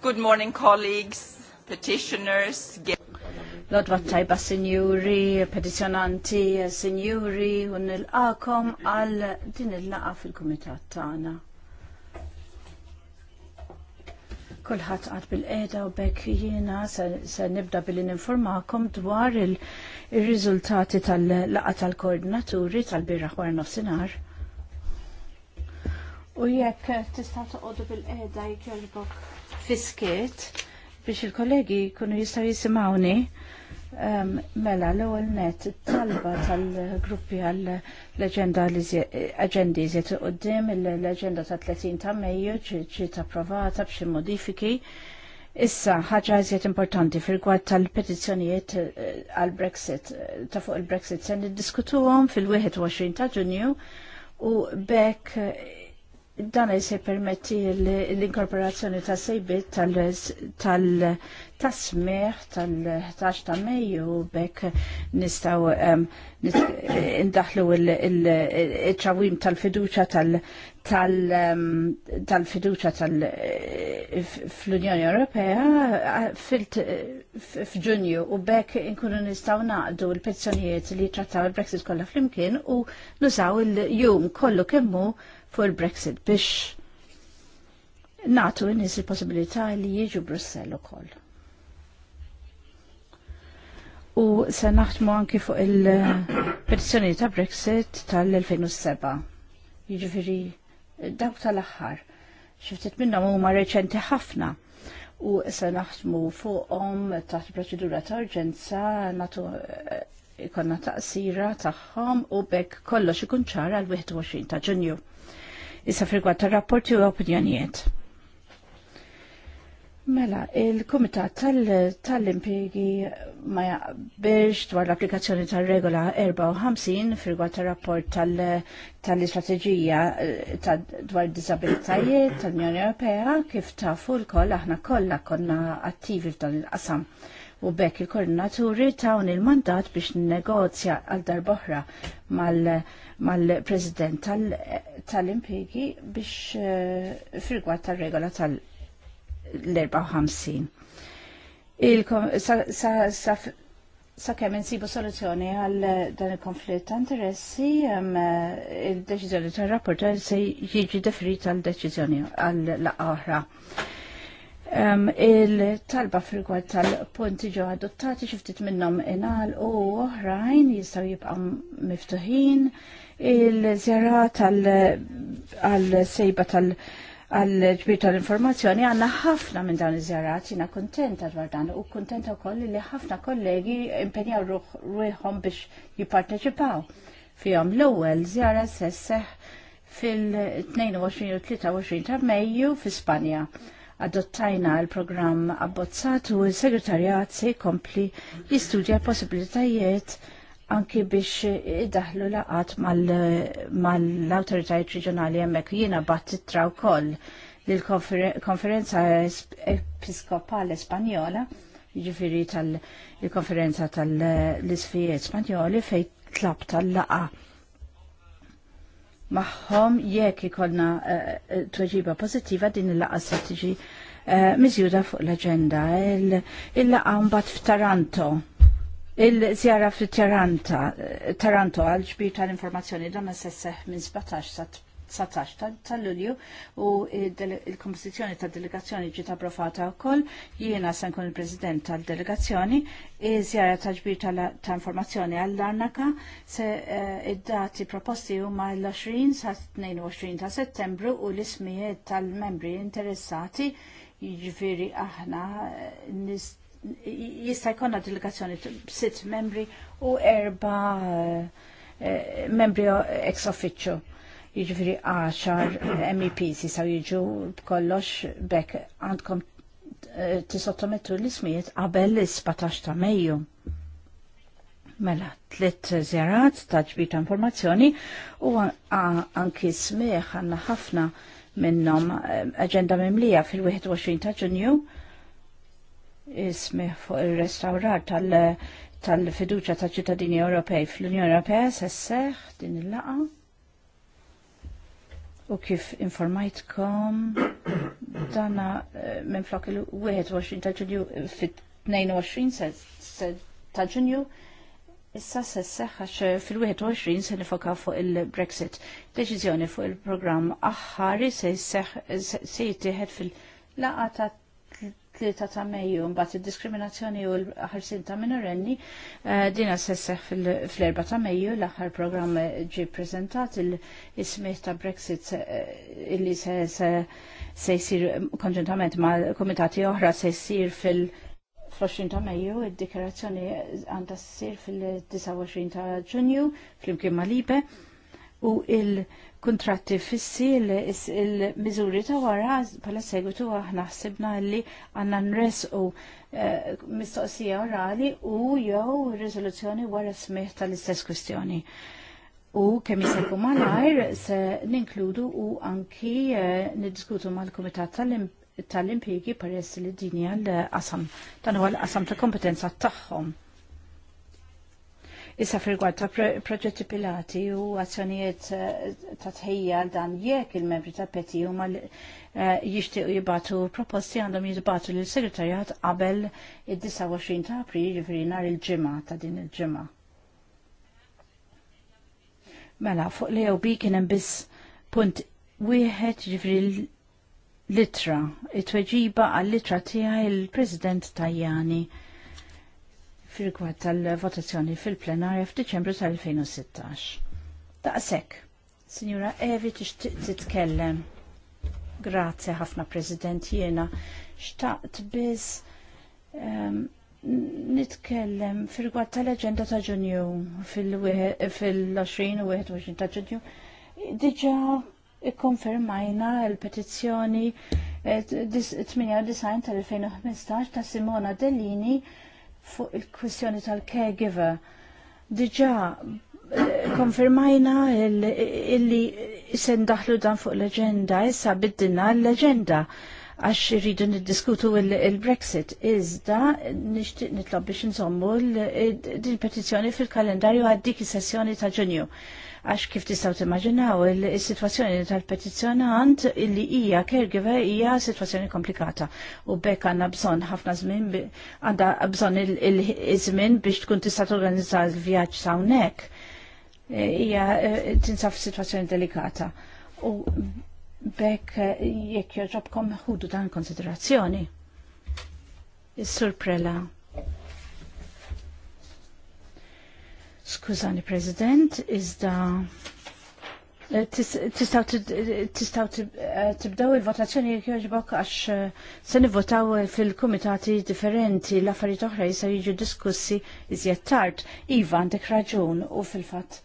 Good morning, colleagues, petitioners. Lodwa tajba, sinjuri, petizjonanti, sinjuri, un il għal din il-laqa fil-komitat tagħna. Kulħadd għad bil-qeda u bekk jiena se nibda billi informakom dwar il-riżultati tal-laqa tal-koordinaturi tal-birra għar nofsinhar. U jekk tista' toqgħodu bil-qeda jkellbok fiskiet biex il-kollegi kunu jistaw jisimawni. Um, mela, l ewwel net, talba tal-gruppi għall-agenda agendi zet u l-agenda ta' 30 ta' Mejju ġiet approvata b'xi modifiki. Issa, ħaġa zet importanti fil-gwad tal-petizzjonijiet eh, għal-Brexit, eh, ta' fuq il-Brexit, se niddiskutuhom fil-21 ta' Ġunju u bekk eh, dan se permetti l-inkorporazzjoni ta' sejbit tal-tasmeħ tal-11 ta' Mejju bekk nistaw indaħlu il-ċawim tal-fiduċa tal-fiduċa tal-Unjoni Ewropea f'Ġunju u bekk inkunu nistaw naqdu l-pezzjonijiet li trattaw il-Brexit kollha flimkien u nużaw il-jum kollu kemmu fuq il-Brexit biex natu n-nis il-possibilità li jieġu Brussell ukoll. U se naħdmu anki fuq il-petizzjoni ta' Brexit tal-2007. Jiġifieri dawk tal-aħħar. Xiftit minnhom huma reċenti ħafna u se naħdmu fuqhom taħt proċedura ta' urġenza natu eh, ikonna taqsira tagħhom u bekk kollox ikun ċara l-21 ta' Ġunju issa frigwat rapporti u opinjonijiet. Mela, il-Kumitat tal impiegi tal ma jaqbilx dwar l-applikazzjoni tal-regola 54 firgwa tal-rapport tal-istrateġija eh, tal dwar disabilitajiet tal-Unjoni Ewropea kif ta' fulkoll aħna kollha konna attivi f'dan il-qasam u bekk il-koordinaturi tawn il-mandat biex negozja għal darboħra mal-president mal tal-impigi tal biex uh, eh, firgwat tal-regola tal-54. Sa, kemm insibu soluzzjoni għal dan il-konflitt ta' interessi, il-deċiżjoni tal-rapporter se jiġi deferita għal deċiżjoni għal laqgħa oħra. Um, il-talba frigwad tal-punti ġo adottati xiftit minnom inal u oħrajn jistaw jibqam miftuħin il-zjara tal-sejba tal- għal-ġbir tal-informazzjoni għanna ħafna minn dawn iż-żjarat jina kontenta dwar dan u kontenta wkoll li ħafna kollegi impenjaw ruħhom biex jipparteċipaw fihom l-ewwel żjara sesseħ fil-22 u 23 ta' Mejju fi Spanja adottajna l-programm abbozzat u l-segretarjat se jkompli jistudja possibilitajiet anki biex daħlu laqat mal-autoritajiet reġjonali hemmhekk jiena battitra wkoll lill-konferenza Episkopale Spanjola, jiġifieri tal-konferenza tal lisfijiet Spanjoli fejn tlab tal-laqa maħħom jekk ikolna eh, eh, tweġiba pozittiva din il-laqa strateġi eh, miżjuda fuq l-agenda. Il-laqa mbagħad f'Taranto. il zjara fit Taranto għal ġbir tal-informazzjoni dan se seħ minn 17 sa 19 ta' Lulju u il kompozizjoni tad delegazzjoni ġiet approvata wkoll jiena se nkun il-President tal-delegazzjoni iż-żjara ta' ġbir ta' informazzjoni għall-Arnaka se eh, id-dati proposti huma l-20 sa' 22 ta' Settembru u l-ismijiet tal-membri interessati jiġifieri aħna eh, jista' jkollna delegazzjoni b'sitt membri u erba eh, membri ex officio jiġifieri 10 MEPs jisaw jiġu b'kollox bekk għandkom eh, tisottomettu l-ismijiet qabel l 17 ta' Mejju. Mela, tlitt żjarat ta' ġbita ta' informazzjoni u anki smieħ għandna ħafna minnhom eh, aġenda mimlija fil-21 ta' Ġunju ismi fuq il-restaurar tal-fiduċa tal ċittadini Ewropej fl-Unjoni Ewropea se seħ din il-laqa U kif informajtkom, dana eh, minn flok il-21 ta' ġunju, eh, fit-22 ta' ġunju, issa se seħħax fil-21 se nifokaw fuq il-Brexit. Deċizjoni fuq il program aħħari se jittieħed fil-laqa ta' tlieta ta' Mejju mbagħad id-diskriminazzjoni u l-ħarsin ta' minorenni eh, dina sesseħ fl-4 ta' Mejju l-aħħar programm ġi preżentat il-ismiet ta' Brexit eh, illi se jsir konġuntament ma' komitati oħra se jsir fil- fl-20 ta' Mejju, id-dikarazzjoni għandha ssir fil-29 ta' Ġunju fl-imkien ma' Libe u il- kontratti fissi il-mizuri ta' wara pala segwitu aħna ħsibna li għanna nres u eh, mistoqsija orali u jew rizoluzzjoni wara smih tal-istess kwistjoni. U kemm jisajku malajr se ninkludu u anki eh, niddiskutu mal-Kumitat tal-Impjegi tal peress li dinja l qasam tan huwa l-qasam ta' kompetenza tagħhom. Issa fil-gwad ta' proġetti pilati u azzjonijiet eh, ta' tħejja dan jekk il-membri ta' peti u mal eh, jishtiqu jibatu proposti għandhom jibatu l-segretarjat qabel id 29 ta' april ġifiri nar il-ġimma ta' din il-ġimma. Mela, fuq li bi kien hemm biss punt wieħed jiġifieri l litra, it-tweġiba għal-litra tiegħi il-President Tajjani fil-rigward tal-votazzjoni fil-plenarja f'Diċembru tal-2016. Daqshekk, Sinjura Evi tixtieq titkellem. Grazzi ħafna President jiena xtaqt biss ehm, nitkellem fil-gwad tal aġenda ta' ġunju fil-20 u 21 ta' ġunju. Diġa ikkonfermajna l-petizzjoni 98 eh, tal-2015 ta' Simona Dellini fuq eh, il kwissjoni tal-caregiver. Diġa konfermajna illi daħlu dan fuq l-agenda, issa biddina l-agenda għax rridu niddiskutu il-Brexit. Iżda nixtieq nitlob biex insommu din petizzjoni fil-kalendarju għaddik dik is-sessjoni ta' Ġunju. Għax kif tistaw timmaġinaw il-situazzjoni tal-petizzjonant illi hija caregiver hija situazzjoni komplikata u bekk għandna bżonn ħafna żmien għandha bżonn il-żmien biex tkun tista' organizza l-vjaġġ hawnhekk. E, hija e, tinsab f'sitwazzjoni delikata. U bekk e, jekk jogħġobkom ħudu dan konsiderazzjoni. Is-surprela. Skużani, President, iżda eh, tistaw eh, tibdaw il-votazzjoni jek joġbok għax eh, se nivvotaw fil-komitati differenti l-affarijiet oħra jisaw jiġu diskussi iżjed tard. Iva, għandek raġun u fil-fatt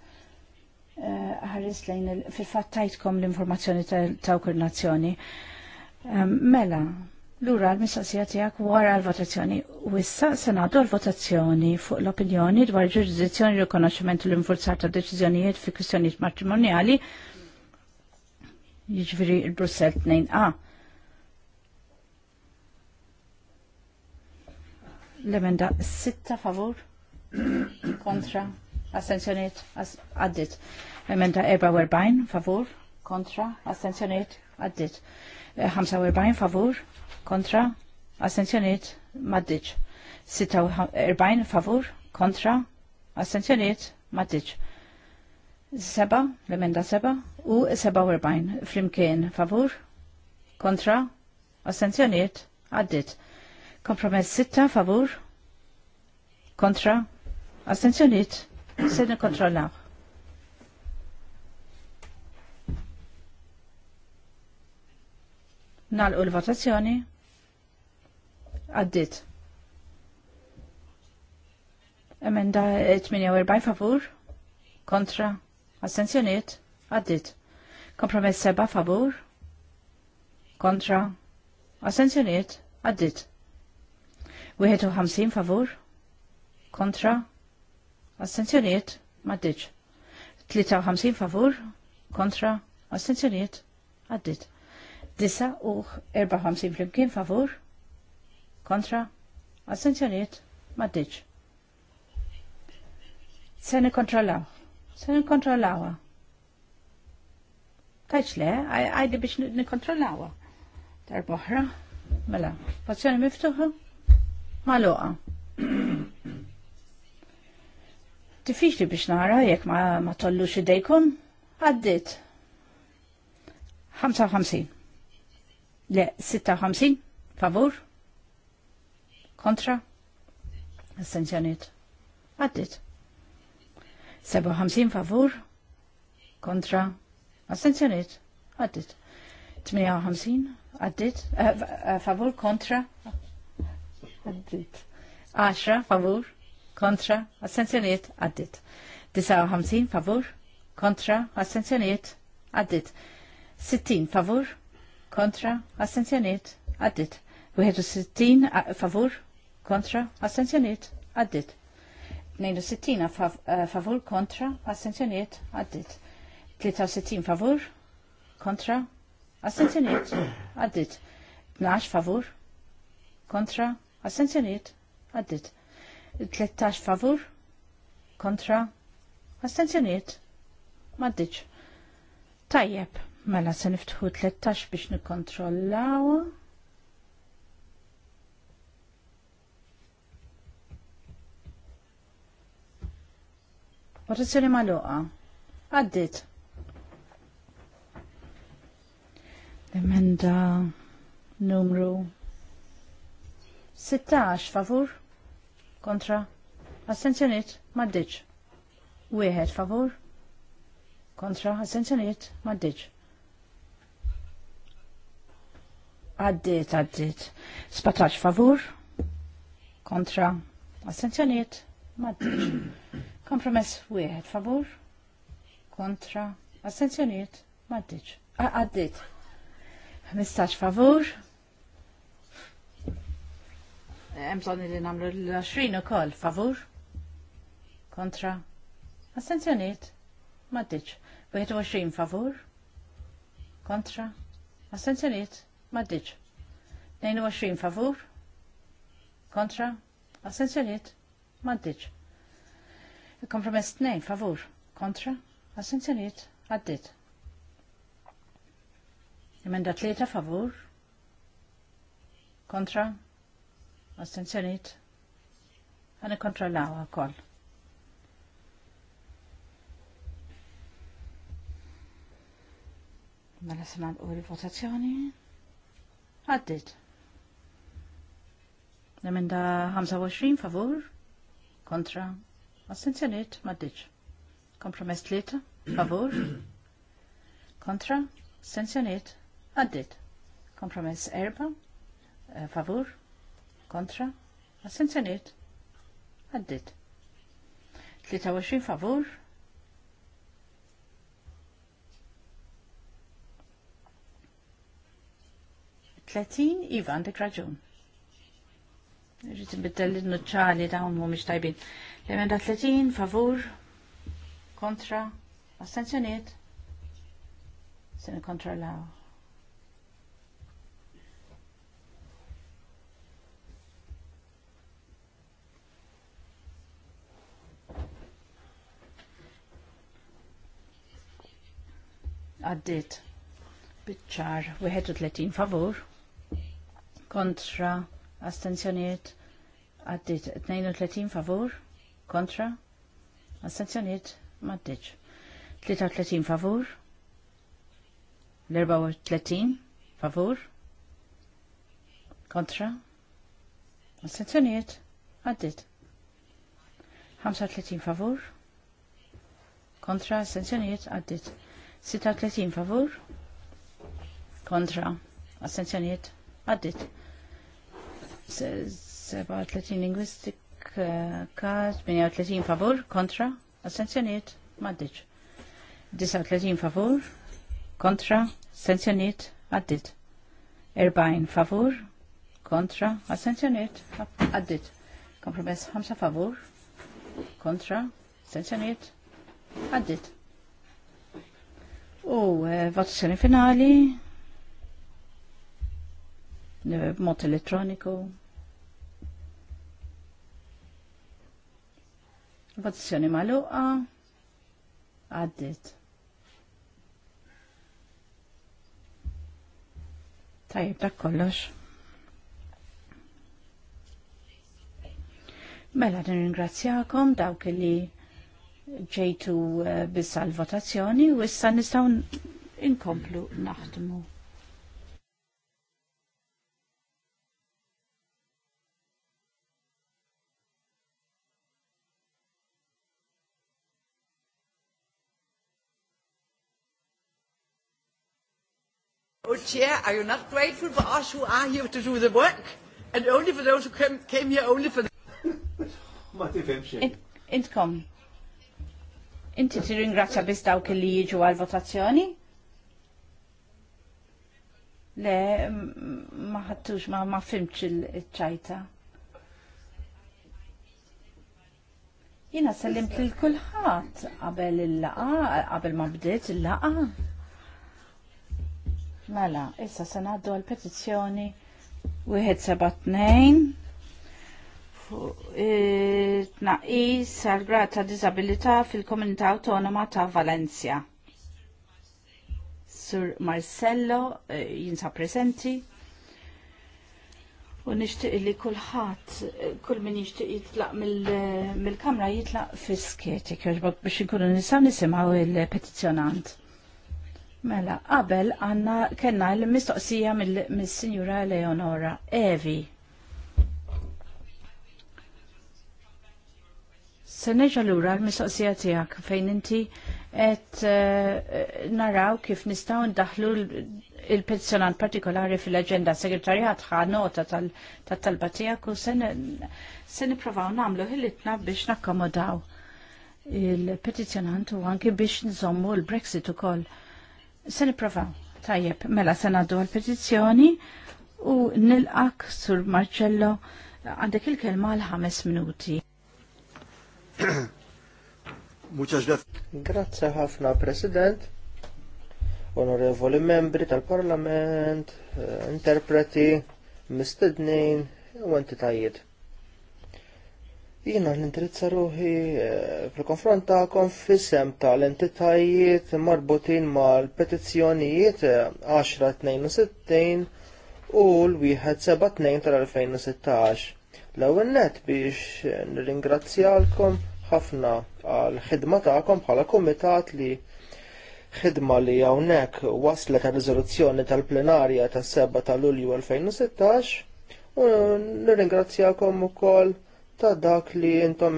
ħares lejn fil-fatt tajtkom l-informazzjoni ta' koordinazzjoni. Mela, Lura l mistaqsija tiegħek wara l-votazzjoni. U issa se l-votazzjoni fuq l-opinjoni dwar ġurisdizzjoni rikonoxximent u l-infurzar ta' deċiżjonijiet fi kwistjonijiet matrimonjali. Jiġifieri l brussel 2A. L-emenda 6 favur kontra astenzjoniet għaddit. Emenda eh, 44 favur kontra astenzjoniet għaddit. 45 favur kontra, assenzjoniet maddiċ. 46 favur, kontra, assenzjoniet maddiċ. 7, l-emenda 7, u 47 flimkien favur, kontra, assenzjoniet għaddit. Kompromess 6 favur, kontra, assenzjoniet se kontrolla. nalqu ul votazzjoni Għaddit. Emenda 48 favur. Kontra. Assenzjoniet. Għaddit. Kompromess 7 favur. Kontra. Assenzjoniet. Għaddit. 51 favur. Kontra. Assenzjoniet. Maddiċ. 53 favur. Kontra. Assenzjoniet. Għaddit. 9 u 54 flimkien favur kontra, assenzjoniet, maddiċ. Sen kontrollaw, sen kontrollawa. Tajċ le, għajdi biex nikontrollawa. Darboħra, mela, pozzjoni miftuħa, maluqa. Tifiċ li biex nara, jek ma, ma tollu xidejkom, għaddit. 55. Le, 56, favur kontra Assenzjoniet. għaddit 57 favur kontra Assenzjoniet. għaddit 58 għaddit eh, eh, favur kontra għaddit 10 favur kontra Assenzjoniet. għaddit 59 favur kontra Assenzjoniet. għaddit 60 favur kontra Assenzjoniet. għaddit 61 favur kontra assenzjoniet, għaddit. 62 eh, favur kontra assenzjoniet, għaddit. 63 favur kontra assenzjoniet, għaddit. 12 favur kontra assenzjoniet, għaddit. 13 favur kontra assenzjoniet, għaddit. Tajjeb, mela se niftħu 13 biex nikkontrollawa. Votazzjoni maluqa. Għaddit. Emenda numru 16 favur kontra assenzjoniet maddiċ. Wieħed favur kontra assenzjoniet maddiċ. Għaddit, għaddit. 17 favur kontra assenzjoniet maddiċ. Kompromess wieħed favur kontra astenzjoniet maddiċ. Ah, għaddit. 15 favur. Emżon li namlu l-20 u koll favur kontra astenzjoniet maddiċ. 21 favur kontra astenzjoniet maddiċ. 22 favur kontra astenzjoniet maddiċ. Kompromess 2 favur kontra assenzjoniet għaddit. Emenda 3 favur kontra assenzjoniet kontra lawa, kol. Mela s-sanal u votazzjoni għaddit. emenda 25 favur kontra Assenzjoniet maddiċ. Kompromess tlieta, favur. Kontra, assenzjoniet Addit. Kompromess erba, eh, favur. Kontra, assenzjoniet għaddit. 23 favur. Tletin, Ivan, de Krajun. Irrid ibiddel l-nuċċali għum mhumiex tajbin. L-emenda 30 favur kontra astenzjoniet sen kontra nikkontrollaw. Għaddit bitċar 31 favur kontra astenzjoniet għaddit 32 favur kontra astenzjoniet maddiċ 33 favur l-34 favur kontra astenzjoniet għaddit 35 favur kontra astenzjoniet għaddit 36 favur kontra astenzjoniet għaddit 37 lingwistik kas 38 favor kontra assenzjoniet maddiċ 39 favor kontra assenzjoniet għaddit 40 favor kontra assenzjoniet għaddit kompromess 5 favor kontra assenzjoniet għaddit u votazzjoni finali mod elettroniku. Votazzjoni maluqa għaddit. Tajib, dak kollox. Mela, nirringrazzjakom dawk li ġejtu eh, bis votazzjoni u issa nistgħu inkomplu naħdmu. But Chair, are you not grateful for us who are here to do the work? And only for those who came, came here only for... Ma tifemx. Intkom. Inti ti tirringrazzja biss dawk li jiġu għal-votazzjoni? Le, ma ħattux, ma, ma fimx il-ċajta. Jina sellimt l-kulħat għabel il-laqa, għabel ma bdiet il-laqa. Mela, issa se ngħaddu għal petizzjoni wieħed seba' tnejn e, tnaqis għal grad ta' disabilità fil-Komunità Awtonoma ta' Valencia. Sur Marcello e, jinsa presenti. U nixtieq li kulħadd e, kull min jixtieq jitlaq mill-kamra jitlaq fis-skieti biex inkunu nistgħu nisimgħu il-petizzjonant. Mela, qabel għanna kena l-mistoqsija mill-Sinjura Leonora Evi. Se l lura l-mistoqsija tijak fejn inti et eh, naraw kif nistaw ndaħlu il-petizjonant partikolari fil-agenda segretarjat ħa nota tal-talba tijak u se niprofaw namlu hillitna biex nakkomodaw il-petizjonant u anki biex nżommu l-Brexit u koll Se niprofa, Tajjeb, mela se naddu għal-petizzjoni u nilqak sur Marcello għandek il-kelma għal ħames minuti. Grazie ħafna, President onorevoli membri tal-Parlament, eh, interpreti, mistednin u entitajiet. Jiena nindirizza ruħi eh, fil-konfront ta'kom fissem tal-entitajiet marbutin mal-petizzjonijiet 10-62 eh, u l-1-7-2 tal 2016 L-ewwel net biex nirringrazzjalkom ħafna għal ħidma tagħkom bħala kumitat li ħidma li hawnhekk waslet għal riżoluzzjoni tal-plenarja tas-7 ta' Lulju 2016 u nirringrazzjakom ukoll ta' dak li intom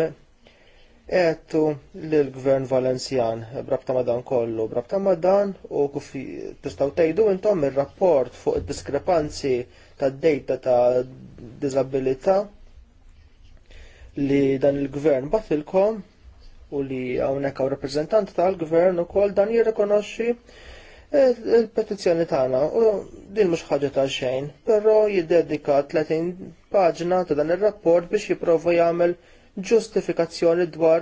għettu l-gvern valenzjan brabta madan kollu, brabta madan u kufi tistaw tejdu intom il-rapport fuq id diskrepanzi ta' dejta ta' disabilita li dan il-gvern batilkom u li għawnek għaw reprezentant tal-gvern u kol dan jirrikonoxxi il-petizzjoni tagħna u din mhux ħaġa ta' xejn, però jiddedika 30 paġna ta' dan ir-rapport biex jipprova jagħmel ġustifikazzjoni dwar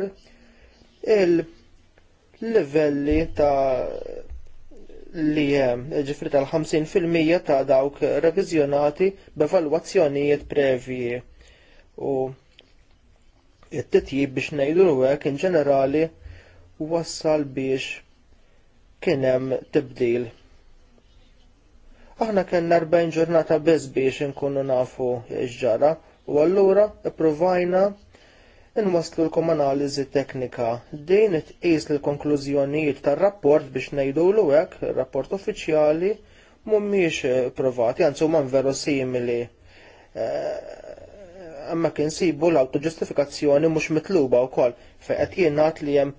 il-livelli ta' li e ġifri tal-50% ta' dawk revizjonati b'evalwazzjonijiet previ u it-titjib biex ngħidu hekk in ġenerali wassal biex kien hemm tibdil. Aħna kellna 40 ġurnata bez biex nkunu nafu x'ġara u allura ippruvajna inwaslu l-kom teknika. Din it-qis l-konklużjonijiet tar-rapport biex ngħidulu hekk, rapport uffiċjali mhumiex provati, man huma simili. Għamma eh, kien sibu l-autoġustifikazzjoni mhux mitluba wkoll fejn qed jingħad li hemm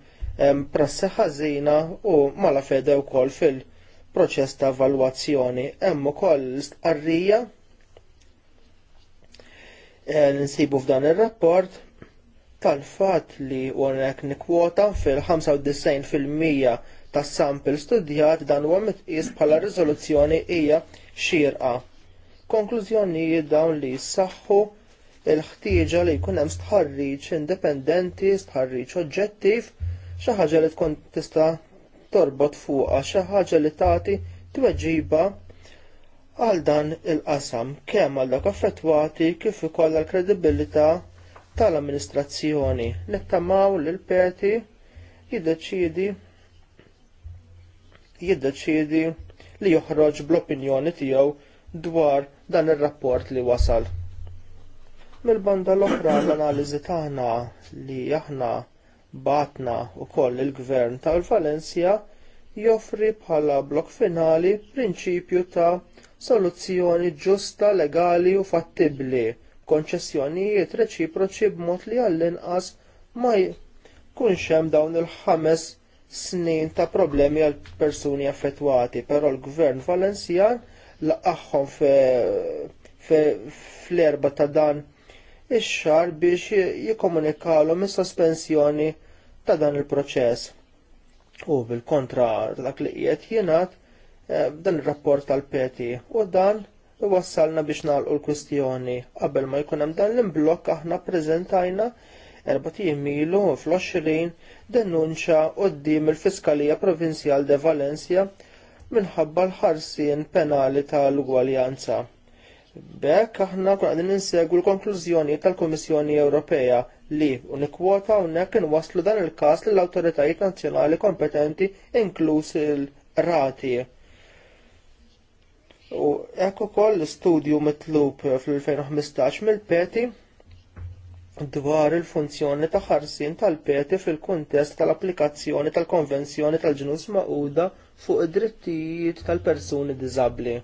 prassi ħażina u mala fede wkoll fil-proċess ta' evalwazzjoni. Hemm ukoll eh, l nsibu f'dan ir-rapport tal-fatt li hawnhekk nikwota fil-95% tas sample studjat dan huwa mitqies bħala riżoluzzjoni hija xierqa. Konklużjonijiet dawn li jissaħħu il-ħtieġa li jkun hemm stħarriġ indipendenti, stħarriġ oġġettiv xi ħaġa li tkun tista' torbot fuqha xi ħaġa li tagħti tweġiba għal dan il-qasam kemm għal dak affettwati kif ukoll l kredibilità tal-amministrazzjoni nittamaw li l-peti jiddeċidi jiddeċidi li joħroġ bl-opinjoni tiegħu dwar dan ir-rapport li wasal. Mill-banda l-oħra l-analiżi tagħna li aħna batna wkoll il-gvern tal-Valencia joffri bħala blok finali prinċipju ta' soluzzjoni ġusta, legali u fattibbli, konċessjonijiet reċiproċi b'mod li għall-inqas ma jkunx hemm dawn il-ħames snin ta' problemi għal persuni affettwati, però l-gvern Valenzjan laqaħħom fl-erba ta' dan ix-xar biex jikkomunikalhom is-sospensjoni ta' dan il-proċess. U bil-kontra dak li qiegħed jingħad eh, dan ir-rapport tal-peti u dan wassalna biex nagħlqu l-kwistjoni qabel ma jkun hemm dan l-imblokk aħna ppreżentajna erba ilu fl-20 denunċa qoddim il-Fiskalija Provinzjal de Valencia minħabba l-ħarsien penali tal-ugwaljanza. Bekk aħna kun għadin insegwu l-konklużjoni tal-Kummissjoni Ewropea li unikwota unnek inwaslu dan il-każ lill awtoritajiet nazzjonali kompetenti inkluż il-rati. U hekk ukoll l-istudju mitlub fl-2015 mill-Peti dwar il-funzjoni ta' ħarsien tal-peti fil-kuntest tal-applikazzjoni tal-Konvenzjoni tal-Ġnus Maquda fuq id-drittijiet tal-persuni diżabbli.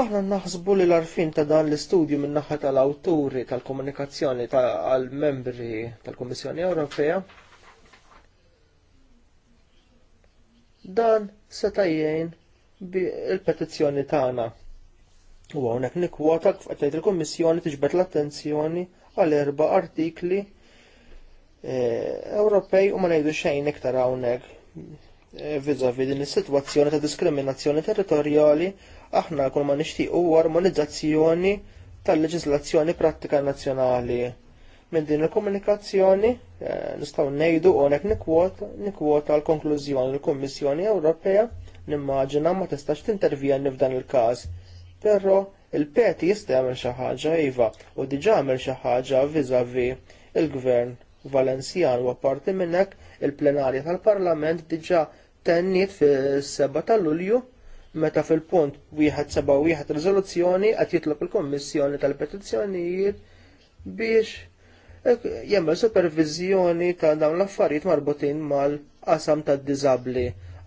Aħna naħsbu li l-arfin ta' dan l-istudju minn naħa tal-awturi tal-komunikazzjoni tal-membri tal-Kummissjoni Ewropea dan se tajjejn il-petizzjoni tagħna. U hawnhekk nikwota qed il-Kummissjoni tiġbed l-attenzjoni għal erba' artikli eh, Ewropej u ma ngħidu xejn iktar hawnhekk eh, vizavi din is-sitwazzjoni ta' diskriminazzjoni territorjali aħna kull ma nixtiequ armonizzazzjoni tal-leġiżlazzjoni prattika nazzjonali. Minn din il-komunikazzjoni eh, nistgħu ngħidu hawnhekk nikkwota l-konklużjoni l-Kummissjoni Ewropea nimmaġina ma tistax tintervjeni f'dan il-każ. Però il-peti jista' jagħmel xi ħaġa iva u diġà għamel xi ħaġa viżavi il-Gvern Valenzjan u apparti minn hekk il-plenarja tal-Parlament diġà tenniet fis-seba' ta' Lulju meta fil-punt wieħed seba' wieħed riżoluzzjoni qed jitlob il-Kummissjoni tal-Petizzjonijiet biex eh, jemmel supervizjoni ta' dawn l-affarijiet marbutin mal-qasam tad-diżabbli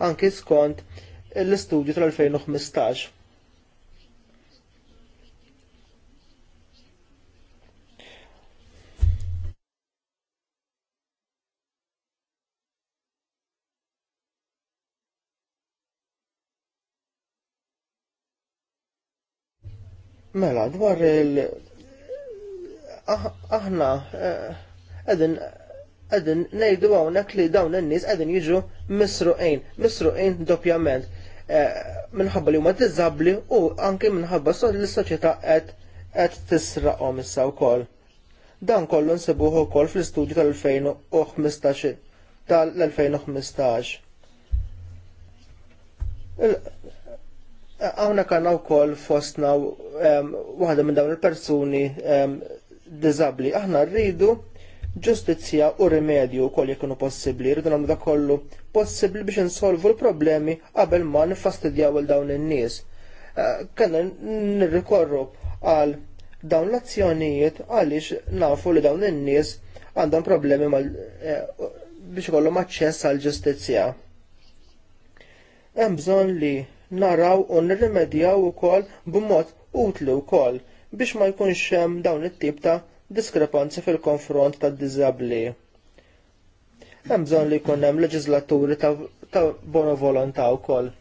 anki skont l-istudju tal-2015. Mela, dwar il- ah, aħna qegħdin eh, qegħdin ngħidu hawnhekk li dawn in-nies qegħdin jiġu misruqin, misruqin doppjament eh, minħabba li huma diżabbli u anke minħabba l-soċjetà qed qed tisraqhom issa wkoll. Dan kollu nsibuh ukoll fl-istudju tal-2015 tal-2015 kanna u wkoll fostna waħda minn dawn il-persuni diżabbli. Aħna rridu ġustizzja u rimedju wkoll jekk ikunu possibbli, rridu namu da kollu possibbli biex insolvu l-problemi qabel ma nifastidjaw il dawn in-nies. Eh, kanna nirrikorru għal dawn l-azzjonijiet għaliex nafu li dawn in-nies għandhom problemi mal eh, biex ikollhom aċċess għall ġustizzja. Hemm bżonn li naraw u nirrimedjaw ukoll b'mod utli wkoll biex ma jkunx hemm dawn it-tip ta' diskrepanzi fil-konfront tad-diżabbli. Hemm bżonn li jkun hemm leġislaturi ta', ta bona volontà wkoll.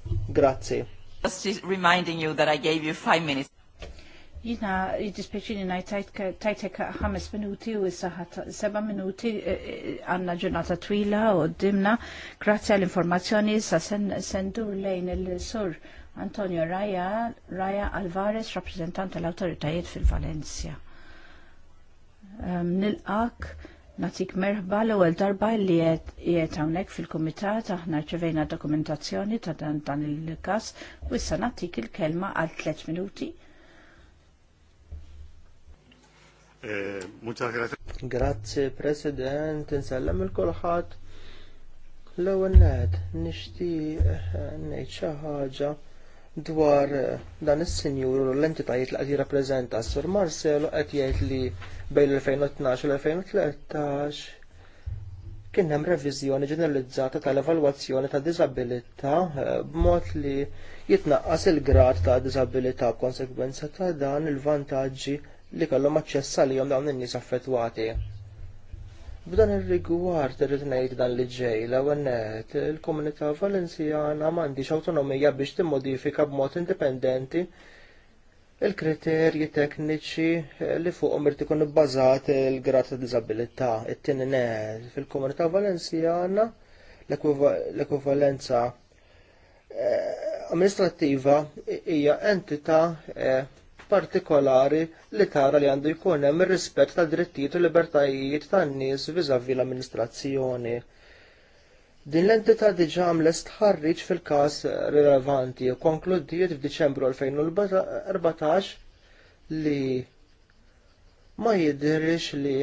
Grazzi. Just reminding you that I gave you five minutes. Jina jiddispeċini najt tajtek ħames minuti u s-saħat seba minuti e, e, għanna ġurnata twila u dimna. Grazzi għall-informazzjoni sa sendur lejn il-sur Antonio Raja, Raja Alvarez, rappresentant tal-autoritajiet fil-Valencia. nil Nilqak. Natik merħba l-ewwel darba li jiet hawnhekk fil-kumitat aħna ċevejna dokumentazzjoni ta' dan, il-każ u issa natik il-kelma għal tliet minuti Eh, Grazzi President, nsellem il-kulħadd. L-ewwel nishti nixtieq eh, ngħid xi ħaġa dwar eh, dan is senjur u l-entitajiet li qed s Sur Marcelo qed jgħid li bejn l-2012 u l-2013 kien hemm reviżjoni ġeneralizzata tal-evalwazzjoni ta' diżabilità b'mod li jitnaqqas il-grad ta' diżabilità b'konsegwenza ta' dan il-vantaġġi li kellhom aċċess għalihom dawn in-nies affettwati. B'dan ir-rigward irrid ngħid dan li ġej l net il-Komunità Valenzjana m'għandix awtonomija biex timmodifika b'mod indipendenti il-kriterji tekniċi li fuqhom irid ikun ibbażat il-grad ta' diżabilità. It-tieni fil-Komunità Valenzjana l-ekwivalenza eh, amministrattiva hija entità eh, partikolari li tara li għandu jkun hemm ir-rispett ta' drittijiet u libertajiet tan-nies viżavi l-amministrazzjoni. Din l-entità diġà għamlest ħarriġ fil-każ rilevanti u konkludiet f'Diċembru 2014 li ma jidhirx li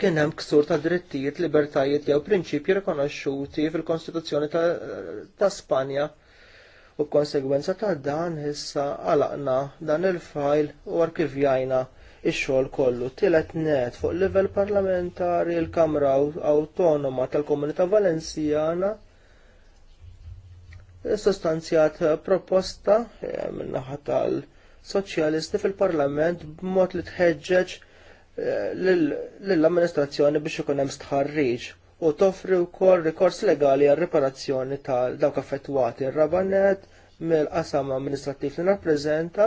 kien hemm ksur ta' drittijiet, libertajiet jew prinċipji rikonoxxuti fil-Kostituzzjoni ta', ta Spanja U konsegwenza ta' dan issa għalaqna dan il-fajl u arkivjajna ix-xogħol kollu tielet net fuq livell parlamentari il-Kamra Awtonoma tal-Komunità Valenzjana sostanzjat proposta eh, min-naħa tal-soċjalisti fil-Parlament b'mod li tħeġġeġ eh, lill-amministrazzjoni biex ikun hemm stħarriġ u toffri wkoll rikors legali għal riparazzjoni tal dawk affettwati ir-rabanet mill-qasam amministrattiv li nappreżenta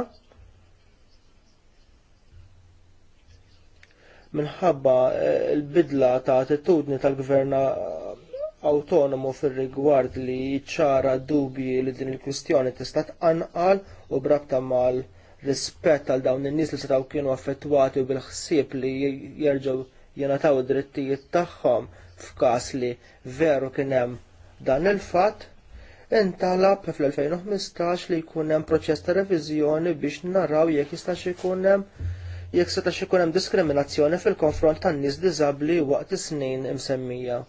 minħabba eh, l-bidla ta' attitudni tal-gvern awtonomu fir-rigward li ċara dubji li din il-kwistjoni tista' tqanqal u brabta mal rispett għal dawn in-nies li setgħu kienu affettwati u bil-ħsieb li jerġgħu jenataw id-drittijiet tagħhom f'każ li veru kien hemm dan il-fatt, intalab fl-2015 li jkun hemm proċess ta' reviżjoni biex naraw jekk jistax ikun hemm setax ikun hemm diskriminazzjoni fil-konfront tan-nies diżabbli waqt is-snin imsemmija.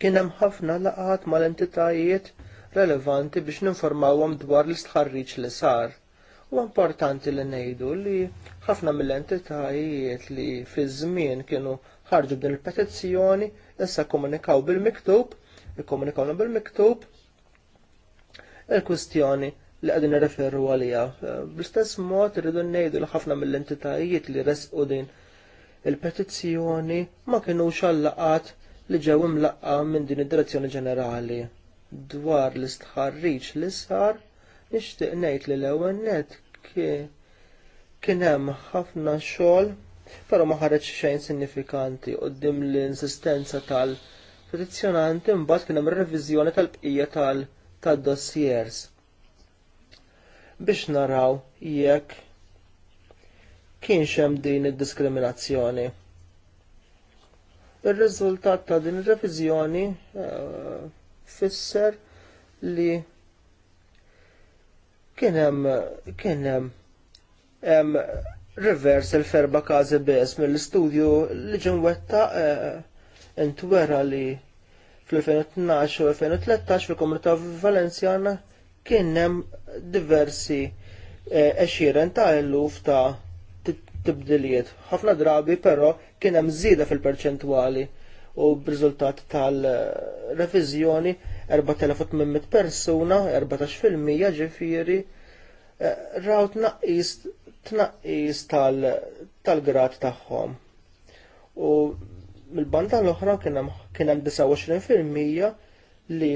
Kien hemm ħafna laqgħat mal-entitajiet relevanti biex ninformawhom dwar l-istħarriġ li sar. U importanti li ngħidu li ħafna mill-entitajiet li fi żmien kienu ħarġu din il-petizzjoni, issa komunikaw bil-miktub, ikkomunikawna bil-miktub il-kwistjoni li għadin referru għalija. Bl-istess mod irridu ngħidu l ħafna mill-entitajiet li resqu din il-petizzjoni ma kinux xallaqat li ġew imlaqqa minn din id-direzzjoni ġenerali. Dwar l-istħarriġ li sar, nixtieq ngħid li l-ewwel net kien hemm ħafna xogħol però ma ħareġ xejn sinifikanti quddiem l-insistenza tal petizjonanti mbagħad kien hemm reviżjoni tal-bqija tal-dossiers biex naraw jekk kienx hemm din id-diskriminazzjoni. Ir-riżultat ta' din ir-reviżjoni uh, fisser li kien hemm kien hemm rivers il-ferba każi biss mill-istudju li ġin wetta intwera eh, eh, li fl-2012 u 2013 fil-Komunità Valenzjana kien hemm diversi eh, eċiren ta' eluf ta' tibdiliet. ħafna drabi però kien hemm żieda fil-perċentwali u b'riżultat tal-reviżjoni 4800 persuna, 14% ġifieri raw tnaqqis tnaqqis tal-grad tagħhom. U mill-banda l-oħra kien hemm 29% li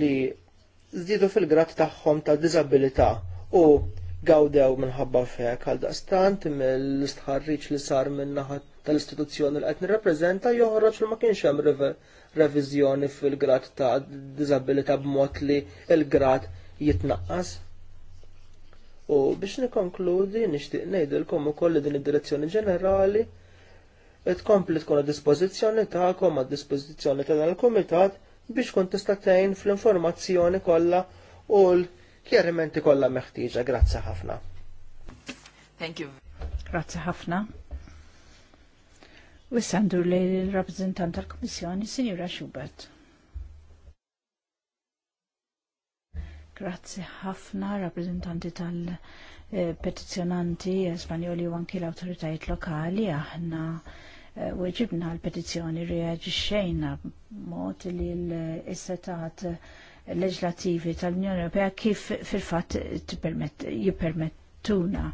li żdiedu fil-grad tagħhom ta' diżabilità u gawdew minħabba fek għal daqstant mill-istħarriġ li sar min-naħa tal-istituzzjoni li qed nirrappreżenta joħroġ li ma kienx hemm reviżjoni fil-grad ta' diżabilità b'mod li l-grad jitnaqqas. U biex nikonkludi nixtieq ngħidilkom ukoll din id-direzzjoni ġenerali tkompli tkun għad-dispożizzjoni tagħkom għad-dispożizzjoni ta' dan il-kumitat biex kun tista' tgħin fl-informazzjoni kollha u l-kjerimenti kollha meħtieġa. Grazzi ħafna. Thank you. Grazzi ħafna. Wissandur lejn il-rappresentant tal-Kummissjoni, Sinjura Schubert. Grazzi ħafna rappresentanti tal-petizjonanti Spanjoli u anki l-autoritajiet lokali aħna eh, weġibna l-petizjoni reagġixxejna b'mod li l-istatat leġlativi tal-Unjoni Ewropea kif fil-fatt jippermettuna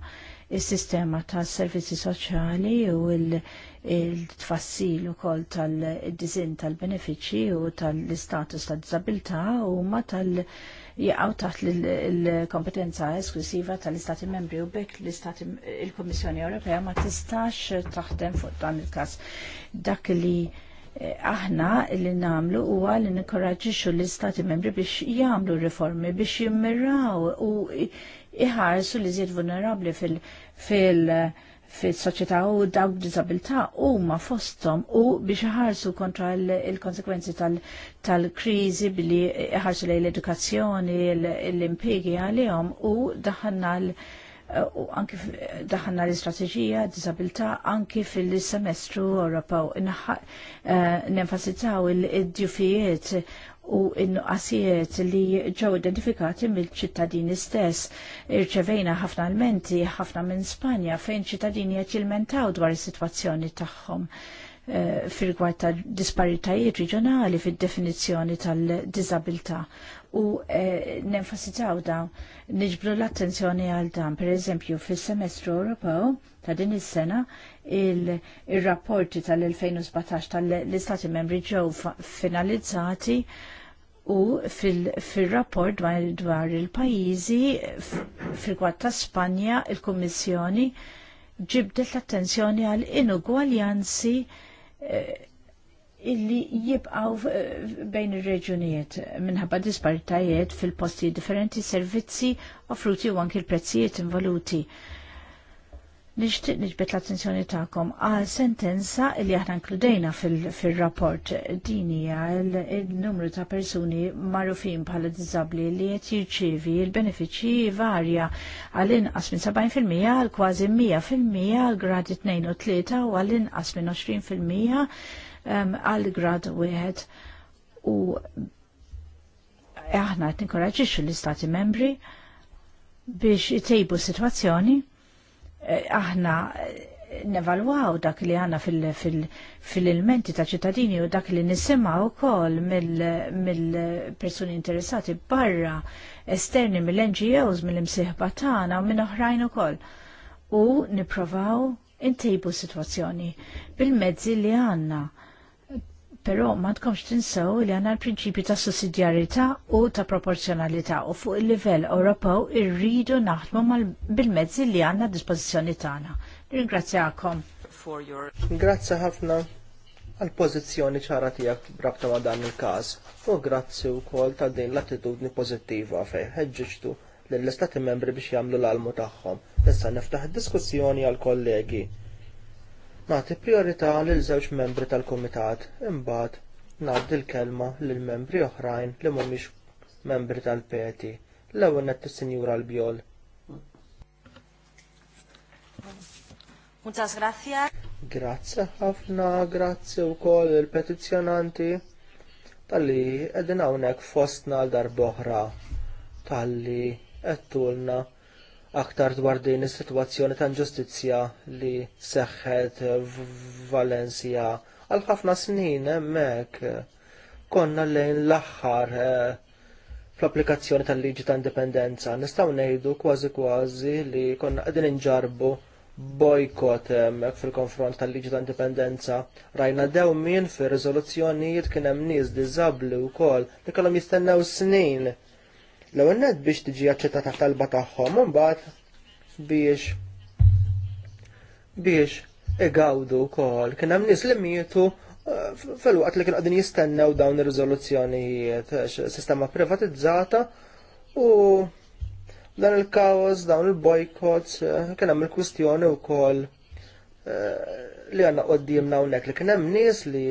il-sistema tas servizzi soċjali u il-tfassil u kol tal-dizin tal-benefiċi u tal-istatus tal dizabilta u ma tal- jaqgħu taħt il-kompetenza esklusiva tal-Istati Membri u bekk l-Istati il-Kummissjoni Ewropea ma tistax taħdem fuq dan il-każ. Dak li eh, aħna li namlu huwa li nikoraġiċu l-istati membri biex jagħmlu riformi biex jimmiraw u iħarsu li żied vulnerabbli fil- fil- fil-soċieta u dawk b'diżabilità huma fosthom u biex iħarsu kontra il-konsekwenzi tal-kriżi billi ħarsu lejn l-edukazzjoni, l-impjegi għalihom u daħanna l- u anki daħanna l istrategija disabilità anki fil-semestru Ewropew eh, nenfasizzaw il-djufijiet u in li ġew identifikati mill-ċittadini stess. Irċevejna ħafna almenti, ħafna minn Spanja, fejn ċittadini qed jilmentaw dwar is-sitwazzjoni tagħhom eh, fil-gwar ta' disparitajiet reġjonali fil-definizzjoni tal-disabilità u uh, nenfasizzaw dawn niġbru l-attenzjoni għal dan, per eżempju, fil-semestru Ewropew ta' din is-sena il-rapporti il tal-2017 tal-Istati membri ġew finalizzati u fil-rapport fil dwar il-pajizi fil-kwad ta' Spanja il-Kommissjoni ġibdet l-attenzjoni għal inugwaljanzi eh, illi jibqaw bejn ir-reġunijiet minħabba disparitajiet fil-posti differenti servizzi offruti u anki l-prezzijiet involuti. Nixtieq niġbet l-attenzjoni tagħkom għal sentenza li aħna nkludejna fil-rapport din hija il-numru ta' persuni magħrufin bħala dizabli li qed jirċievi l-benefiċċji varja għal inqas minn 70% għal kważi 100% għal gradi 2 u 3 u għal inqas minn 20% għal grad wieħed u aħna qed ninkoraġġixxu l-istati membri biex itejbu situazzjoni Eh, aħna eh, nevalwaw dak li għana fil-ilmenti ta' ċittadini u dak li nisema u kol mill-personi interessati barra esterni mill-NGOs mill-imsiħba tana u minn oħrajn u kol u niprovaw intejbu situazzjoni bil-mezzi li għanna Però ma tkomx tinsew li għanna l-prinċipju ta' sussidjarità u ta' proporzjonalità u fuq il-livell Ewropew irridu naħdmu bil-mezzi li għanna dispożizzjoni tagħna. Ringrazzjakom. Your... Grazzi ħafna għal pożizzjoni ċara tiegħek brabta ma' dan il-każ. U grazzi wkoll ta' din l-attitudni pożittiva fejn ħeġġiġtu lill istati membri biex jagħmlu l-almu tagħhom. Issa niftaħ id-diskussjoni għal kollegi. Nagħti priorità lil żewġ membri tal-Kumitat imbagħad ngħaddi l-kelma lill membri oħrajn li mhumiex membri tal-Peti. L-ewwel nett is-Sinjura l-Bjol. Muchas gracias. Grazie ħafna, grazie wkoll il-petizzjonanti tal-li hawnhekk fostna l darboħra tal-li tulna aktar dwar din is-sitwazzjoni ta' ġustizzja li seħħet Valencia għal ħafna snin hemmhekk konna lejn l-aħħar eh, fl-applikazzjoni tal-liġi ta' indipendenza. Nistgħu ngħidu kważi kważi li konna qegħdin inġarbu bojkot eh, hemmhekk fil-konfront tal-liġi ta' indipendenza. Rajna dew min fir riżoluzzjonijiet kien hemm nies diżabbli wkoll li kellhom jistennew snin L-ewwel net biex tiġi aċċettata talba tagħhom u mbagħad biex biex igawdu wkoll kien hemm nies li mietu eh, fil-waqt li kienu qegħdin jistennew dawn ir-riżoluzzjonijiet eh, sistema privatizzata u dan il-kaos, dawn il-boykots, eh, kien hemm il-kwistjoni wkoll li għandna qoddimna hawnhekk li kien hemm nies li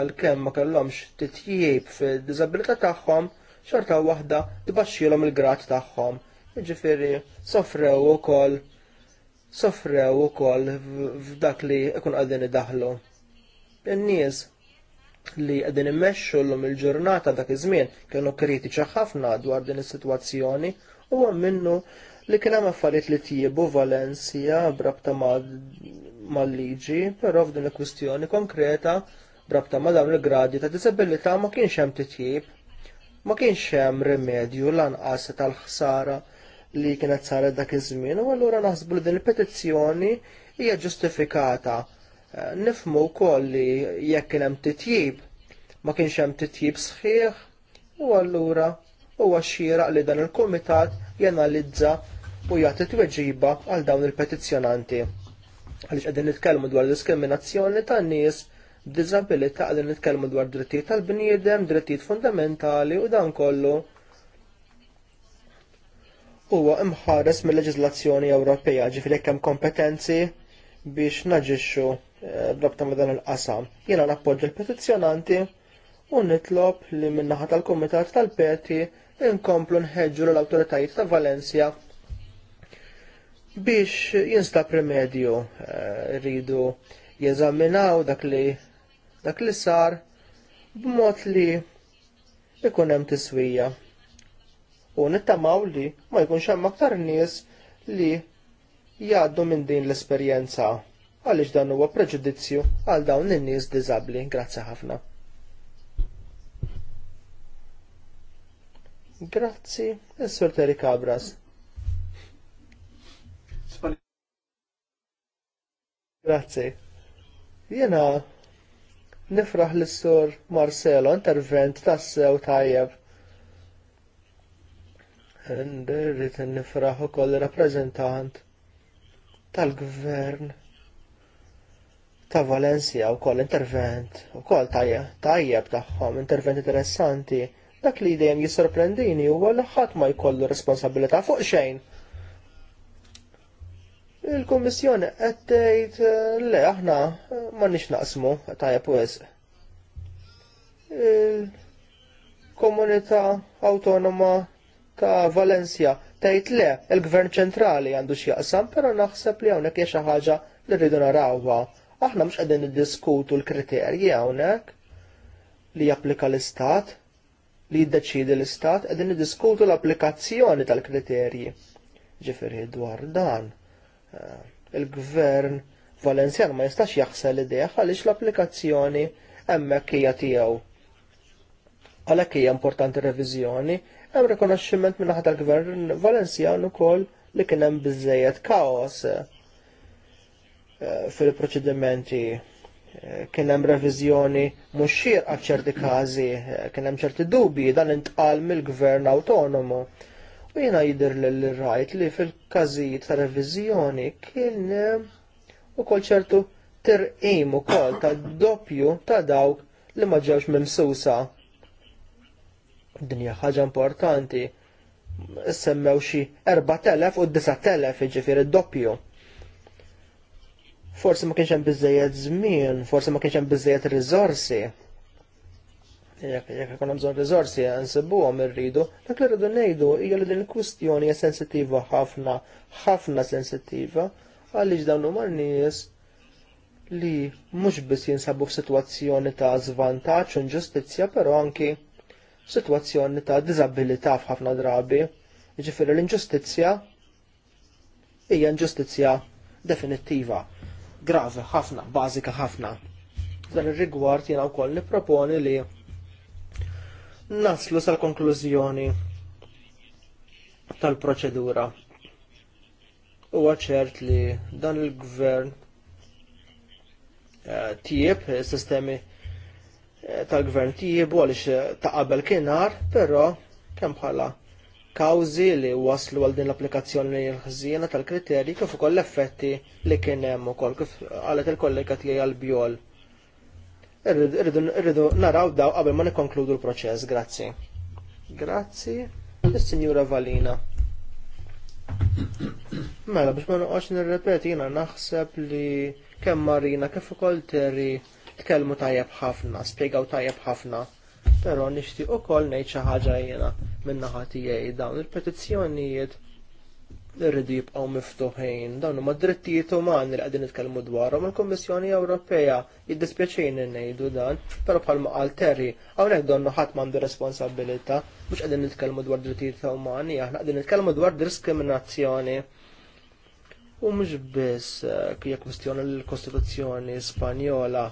għalkemm ma kellhomx titjib fid-diżabilità tagħhom xorta waħda tbaxxilhom il-grad tagħhom. Ġifieri sofrew ukoll sofrew ukoll f'dak li ikun qegħdin idaħlu. In-nies li qegħdin immexxu llum il-ġurnata dak iż-żmien kienu kritiċi ħafna dwar din is-sitwazzjoni u minnu li kien hemm affarijiet li tjiebu Valencia brabta mal-liġi, però f'din il-kwistjoni konkreta brabta ma' dawn il-gradi ta' disabilità ma kienx hemm titjib ma kienx hemm rimedju lanqas tal-ħsara li kienet saret dak iż-żmien u allura naħsbu li din il-petizzjoni hija ġustifikata. Eh, Nifmu wkoll li jekk kien hemm titjib ma kienx hemm titjib sħiħ u allura huwa xieraq li dan il-kumitat jenalizza u jagħti tweġiba għal dawn il-petizzjonanti. Għaliex qegħdin nitkellmu dwar diskriminazzjoni tan-nies Disabilita qegħdin nitkellmu dwar drittijiet tal-bniedem, drittijiet fundamentali u dan kollu huwa imħares mill leġislazzjoni Ewropea ġifieri hemm kompetenzi biex naġixxu drabta eh, ma' dan il-qasam. Jiena nappoġġ l-petizzjonanti u nitlob li min-naħa tal-Kumitat tal-Peti inkomplu nħeġġu l awtoritajiet ta' Valencia biex jinstab rimedju eh, rridu jeżaminaw dak li dak li sar b'mod li ikun hemm tiswija. U nittamaw li ma jkunx hemm aktar nies li jgħaddu minn din l-esperjenza għaliex dan huwa preġudizzju għal dawn in-nies diżabbli. Grazzi ħafna. Grazzi, is-Sur Terry Cabras. Grazzi. Jena Nifraħ lis sur Marcelo intervent tassew tajjeb. Eh, Rrid nifraħ ukoll ir rappreżentant tal-gvern ta' Valencia wkoll intervent ukoll tajjeb tagħhom intervent interessanti dak li dejjem jissorprendini huwa li ħadd ma jkollu responsabilità fuq xejn Il-Kommissjoni qed tgħid le aħna m'għandniex naqsmu tajjeb wisq. Il-Komunità Awtonoma ta' Valencia tgħid le il-Gvern ċentrali għandu x'jaqsam, però naħseb li hawnhekk hija xi ħaġa li rridu narawha. Aħna mhux qegħdin niddiskutu l-kriterji hawnhekk li japplika l-Istat li jiddeċidi l-Istat qegħdin niddiskutu l-applikazzjoni tal-kriterji. Ġifieri dwar dan Eh, il-gvern valenzjan ma jistax jaħsel l-idea għaliex l-applikazzjoni hemmhekk hija tiegħu. Għalhekk hija importanti reviżjoni, hemm rikonoxximent minn aħdar gvern valenzjan ukoll li kien hemm biżejjed kaos eh, fil-proċedimenti eh, kien hemm reviżjoni mhux xierqa ċerti każi, kien hemm ċerti dubji dan intqal mill-gvern awtonomu. U jena jider li rajt li fil-kazijiet ta' revizjoni kien eh, u kol ċertu terqim u kol ta' doppju ta' dawk li maġġawx mimsusa. Dinja ħaġa importanti. Semmew xi 4000 u 9000 id doppju forsi ma kienx hemm biżżejjed żmien, forsi ma kienx hemm biżżejjed riżorsi jekk ikun hemm bżonn riżorsi eh, nsibuhom irridu, dak li rridu ngħidu hija li din il-kwistjoni hija sensittiva ħafna, ħafna sensittiva għaliex dawn huma nies li mhux biss jinsabu f'sitwazzjoni ta' żvantaġġ u inġustizzja, però anki f'sitwazzjoni ta' diżabilità f'ħafna drabi. Jiġifieri l-inġustizzja hija inġustizzja definittiva, grave ħafna, bażika ħafna. Dan ir-rigward jiena wkoll nipproponi li naslu sal-konklużjoni tal-proċedura. Huwa ċert li dan il-gvern eh, tieb, sistemi eh, tal-gvern tieb u għalix eh, ta' qabel kienar, però kemm bħala kawzi li waslu għal din l-applikazzjoni l-ħżiena tal-kriterji kif ukoll l-effetti li kien hemm ukoll kif għalet il-kollega tiegħi għal-bjol. Irridu naraw daw qabel ma nikkonkludu l-proċess. Grazzi. Grazzi. Is-Sinjura Valina. Mela biex ma noqgħodx nirrepeti jiena naħseb li kemm Marina kif ukoll Terri, tkellmu tajjeb ħafna, spjegaw tajjeb ħafna. Però nixtieq ukoll ngħid xi ħaġa jiena min-naħa tiegħi dawn il-petizzjonijiet irridu jibqgħu miftuħin. Dawn huma drittijiet umani li qegħdin nitkellmu dwarhom il-Kummissjoni Ewropea jiddispjaċejni ngħidu dan, però bħalma qal Terry hawnhekk donnu ħadd m'għandu responsabilità mhux qegħdin nitkellmu dwar drittijiet umani, aħna qegħdin nitkellmu dwar diskriminazzjoni. U mhux biss kija eh, kwistjoni l-Kostituzzjoni Spanjola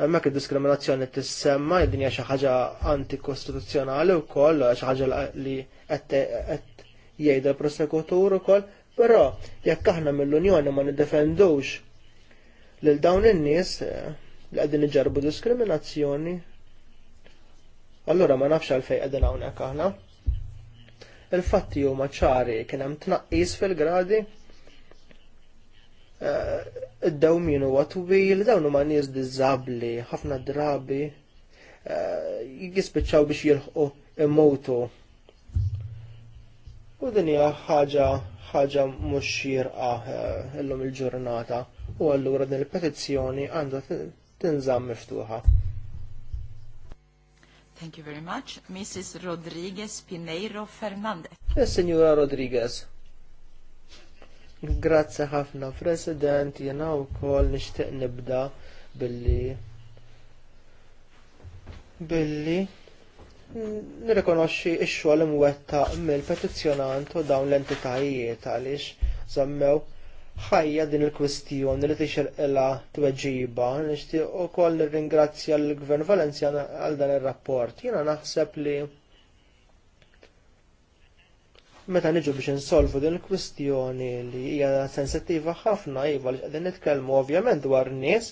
Hemmhekk id-diskriminazzjoni tissemma id-dinja xi ħaġa antikostituzzjonali wkoll xi ħaġa li qed jgħid il-prosekutur ukoll, però jekk aħna mill-Unjoni ma niddefendux lil dawn in-nies eh, li qegħdin iġarbu diskriminazzjoni, allura ma nafx għalfejn qegħdin hawnhekk aħna il-fatti huma ċari kien hemm tnaqqis fil-gradi Eh, id minu huwa twil, dawn huma nis diżabbli, ħafna drabi eh, jispiċċaw biex jirħu immotu. U din hija ħaġa ħaġa mhux xierqa eh, illum il-ġurnata u allura din il-petizzjoni għandha tinżamm miftuħa. Thank you very much. Mrs. Rodriguez Pineiro Fernandez. Signora Rodriguez. Grazzi ħafna, President, jena u kol nishtiq nibda billi billi nirrikonoxxi x-xogħol imwetta mill-petizzjonant u dawn l-entitajiet għaliex żammew ħajja din il-kwistjoni li tixelqilha tweġiba. Nixtieq ukoll nirringrazzja l-Gvern Valenzjan għal dan ir-rapport. Jiena naħseb li Meta niġu biex insolvu din il-kwistjoni li hija sensittiva ħafna iva li qegħdin nitkellmu ovvjament dwar nies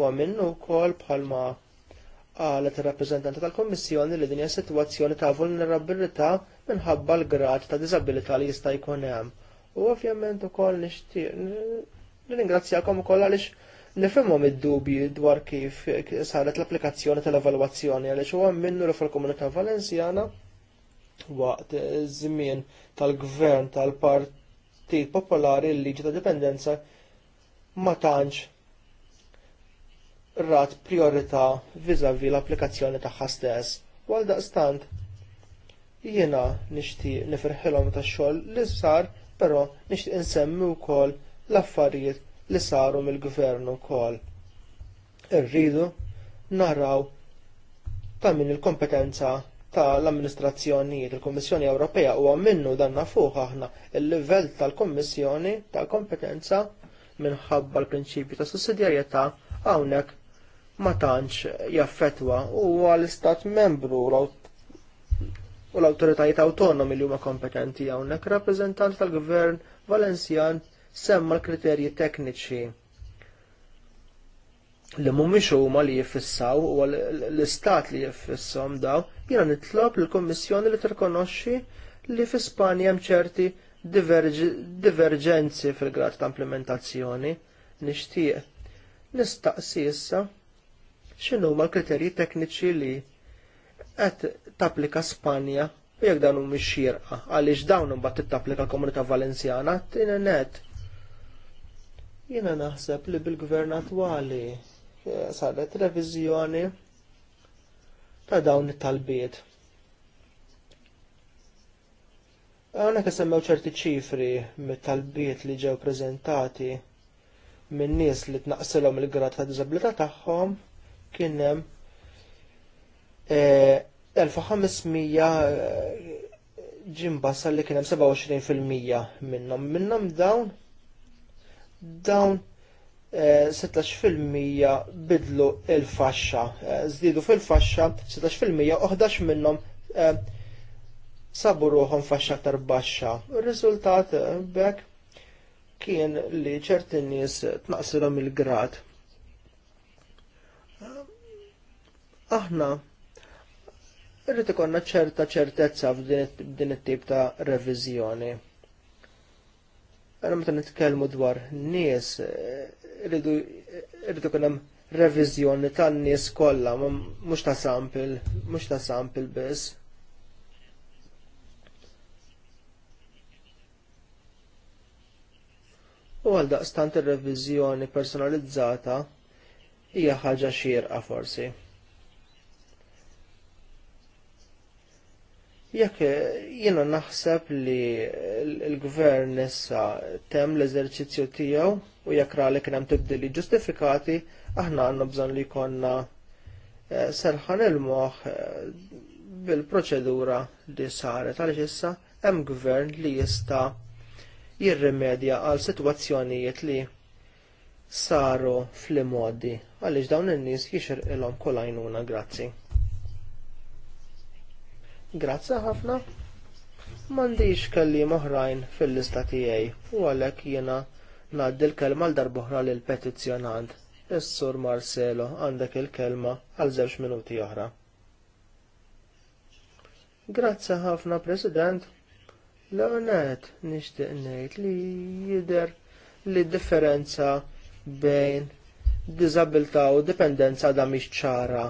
u minnu wkoll bħalma qalet ir-rappreżentanti tal-Kommissjoni li din hija sitwazzjoni ta' vulnerabilità minħabba l-grad ta' diżabilità li jista' jkun hemm. U ovvjament ukoll nixtieq nirringrazzjakom ukoll għaliex nifhimhom id-dubji dwar kif saret l-applikazzjoni tal-evalwazzjoni għaliex huwa minnu li fil-Komunità Valenzjana waqt żmien tal-gvern tal-Partit Popolari l-liġi ta' dipendenza ma tantx rat priorità viżavi l-applikazzjoni tagħha stess. Għal daqstant jiena nixtieq nifirħilhom tax-xogħol li sar, però nixtieq insemmi wkoll l-affarijiet li saru mill-gvern ukoll. Irridu naraw ta' min il-kompetenza Ta l amministrazzjonijiet il-Kummissjoni Ewropea huwa minnu danna fuq aħna il-livell tal-Kummissjoni ta' kompetenza minħabba l-prinċipju ta' sussidjarjetà hawnhekk ma tantx jaffetwa u għall-Istat membru u l-awtoritajiet awtonomi li huma kompetenti hawnhekk rappreżentant tal-Gvern Valenzjan semma l-kriterji tekniċi li mhumiex huma li jifissaw u l-istat li jifissom daw, jiena nitlob lill kummissjoni li tirkonoxxi li fi Spanja hemm ċerti diverġenzi fil-grad ta' implementazzjoni nixtieq. Nistaqsi issa x'inhu huma l-kriterji tekniċi li qed tapplika Spanja u jekk dan mhumiex xierqa għaliex dawn imbagħad tittapplika l-Komunità Valenzjana tieni net. Jiena naħseb li bil-gvern attwali saret revizjoni ta' dawn it-talbiet. Għonek semmew ċerti ċifri mit-talbiet li ġew prezentati minn nies li tnaqsilhom il-grad ta' diżabilità tagħhom kien hemm 1500 e, e, ġimbassa li kien hemm 27% minnhom minnhom dawn dawn 16% bidlu il-faxxa, eh, Zdidu fil-faxxa 16% u 11 minnhom eh, sabu ruħhom faxxa aktar baxxa. Rizultat riżultat eh, bekk kien li ċerti nies tnaqsilhom il-grad. Aħna irrid ikollna ċerta ċertezza f'din it-tip ta' reviżjoni. Għana meta nitkellmu dwar nies rridu kunem revizjoni tan-nies kollha, mhux ta' sample, mhux ta' sample biss. U għal daqstant ir-reviżjoni personalizzata hija ħaġa xierqa forsi. Jekk jiena naħseb li l-gvern issa tem l-eżerċizzju tiegħu u jekk rali kien hemm tibdili ġustifikati, aħna għandna bżonn li jkollna eh, serħan il-moħħ eh, bil-proċedura li saret għaliex issa hemm gvern li jista' jirrimedja għal sitwazzjonijiet li saru fl-modi għaliex dawn in-nies jixirqilhom kull għajnuna grazzi. Grazzi ħafna. Mandiġ kelli oħrajn fil-lista tiegħi u għalhekk jiena ngħaddi l-kelma l darbohra l petizzjonant. Is-sur Marcelo għandek il-kelma għal żewġ minuti oħra. Grazzi ħafna President. Leonet nixtieq ngħid li jidher li d differenza bejn diżabilità u dipendenza da mhix ċara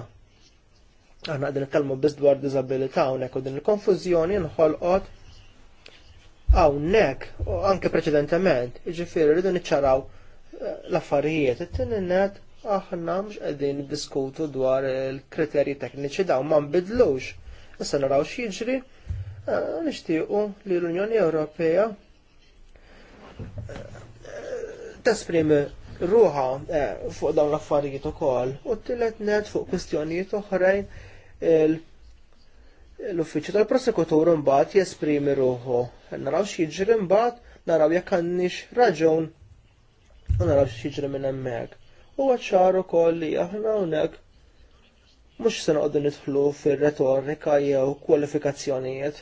Aħna għadin nitkellmu biss dwar diżabilità hawnhekk u din il-konfużjoni nħolqot hawnhekk u anke preċedentement, jiġifieri rridu niċċaraw eh, l-affarijiet. It-tieni net aħna mhux qegħdin diskutu dwar il-kriterji tekniċi dawn ma nbidlux. Issa naraw xieġri eh, nixtiequ li l-Unjoni Ewropea eh, tesprimi ruħa fuq dawn l-affarijiet ukoll u t-tillet net fuq kwistjonijiet oħrajn l-uffiċċju tal-prosekutur mbagħad jesprimi ruħu. Naraw x'jiġri mbagħad naraw jekk għandniex raġun u naraw x'jiġri minn hemmhekk. U ċar ukoll li aħna hawnhekk mhux se noqogħdu nidħlu fir-retorika jew kwalifikazzjonijiet.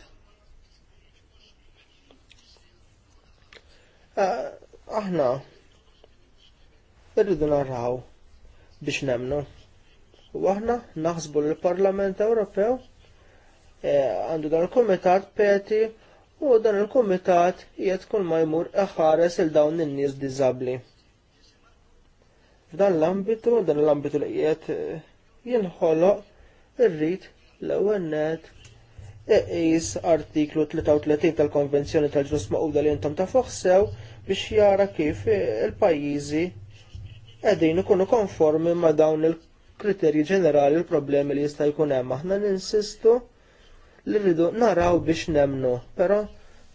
Aħna irridu naraw biex nemnu. U aħna naħsbu l-Parlament Ewropew eh, għandu dan il-Kumitat peti u dan il-Kumitat jiet kull ma jmur ħares il dawn in-nies diżabbli. F'dan l-ambitu, dan l-ambitu li jiet eh, jinħoloq irrid l-ewwel net artiklu 33 tal-Konvenzjoni tal ġus Maquda li intom ta' foħsew biex jara kif il-pajjiżi qegħdin ikunu konformi ma' dawn il- kriterji ġenerali l-problemi li jista' jkun hemm. Aħna ninsistu li rridu naraw biex nemnu, però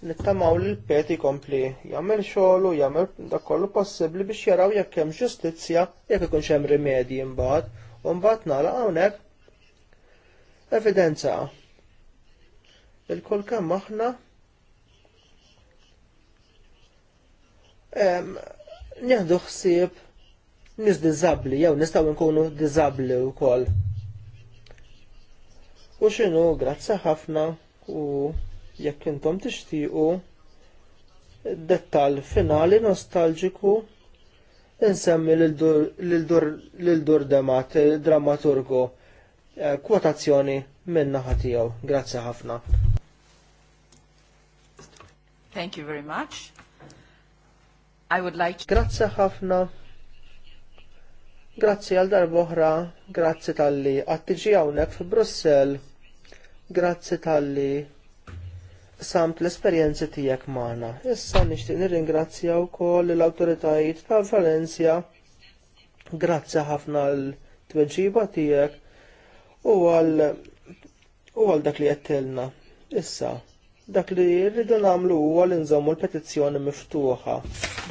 nittamaw li l-pet ikompli jagħmel xogħlu, jagħmel dak kollu possibbli biex jaraw jekk hemm ġustizzja jekk ikunx hemm rimedji mbagħad u mbagħad nagħlaq hawnhekk evidenza. Il-kol kemm aħna nieħdu ħsieb nis dizabli, jew nistaw nkunu dizabli u kol. U xinu, grazzi ħafna u jekk intom tixtiqu dettal finali nostalġiku insemmi l-dur demat, dramaturgu, eh, kwotazzjoni minna ħatijaw. Grazzi ħafna. Thank you very much. I would like to... Grazie ħafna. Grazzi għal darba grazzi tal-li għattiġi għawnek fi Brussel, grazzi tal-li samt l-esperienzi tijek maħna. Issa nishtiq nirringrazzja għaw kol l-autoritajiet ta' Valencia, grazzi ħafna l-tweġiba tijek u għal dak li għettilna. Issa, dak li rridu namlu huwa li nżommu l-petizzjoni miftuħa.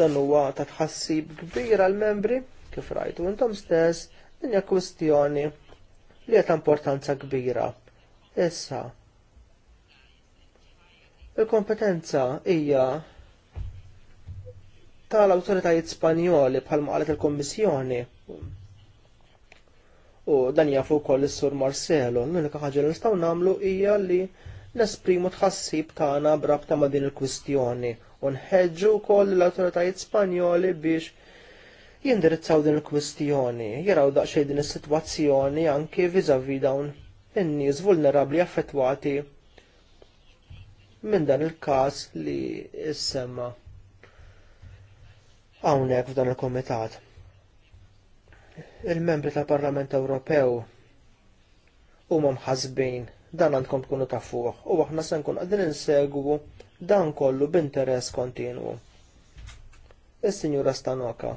Dan huwa ta' tħassib kbir l membri kif rajtu intom stess din hija kwistjoni li qed importanza kbira. Issa, il-kompetenza hija tal-awtoritajiet Spanjoli bħalma qalet il-Kommissjoni. U dan jafu wkoll is-Sur Marcelo, l-unika ħaġa li nistgħu nagħmlu hija li nesprimu tħassib tagħna brabta ma' din il-kwistjoni u nħeġġu wkoll l-awtoritajiet Spanjoli biex jindirizzaw din il-kwistjoni, jaraw daqsxejn din is-sitwazzjoni anki vizavi dawn in-nies vulnerabbli affettwati minn dan il-każ li issemma hawnhekk f'dan il-Kumitat. Il-membri tal-Parlament Ewropew huma mħasbin dan għandkom tkunu tafuħ u aħna se nkun qegħdin insegwu dan kollu b'interess kontinwu. Is-Sinjura Stanoka.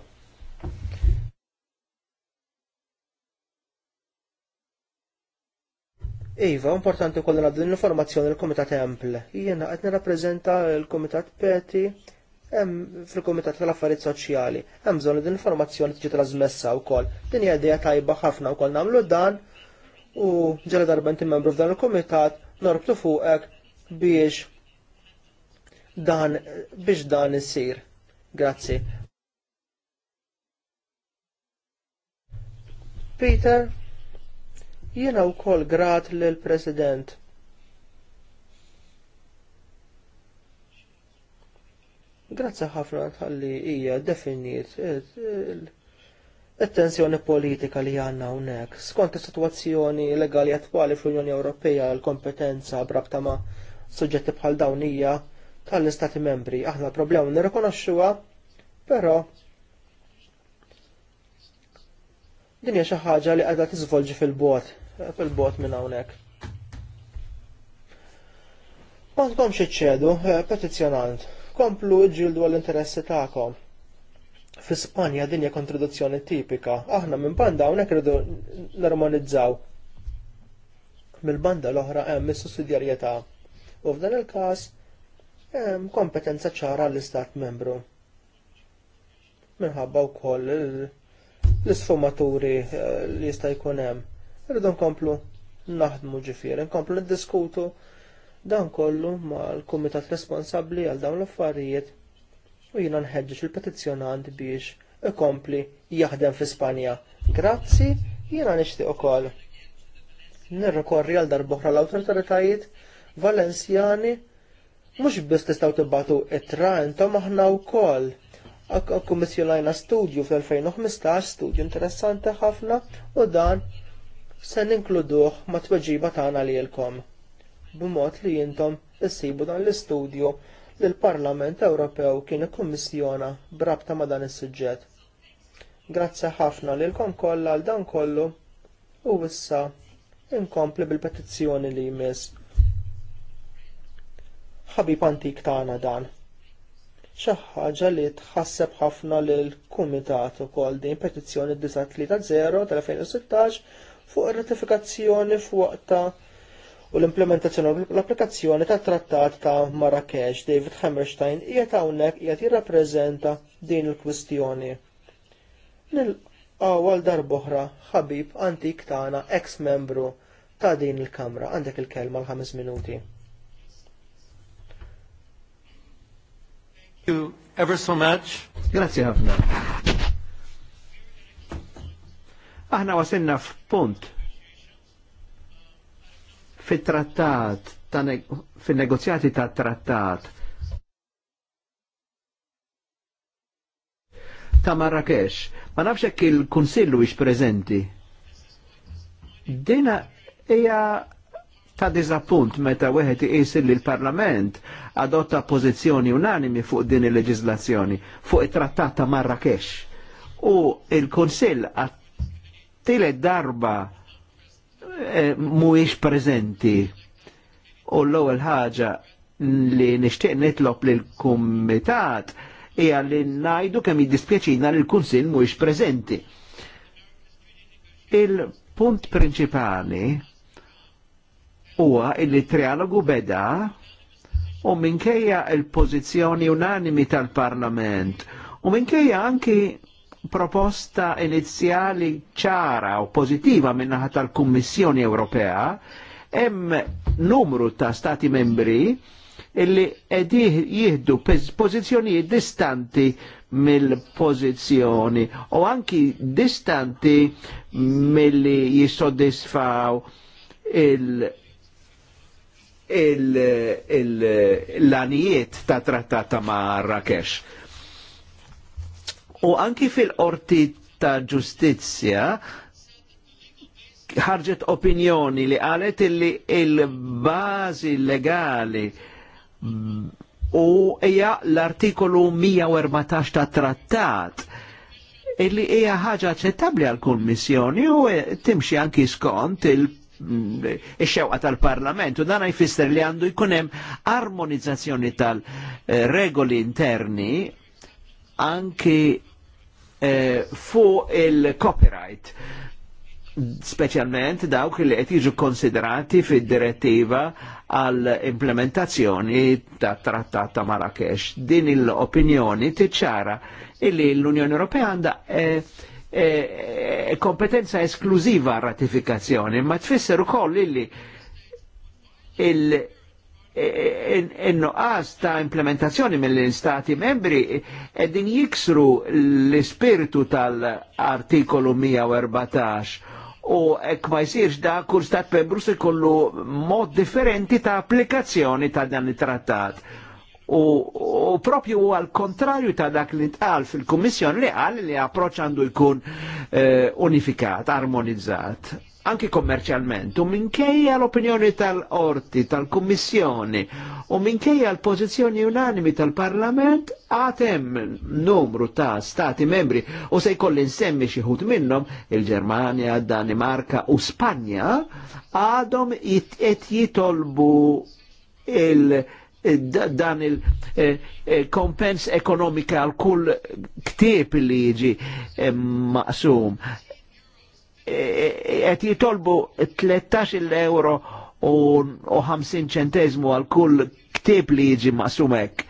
Iva, importanti kollu din l-informazzjoni l-Kumitat Emple. Jiena qed nirrappreżenta l-Kumitat Peti fil-Kumitat tal-Affarijiet Soċjali. Hemm bżonn din l-informazzjoni tiġi trasmessa wkoll. Din hija idea tajba ħafna wkoll nagħmlu dan u ġara darba inti membru f'dan il-Kumitat norbtu fuqek biex dan biex dan isir. Grazzi. Peter, jiena wkoll grat lill president Grazzi ħafna tal-li hija definiet it-tensjoni politika li għandna hawnhekk. Skont is-sitwazzjoni legali attwali fl-Unjoni Ewropea l-kompetenza brabta ma' suġġetti bħal dawn hija tal-Istati Membri. Aħna l-problema nirrikonoxxuha, però Din hija xi ħaġa li qiegħda tiżvolġi fil-bot, fil-bot minn hawnhekk. M'għandkom xiċċedu, eh, petizzjonant, komplu ġildu għall-interessi tagħkom. Fi Spanja din hija kontradizzjoni tipika, aħna minn banda hawnhekk irridu normalizzaw. Mill-banda l-oħra hemm is-sussidjarjetà. U f'dan il-każ hemm kompetenza ċara l-Istat membru. Minħabba wkoll l-isfumaturi eh, li jista' jkun hemm. Irridu nkomplu naħdmu ġifieri, nkomplu niddiskutu dan kollu mal-kumitat responsabbli għal dawn l-affarijiet u jiena nħeġġeġ il-petizzjonant biex ikompli jaħdem fi Spanja. Grazzi, jiena nixtieq ukoll. Nirrikorri għal darbohra l-awtoritajiet Valenzjani mhux biss tistgħu tibbatu it-tra intom aħna wkoll Akkumissjonajna studju fl-2015, studju interessanti ħafna u dan se ninkluduh ma tweġiba tagħna lilkom. B'mod li jintom issibu dan l-istudju li l-Parlament Ewropew kien ikkummissjona brabta ma dan is-suġġett. Grazzi ħafna lilkom kollha għal dan kollu u issa inkompli bil-petizzjoni li jmiss. Ħabib antik tagħna dan xi ħaġa li tħasseb ħafna lill kumitat ukoll din petizzjoni 930 tal-2016 fuq ir-ratifikazzjoni f'waqta u l-implementazzjoni l-applikazzjoni tat trattat ta' Marrakesh David Hammerstein qiegħed hawnhekk qiegħed jirrappreżenta din il-kwistjoni. nil għal darboħra ħabib antik tagħna ex-membru ta' din il-Kamra għandek il-kelma l-5 minuti. you ever so much. Grazie ħafna. Aħna wasilna f'punt fit-trattat, fin-negozjati ta' trattat ta' Marrakesh. Ma nafx hekk il-Kunsillu ix preżenti. Dina hija ta' dizappunt meta wieħed iqis li l-Parlament adotta pożizzjoni unanimi fuq din il leġislazzjoni fuq it-Trattat ta' Marrakesh. U il-Kunsill għattile darba e, mhuwiex preżenti u l-ewwel ħaġa li nixtieq nitlob lill-Kumitat hija li ngħidu kemm jiddispjaċina li l-Kunsill mhuwiex preżenti. Il-punt prinċipali huwa illi trialogu beda u minkejja il pozizjoni unanimi tal-Parlament u minkejja anki proposta inizjali ċara u pozittiva minnaħa tal-Kummissjoni Ewropea, hemm numru ta' stati membri illi edih jihdu pozizjonijiet distanti mill-pozizjoni u anki distanti mill-li jisoddisfaw il- l-anijiet ta' trattata ma' Rakesh. U anki fil-qorti ta' ġustizzja ħarġet opinjoni li qalet illi il-bazi legali u hija l-artikolu 114 ta' trattat illi hija ħaġa aċċettabbli għal kummissjoni u timxi anki skont il- ix-xewqa tal-Parlament u dan jfisser li għandu jkun hemm armonizzazzjoni tal-regoli interni anki eh, fuq il-copyright specialment dawk li qed jiġu konsiderati fid-direttiva għall implementazzjoni ta' trattat ta' Marrakesh. Din il opinjoni tiċċara illi l-Unjoni Ewropea għandha eh, Eh, eh, kompetenza esklusiva ratifikazzjoni, ma tfisser ukoll illi il- in-nuqqas eh, ta' implementazzjoni mill-Stati membri edin jiksru l-spiritu tal-artikolu 114 u ek ma jisirx da kur stat membru se kollu mod differenti ta' applikazzjoni ta' dan it-trattat U, u propju għal kontrarju ta' dak li tqal fil-Kummissjoni li qal li approċ għandu jkun eh, unifikat, armonizzat, anki kommerċjalment, u minkejja l-opinjoni tal-orti, tal-Kummissjoni, u minkejja l pozizjoni unanimi tal-Parlament, għatem numru ta' stati membri, u se jkolli nsemmi xieħut minnom il-Germania, Danimarka u Spanja, għadhom jitolbu il- dan il-kompens eh, eh, ekonomika għal kull ktieb li jiġi eh, maqsum. Et jitolbu 13 euro u 50 ċentezmu għal kull ktieb li jiġi maqsumek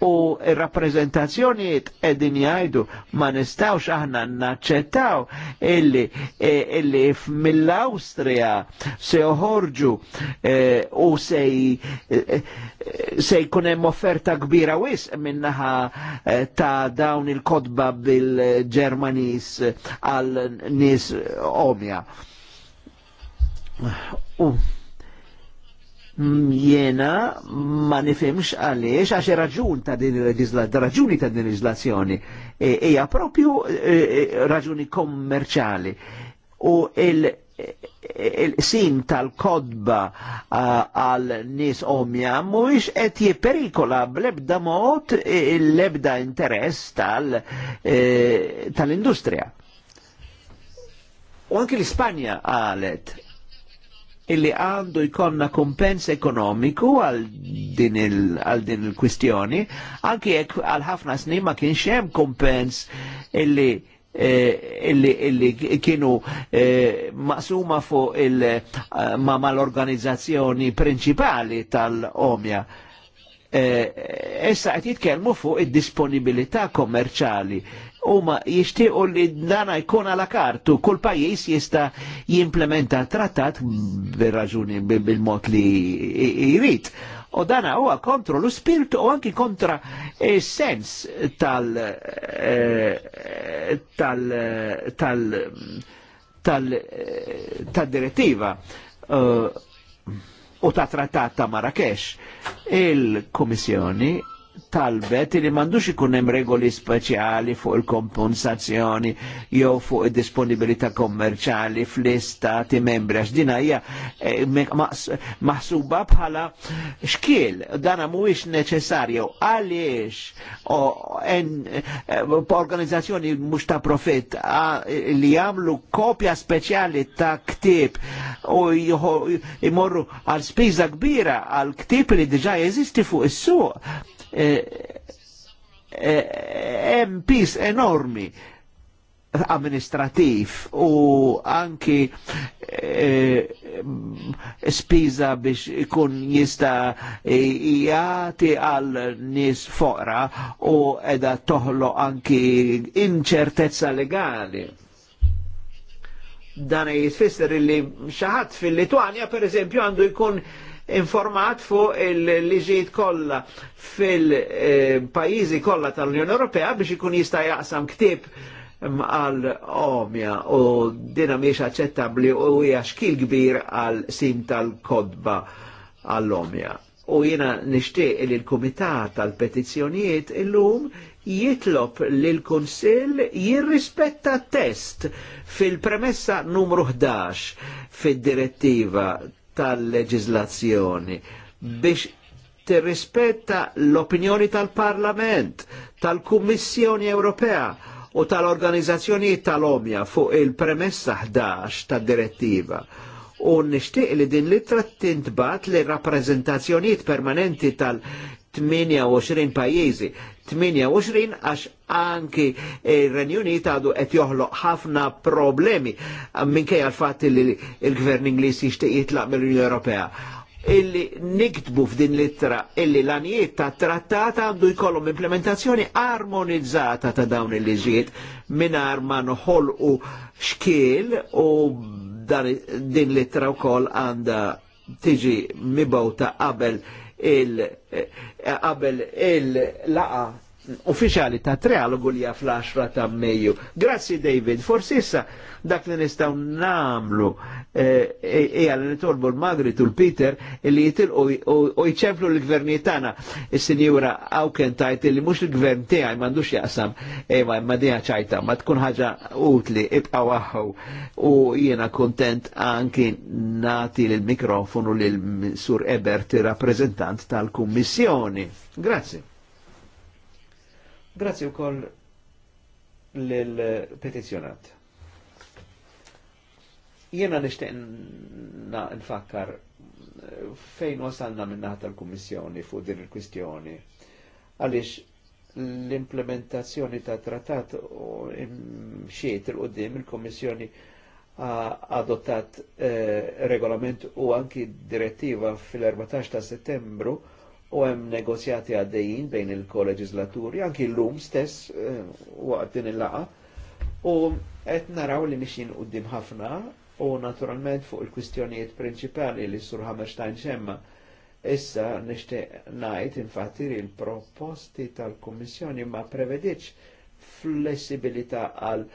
u rappresentazzjoniet edin jajdu ma nistawx aħna naċċettaw illi, e, illi mill-Austria se uħorġu e, u e, se jkun hemm offerta kbira wis minnaħa ta' dawn il-kodba bil-Ġermanis għal nis omja. Uh jena ma nifimx għaliex għaxe raġun ta' din il raġuni ta' din il-leġizlazzjoni, eja propju e, e, raġuni kommerċali. U il- e, sin tal-kodba għal nis omja mhuwiex qed jipperikola bl-ebda mod l-ebda interess tal industria U anki l-Ispanja għalet illi għandu jkonna kumpens ekonomiku għal din il-kwistjoni, anki jekk għal ħafna snin ma kienx hemm kumpens illi eh, illi, illi kienu eh, maqsuma fuq il eh, ma mal-organizzazzjoni principali tal-omja. Issa eh, qed jitkellmu fuq id-disponibilità kommerċali huma jixtiequ li dana jkun għala kartu, kull pajjiż jista' jimplementa trattat bir-raġuni bil-mod li jrid. U dana huwa kontra l-spirtu u anki kontra sens tal eh, tal tal tal tal direttiva eh, u ta' trattat ta' Marrakesh. Il-Komissjoni talbet li mandux ikun hemm regoli speċjali fuq il-kompensazzjoni jew fuq id-disponibilità kommerċjali fl-istati membri għax din hija eh, maħsuba bħala xkiel dana mhuwiex neċessarju għaliex eh, organizzazzjoni mhux ta' profitt li jagħmlu kopja speċjali ta' ktieb u jmorru għal spiża kbira għal ktieb li diġà jeżisti fuq is-suq E, e, hemm pis enormi amministrativ u anki e, spiża biex ikun jista jgħati għal nis foqra u edha toħlo anki inċertezza legali. Dan jitfisser li xaħat fil-Litwanja per eżempju għandu jkun informat fuq il-liġijiet kollha fil-pajjiżi kollha tal-Unjoni Ewropea biex ikun jista' jaqsam ktieb għal omja u dina miex aċċettabli u hija xkil kbir għal sim tal-kodba għall omja U jiena nixtieq li l-Kumitat tal-Petizzjonijiet illum jitlob li l-Konsil jirrispetta test fil-premessa numru 11 fil-direttiva tal-leġizlazzjoni biex tirrispetta l-opinjoni tal-Parlament, tal-Kummissjoni Ewropea u tal-organizzazzjonijiet tal-omja fuq il-premessa 11 tad-direttiva u nishtiq li din litra tintbat li rappreżentazzjonijiet permanenti tal- 28 pajjiżi 28 għax anki il-Renju Unit għadu qed joħloq ħafna problemi minkejja l-fatt li l-Gvern Ingliż jixtieq jitlaq mill-Unjoni Ewropea illi niktbu f'din l-ittra illi l-anijiet ta' trattat għandu jkollhom implementazzjoni armonizzata ta' dawn il-liġijiet mingħajr ma noħolqu xkiel u din l-ittra wkoll għandha tiġi mibgħuta qabel il-qabel eh, il-laqa uffiċjali ta' trialogu li fl-10 ta' Mejju. Grazzi David, forsi issa dak li nistgħu namlu eh, eh, hija li nitolbu l-Magritu l-Peter li jitilqu u jċemplu l-gvernijiet tagħna. Is-sinjura Awken tajt li mhux il-gvern tiegħi m'għandux jaqsam ejma imma dija ċajta ma tkun ħaġa utli ibqa' waħħu u jiena kuntent anki nati l-mikrofonu lil Sur Ebert, rappreżentant tal-Kummissjoni. Grazie. Grazzi u koll l-petizjonat. Jena nishtiq nfakkar fejn wasalna minnaħat l kummissjoni fuq din il-kwistjoni. Għaliex l-implementazzjoni ta' trattat u xiet il-qoddim il ha adottat eh, regolament u anki direttiva fil-14 ta' settembru u hemm negozjati għaddejjin bejn il-koleġislaturi, anki l-lum stess eh, waqt din il-laqa, u qed naraw li mixin qudiem ħafna u naturalment fuq il-kwistjonijiet prinċipali li sur Hammerstein xemma. Issa nixtieq ngħid infatti li l-proposti tal-Kummissjoni ma prevedix flessibilità għal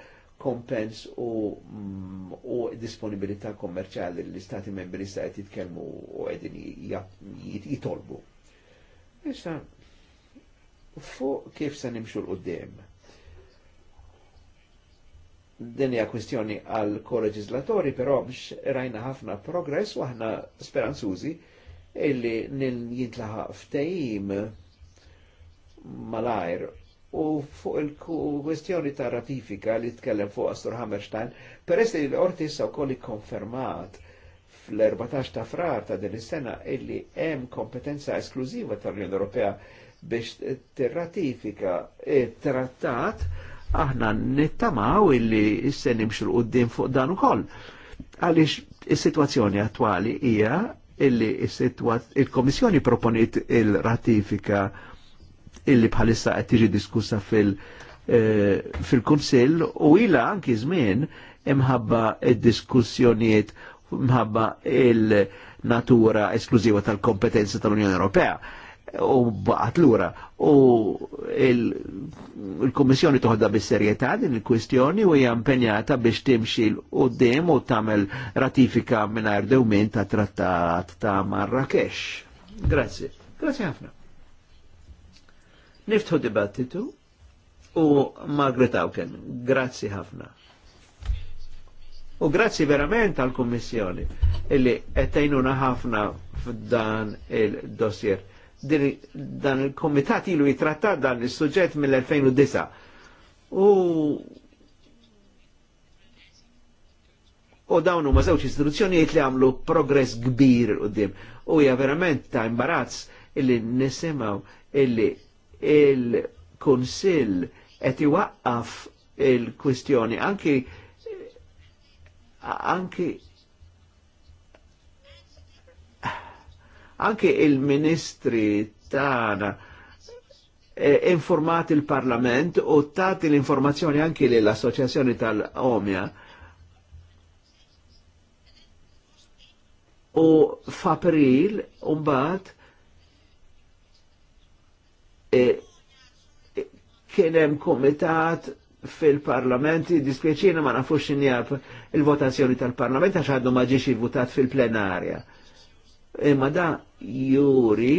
kompens u, mm, u disponibilità kommerċali li l-Stati membri sa' jitkellmu u qegħdin jitolbu. Jit, jit, jit, Issa, fuq kif se nimxu l-qoddim? Din hija kwestjoni għal koleġislatori, però mx rajna ħafna progress u aħna speranzużi illi nil jintlaħa ftejim malajr u fuq il-kwestjoni ta' ratifika li tkellem fuq Astor Hammerstein, peress li l-orti u wkoll konfermat fl-14 ta' frar ta' din is-sena illi hemm kompetenza esklużiva tal-Unjoni Ewropea biex tirratifika it-trattat aħna nittamaw illi issa nimxu l-qoddim fuq dan ukoll. Għaliex is-sitwazzjoni attwali hija illi il-Komissjoni proponit il-ratifika illi bħalissa qed tiġi diskussa fil- eh, fil-Kunsill u ila anki żmien imħabba id-diskussjonijiet mħabba il-natura esklużiva tal-kompetenza tal-Unjoni Ewropea u baqat lura u il-Kommissjoni toħda bis-serjetà din il-kwistjoni u hija impenjata biex timxi l u tagħmel ratifika mingħajr dewmien ta' trattat ta' Marrakesh. Grazzi. Grazzi ħafna. Niftħu dibattitu u Margaret Auken, grazzi ħafna. U grazzi verament għal kommissjoni illi għettajnuna ħafna f'dan il-dossier. Dan il-komitat ilu jitratta dan il-sujġet mill-2009. U u dawnu ma zewċ istituzzjonijiet li għamlu progress kbir dim. U ja verament ta' imbarazz illi nisimaw illi il konsil qed iwaqqaf il-kwistjoni anki anki anki il-ministri tana eh, informat il-parlament u tati l-informazzjoni anki l-associazzjoni tal omia u f'april umbat eh, kienem komitat fil-parlament, dispieċina ma nafux xinjab il-votazzjoni tal-parlament għax għaddu maġiġ votat fil-plenarja. Imma da juri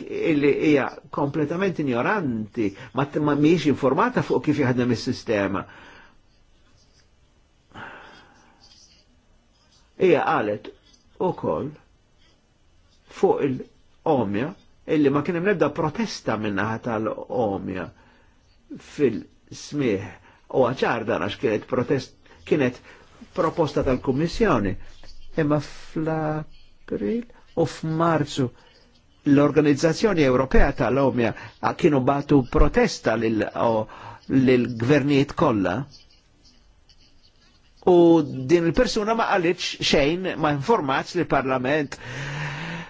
illi hija kompletament ignoranti, ma miex informata fuq kif jaħdem is-sistema. għalet u ukoll fuq il-omja illi ma kien hemm nebda protesta minnaħa tal-omja fil- smieħ. U għaċar dan għax kienet protest, kienet proposta tal-Kummissjoni. Imma fl-April u f'Marzu l-Organizzazzjoni Ewropea tal-Omja kienu batu protesta lil-gvernijiet kollha. U din il-persuna ma qalitx xejn ma informax li parlament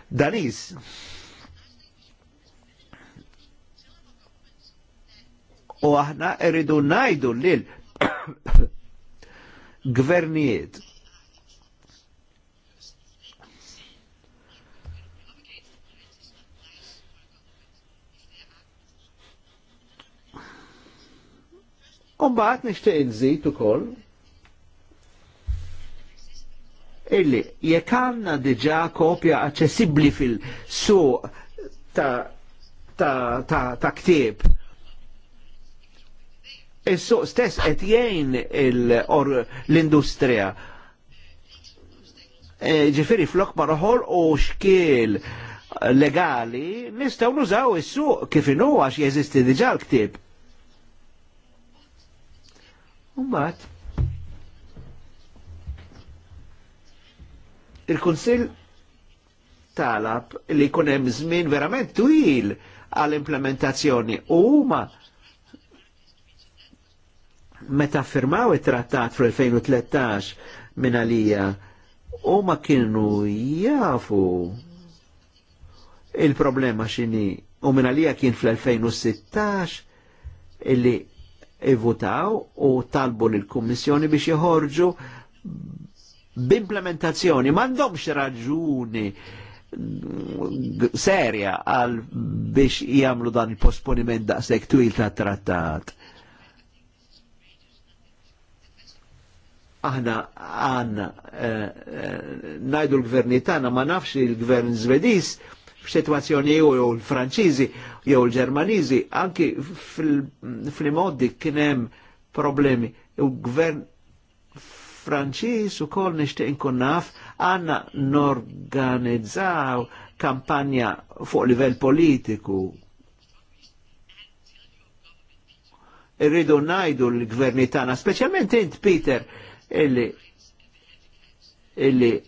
Danis. U aħna rridu najdu lil gvernijiet. Umbaħt nishtiq nżid ukoll illi jekk għandna diġà kopja aċċessibbli fil-suq ta' ta', ta, ta, ta ktieb Is-suq stess qed jgħin l-industrija. E, Ġifieri flok ma u xkiel legali nistgħu nużaw is-suq kif inhu għax jeżisti diġà l-ktieb. Umbat, il kunsill talab li jkun hemm żmien verament twil għall-implementazzjoni u huma meta firmaw it-trattat fl-2013 minn għalija u ma kienu jafu il-problema xini u minn għalija kien fl-2016 illi ivutaw u talbu l-Kommissjoni biex jħorġu b'implementazzjoni m'għandhomx raġuni serja għal biex jagħmlu dan il-posponiment daqshekk twil tat-trattat. aħna għanna eh, eh, najdu l-gvernitana ma nafx il-gvern zvedis f'sitwazzjoni jew l-Franċiżi jew l-Ġermaniżi, anki fil-modi kien hemm problemi. U gvern Franċiż ukoll nixtieq inkun naf għandna norganizzaw kampanja fuq livell politiku. Irridu najdu l-gvernitana, speċjalment int Peter, illi illi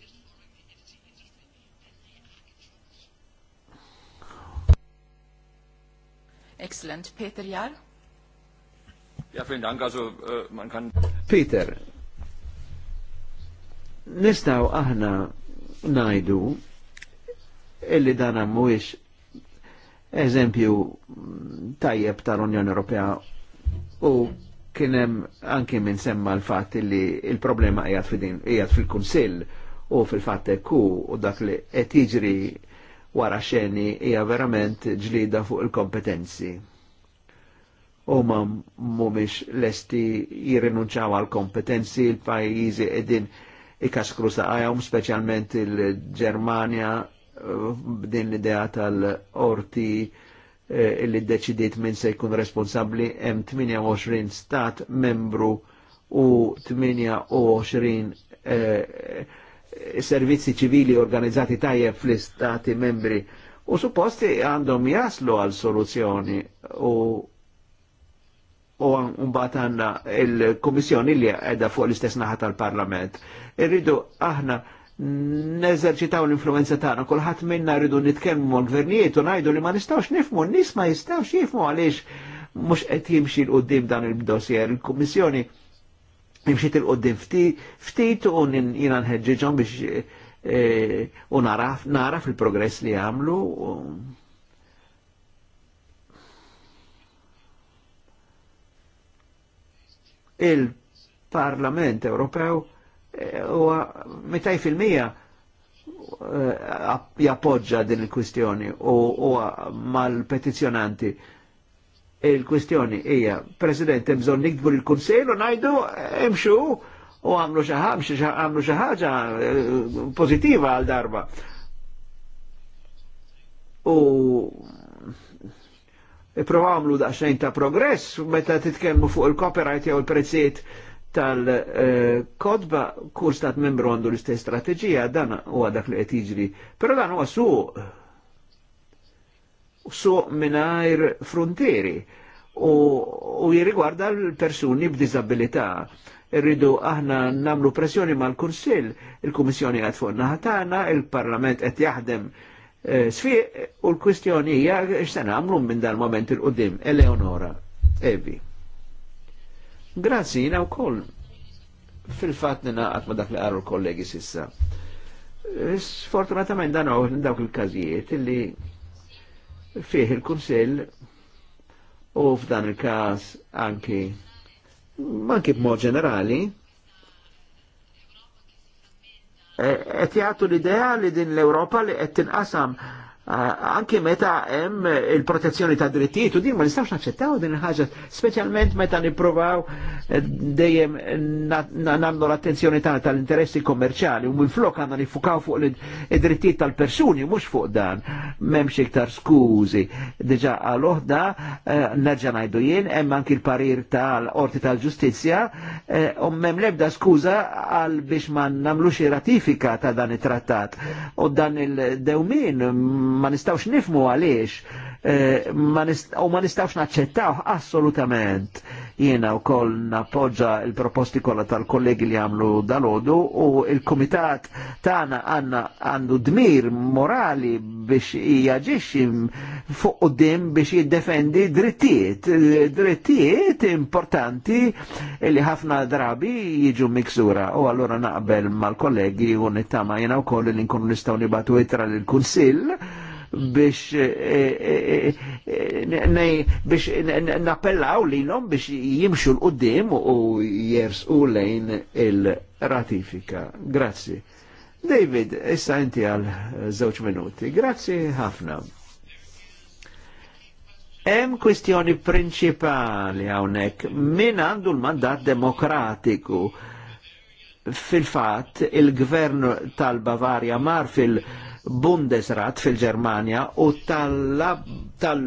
Excellent. Peter Jar? Ja, vielen Dank. Also, äh, man kann... Peter, nistaw aħna najdu illi dana mhuwiex eżempju tajjeb tal-Unjoni Ewropea u kienem anki minn semma l-fat li il-problema jgħat fil-Kunsill u fil-fat ekku u dak li qed jiġri wara xeni hija verament ġlida fuq il-kompetenzi. U ma mumiex lesti jirrinunċaw għal kompetenzi il-pajjiżi edin ikaskru saqajhom speċjalment il-Ġermanja b'din l-idea tal-orti Eh, illi deċidiet minn se jkun responsabli hemm 28 stat membru u 28 eh, servizzi ċivili organizzati tajjeb fl-istati membri u supposti għandhom jaslu għal soluzzjoni u u mbagħad għandna il-Kummissjoni li qiegħda fuq l-istess naħa tal-Parlament. Irridu aħna neżerċitaw l-influenza tagħna, kulħadd minna rridu nitkellmu mal-gvernijiet u ngħidu li ma nistgħux nifmu, n-nies ma jistgħux jifmu għaliex mhux qed jimxi l qudiem dan il-dossier. Il-Kummissjoni imxiet il qudiem ftit u jiena nħeġġiġhom biex e, u nara fil-progress li għamlu. Il-Parlament Ewropew huwa mitaj fil-mija eh, jappoġġa din il-kwistjoni u mal-petizjonanti il-kwistjoni hija President hemm bżonn nikdbu il-Kunsejl u ngħidu imxu u għamlu xi ħaġa għamlu xi ħaġa eh, pożittiva għal darba. U Iprovaw għamlu daqsxejn ta' progress meta titkellmu fuq il-copyright jew il-prezzijiet tal-kodba kull stat membru għandu l-istess strategija, dan huwa dak li qed jiġri. Però dan huwa suq suq mingħajr frontieri u, u jirrigwarda l-persuni b'diżabilità irridu aħna namlu pressjoni mal-Kunsill, il-Kummissjoni għad fuq naħatana, il-Parlament qed jaħdem eh, sfiq u l-kwistjoni hija x'se nagħmlu minn dal moment il-qudiem. Eleonora, Evi. Grazzi, jina u koll. Fil-fat nina ma dak li għarru kollegi sissa. Sfortunatament dan għu dawk il-kazijiet illi fih il-Kunsill u f'dan il-kas anki manki b'mod ġenerali qed jagħtu l-idea li din l-Ewropa li qed tinqasam anke meta hemm il-protezzjoni ta' drittijiet u din ma nistgħux naċċettaw din il-ħaġa, speċjalment meta nippruvaw eh, dejjem nagħmlu l-attenzjoni tagħna tal-interessi kommerċjali u minflok għandna nifukaw fuq id-drittijiet tal-persuni mhux fuq dan m'hemmx iktar skużi. Diġà għal oħda eh, nerġa' ngħidu jien hemm anki l-parir tal-Qorti tal-Ġustizzja eh, u m'hemm l-ebda skuża għal biex ma nagħmlux ratifika ta' dan it-trattat u dan il-dewmin ma nistawx nifmu għaliex eh, u ma nistawx naċċettaw assolutament jiena u koll napoġġa il-proposti kollha tal-kollegi li għamlu dalodu u il-komitat tagħna għandna għandu dmir morali biex jaġixxi fuq dim biex jiddefendi drittijiet, drittijiet importanti li ħafna drabi jiġu miksura u allura naqbel mal-kollegi u nittama jiena wkoll li nkunu nistgħu nibatu itra lill-Kunsill biex eh, eh, eh, biex nappellaw li l-om biex jimxu l-qoddim u jers u lejn il-ratifika. Grazzi. David, issa inti għal żewġ minuti. Grazzi ħafna. Hemm kwistjoni prinċipali hawnhekk min għandu l-mandat demokratiku fil-fatt il-gvern tal-Bavarja mar fil- -fatt, Bundesrat fil-Germania u tal-, tal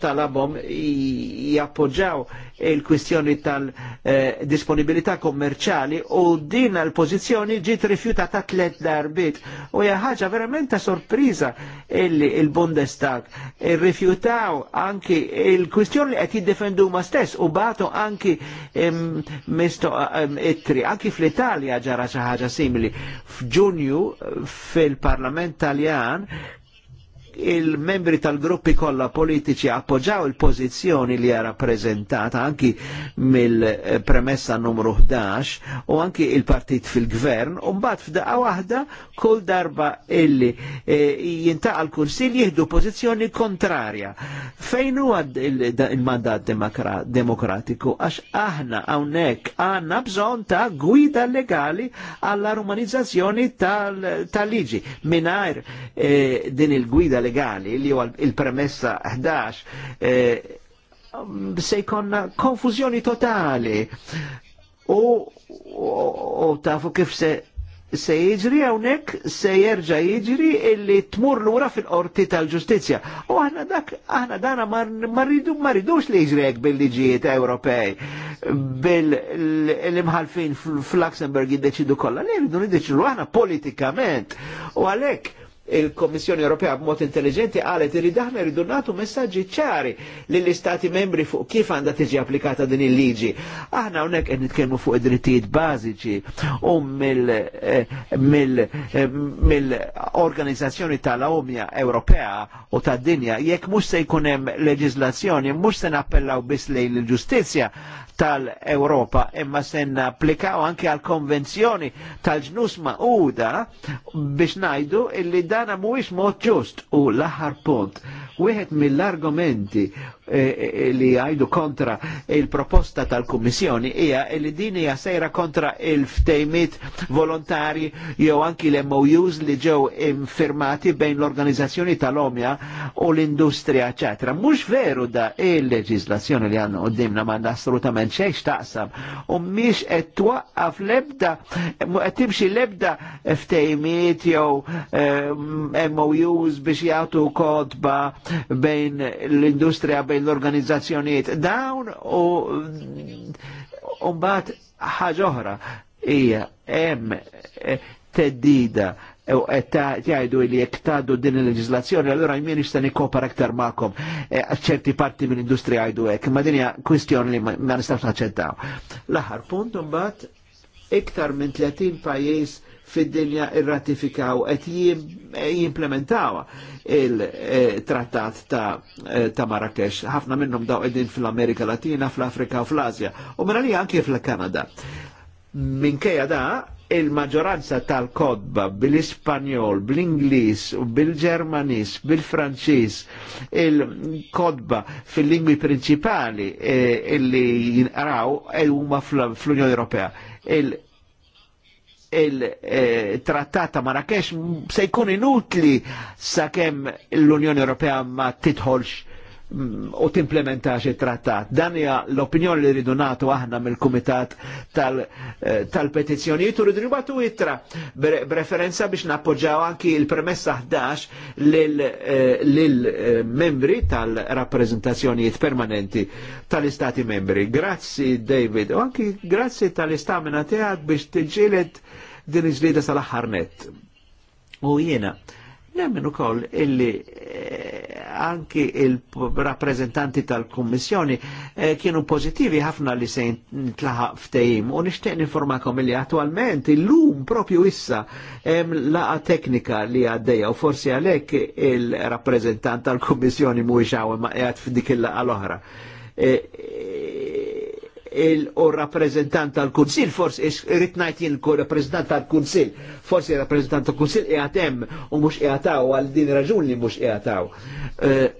talabhom jappoġġaw il-kwistjoni tal-disponibilità kommerċali u din l-pożizzjoni ġiet rifjutata tlet darbit. U hija ħaġa verament ta' sorpriża illi il-Bundestag rifjutaw anki il-kwistjoni li qed jiddefendu ma stess u batu anki ittri. Anki fl-Italja ġara xi ħaġa simili. F'Ġunju fil-Parlament Taljan il-membri tal-gruppi kollha politiċi appoġġaw il-pożizzjoni li era rappreżentata anki mill-premessa numru 11 u anki il-partit fil-gvern u mbagħad f'daqqa waħda kull darba illi e, jintaqa' l kunsill jieħdu pożizzjoni kontrarja. Fejn huwa il-mandat demokratiku għax aħna hawnhekk għandna bżonn ta' gwida legali għall-armonizzazzjoni tal-liġi. Minajr Mingħajr e, din il-gwida legali legali li huwa il-premessa 11 eh, se jkonna konfużjoni totali u, u, tafu kif se se jiġri hawnhekk se jerġa' jiġri illi tmur lura fil-qorti tal-ġustizzja. U aħna dak aħna dana ma ridux li jiġri hekk bil-liġijiet Ewropej bil-imħalfin fl-Luxemburg jiddeċidu kollha, li jridu niddeċidu aħna politikament. U għalhekk il-Kommissjoni Ewropea b'mod intelligenti qalet li daħna rridu nagħtu messaġġi ċari lill istati membri fuq kif għandha tiġi applikata din il-liġi. Aħna hawnhekk qed nitkellmu fuq id-drittijiet bażiċi u mill-organizzazzjoni eh, eh, tal-Omja Ewropea u tad-dinja jekk mhux se jkun hemm leġiżlazzjoni mhux se nappellaw biss lejn il-ġustizzja tal-Europa imma se applikaw anke għal konvenzjoni tal-ġnus ma'uda biex ngħidu illi da dana mhuwiex mod ġust u l-aħħar punt. Wieħed mill-argumenti E, e, e, li għajdu kontra il-proposta tal-Kummissjoni hija li din hija sejra kontra il-ftejmit volontari jew anki l-MOUs li ġew infirmati bejn l-organizzazzjoni tal-omja u l-industrija ċatra. Mhux veru da il-leġislazzjoni li għandna qudiemna m'għandha assolutament xejn taqsam u mhix qed twaqqaf lebda qed timxi lebda ftejmiet jew eh, MOUs biex jagħtu kotba bejn l-industrija bejn l organizzazzjoniet dawn u umbat ħaġa oħra em hemm eh, teddida u jgħidu li jek din il leġizlazzjoni allura jmien nista' ikopar aktar ma'kom eh, ċerti parti mill industri jgħidu ek, ma dinja hija kwistjoni li ma nistax naċċettaw. Laħar punt mbagħad iktar minn 30 pajjiż fid-dinja irratifikaw qed jimplementawa il-trattat ta', ta Marrakesh. Ħafna minnhom daw qegħdin fl-Amerika Latina, fl-Afrika u fl-Asja u minn li anke fl-Kanada. Minkejja da il-maġoranza tal-kodba bil-Ispanjol, bil-Inglis, bil-Ġermanis, bil-Franċis, il-kodba fil-lingwi principali eh, illi jinqraw eh, huma fl-Unjoni Ewropea il-trattat ta' Marrakesh se jkun inutli sakemm l-Unjoni Ewropea ma titħolx u timplementax it-trattat. Dan hija l-opinjoni li rridu nagħtu aħna mill-Kumitat eh, tal-Petizzjonijiet tal rridu nibgħatu ittra b'referenza biex nappoġġaw anki il premessa 11 lil eh, eh, membri tal-rappreżentazzjonijiet permanenti tal-Istati membri. Grazzi David, u anki grazzi tal-istamina tiegħek biex tiġilet din iġlida sal-aħħar net. U jiena Nemmen ukoll illi eh, anki il-rappresentanti tal-Kommissjoni eh, kienu pozittivi ħafna li se tlaħa ftehim u nishtiq informakom illi attualment illum propju issa hemm laqa teknika li għaddejja u forsi għalhekk il-rappreżentant tal-Kummissjoni mhuwiex hawn ma qiegħed f'dik il-laqa l-oħra. Eh, il u rappresentant tal-Kunsil, forsi ritnajt jien rappresentant tal-Kunsil, forsi rappresentant tal-Kunsil atem u e ataw għal din raġun li e ataw eh,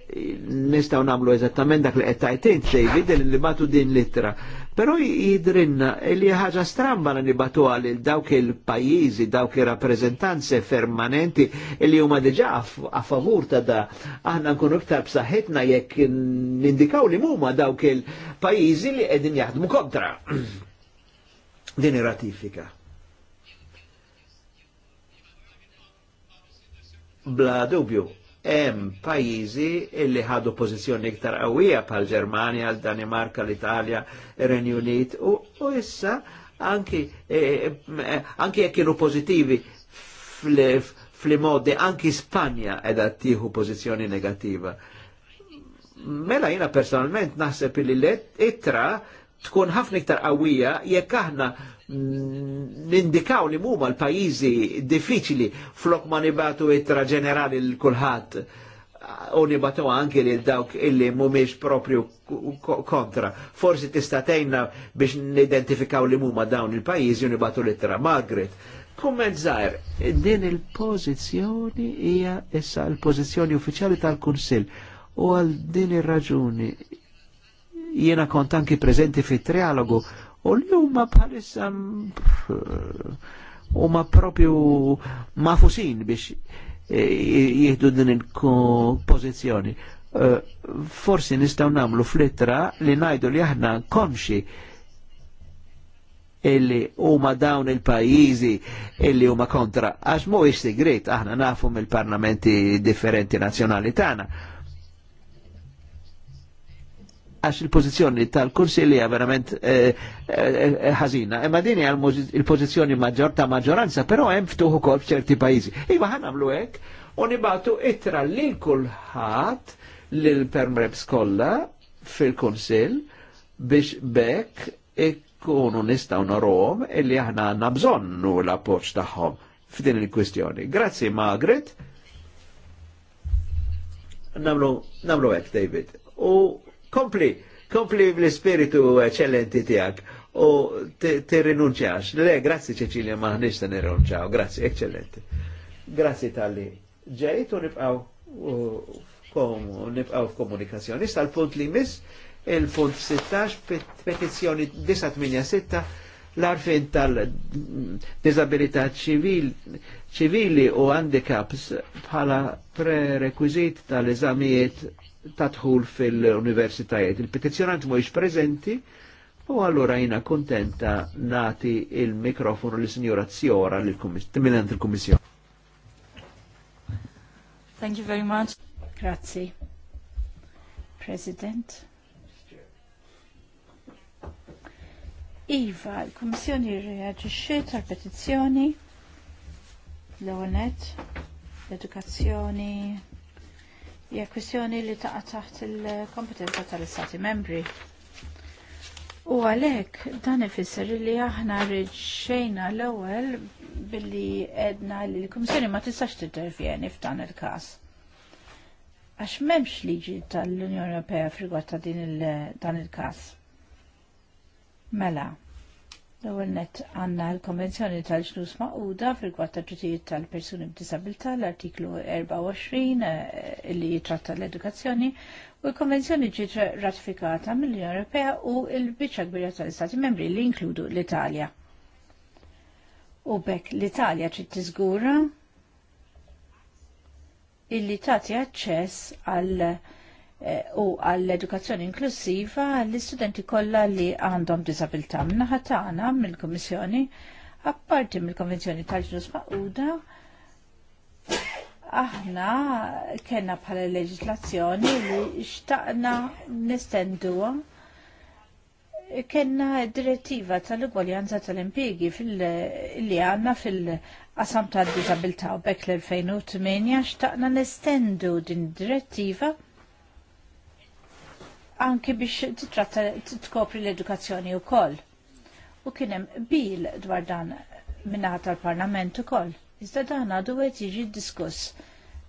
Nistaw nagħmlu eżattament dak li għettajtint, David, li batu din littra Pero jidrinna li ħaġa stramba li nibatu għal dawk il-pajizi, dawk il-rappresentanze permanenti li huma diġa a favur ta' da. Aħna nkunu iktar b'saħħitna jekk nindikaw li muma dawk il-pajizi li qegħdin jaħdmu kontra din ratifika Bla dubju, hemm pajjiżi illi ħadu pożizzjoni iktar qawwija pal Ġermanja, l-Danimarka, l-Italja, ir-Renju Unit u, u issa anki e, e, jekk eh, kienu pożittivi fl-modi anki Spanja edha tieħu pożizzjoni negattiva. Mela jina personalment naħseb li l-ittra tkun ħafna iktar qawwija jekk aħna nindikaw mm, li muma l-pajizi diffiċli flok ma nibatu ittra ġenerali l-kulħat u nibatu anki li dawk illi mumiex propju kontra. Forsi tistatejna biex nidentifikaw li muma dawn il-pajizi u nibatu l-ittra. Margaret, kumment zaħir, din il-pozizjoni hija issa il-pozizjoni uffiċjali tal-Kunsil u għal din il raġuni jiena kont anki prezenti fit-trialogu u li huma bħalissa huma propju mafusin biex e, jieħdu din il-pożizzjoni. E, forsi nistgħu nagħmlu flittra li ngħidu li aħna konxi illi huma dawn il-pajjiżi illi huma kontra. Għax mhuwiex segret aħna nafu mill-parlamenti differenti nazzjonali tagħna għax il-pozizjoni tal-Kunsilli li verament eh, eh, eh, ħażina. Imma din hija il pozizjoni maġġor ta' maġġoranza, però hemm ftuħ ukoll f'ċerti pajjiżi. Iva ħan nagħmlu hekk u nibatu ittra lil kulħadd lil permreps kollha fil-Kunsill biex bekk ikkunu nistaw norom illi aħna għandna bżonnu l-appoġġ tagħhom f'din il-kwistjoni. Grazzi Margaret. Namlu, namlu hekk David. U kompli, kompli bl-spiritu eccellenti tijak u t-rinunċax. Le, grazzi Cecilia, maħnix ta' nirrinunċaw, grazzi, eccellenti. Grazzi tal-li Ġejtu nipqaw nipqaw nibqaw f'komunikazzjoni. Sta l-punt li mis, il-punt 16, petizjoni 986, l-arfin tal dizabilità ċivili u handicaps bħala prerequisit tal-eżamijiet tadħul fil-universitajiet. Il-petizjonant mhuwiex preżenti u allura jina kontenta nati il-mikrofonu li sinjora Zjora minant il-Kummissjoni. Thank you very much. Grazie. President. Iva, il-Kommissjoni reagisce tal-petizjoni l-onet, l-edukazzjoni, Ja, kwistjoni li taqa' taħt il-kompetenza tal-Istati membri. U għalhekk dan ifisser li aħna rġejna l-ewwel billi edna li l-Kummissjoni ma tistax tintervjeni f'dan il-każ għax memx liġi tal-Unjoni Ewropea f'rigward ta' din il-dan il-kas. Mela, L-ewwel nett għandna l-Konvenzjoni tal ġnus maquda fil-kwatt ta' ġutijiet tal-persuni b'disabilità l-artiklu 24 eh, li jitratta l-edukazzjoni u l-Konvenzjoni ġiet ratifikata mill-Unjoni Ewropea u l biċa kbira tal-Istati membri li inkludu l-Italja. U bekk l-Italja trid tiżgura illi tagħti aċċess għal Eh, u għall-edukazzjoni inklusiva l-istudenti kollha li għandhom disabilità. Minnaħa tagħna mill-Kummissjoni, apparti mill-Konvenzjoni tal-Ġnus Maquda, aħna kena bħala leġislazzjoni li xtaqna nestenduha Kenna direttiva tal-ugwaljanza tal-impiegi fil-li għanna fil-qasam tal-disabilità u bekk l-2008 xtaqna nestendu din direttiva anki biex titratta tkopri l-edukazzjoni u koll. U kienem bil dwar dan minna tal-parlament u koll. Iżda dan għadu għet jiġi diskuss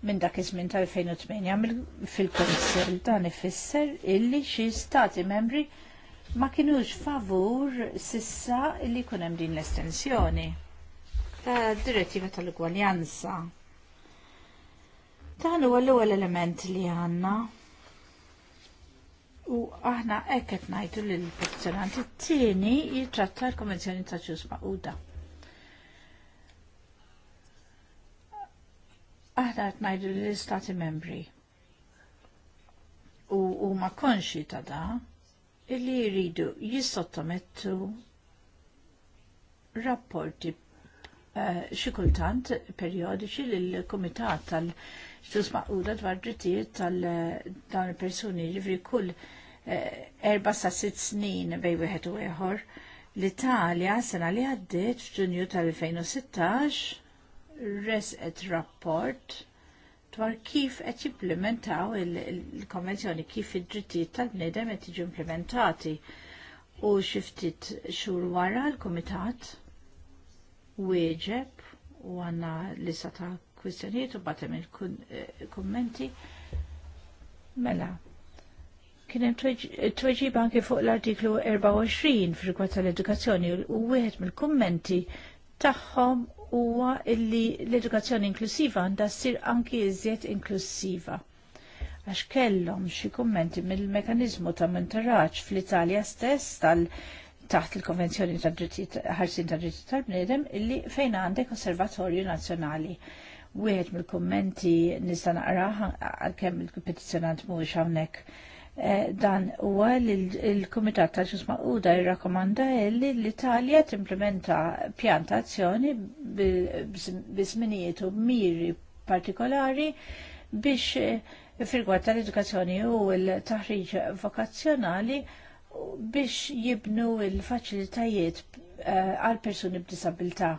minn dak iż-żmien tal-2008 fil-Konsil dan ifisser illi xi stati membri ma kienux favur sissa illi kunem din l-estensjoni. Ta' direttiva tal gwaljanza Dan huwa l-ewwel element li għandna U aħna ekket najtu li l-petizjonanti t-tini jitratta l-konvenzjoni ta' ġus ma'uda. Aħna għet najdu li l-istati membri. U, u ma konxi ta' da, illi jiridu jissottomettu rapporti uh, eh, xikultant periodiċi l-Komitat tal- ġus maquda dwar drittijiet tal-dawn il-persuni ġifri kull eh, erba sa sitt snin bej wieħed u ieħor. L-Italja sena li għaddiet f'Ġunju tal-2016 resqet rapport dwar kif qed jimplementaw il-konvenzjoni kif id-drittijiet tal-bniedem qed jiġu implementati. U xi ftit xhur wara l-Kumitat wieġeb u għandna lista ta' il-kwistjonijiet u batem il-kummenti. Eh, mela, kien hemm eh, tweġiba anke fuq l-artiklu 24 f'rigward tal-edukazzjoni u wieħed mill-kummenti tagħhom huwa illi l-edukazzjoni inklusiva għandha ssir anki iżjed inklusiva. Għax kellhom xi kummenti mill-mekanizmu ta' monitoraġġ fl-Italja stess tal- taħt il-Konvenzjoni ta' ħarsin ta' drittijiet tal-bniedem illi fejn għandek Osservatorju Nazzjonali Wieħed mill-kummenti nista' naqrah għalkemm il-petizzjonant mhuwiex hawnhekk eh, dan huwa li l-Kumitat tal ġusma Maquda jirrakkomanda li l-Italja timplementa pjantazzjoni bi żminijiet u miri partikolari biex eh, firgwad tal-edukazzjoni u l-taħriġ vokazzjonali biex jibnu l-faċilitajiet eh, għal persuni b'disabilità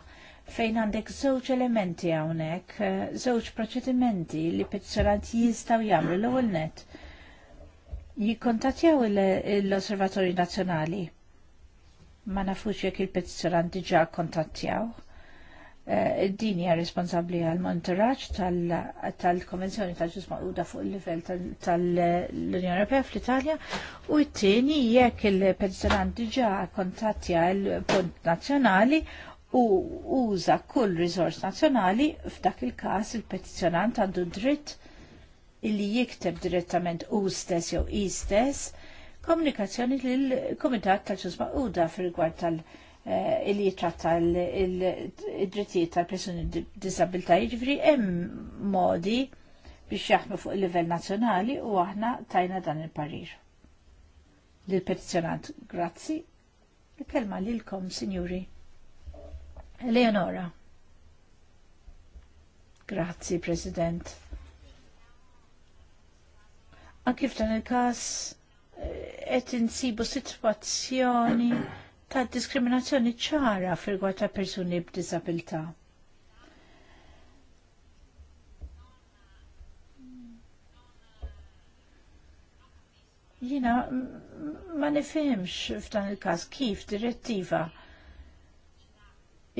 fejn għandek żewġ elementi hawnhekk, eh, żewġ proċedimenti li pizzerant jistgħu jagħmlu l-ewwel net. Jikkontattjaw l-Osservatorju Nazzjonali. Ma nafux jekk il-pizzerant diġà kontattjaw. Eh, din hija responsabbli għal monitoraġġ tal-Konvenzjoni tal ġusma Uda fuq il-livell tal-Unjoni Ewropea fl-Italja u t-tieni jekk il-petizzjonant diġà kontattja l-punt nazzjonali u uża kull rizors nazzjonali f'dak il-każ il-petizzjonant għandu dritt illi jikteb direttament u stess jew i stess komunikazzjoni lill-Kumitat tal-Ġusma Uda fil-rigward tal- eh, illi jitratta l drittijiet tal-persuni disabilta jiġifieri hemm modi biex jaħdmu fuq il-livell nazzjonali u aħna tajna dan il-parir. Lil-petizzjonant, grazzi. Il-kelma lilkom, sinjuri. Eleonora. Grazzi, President. Anki f'dan il-kas eh, qed insibu sitwazzjoni ta' diskriminazzjoni ċara fil ta' persuni b'diżabilità. Jina, ma nifhimx f'dan il-każ kif direttiva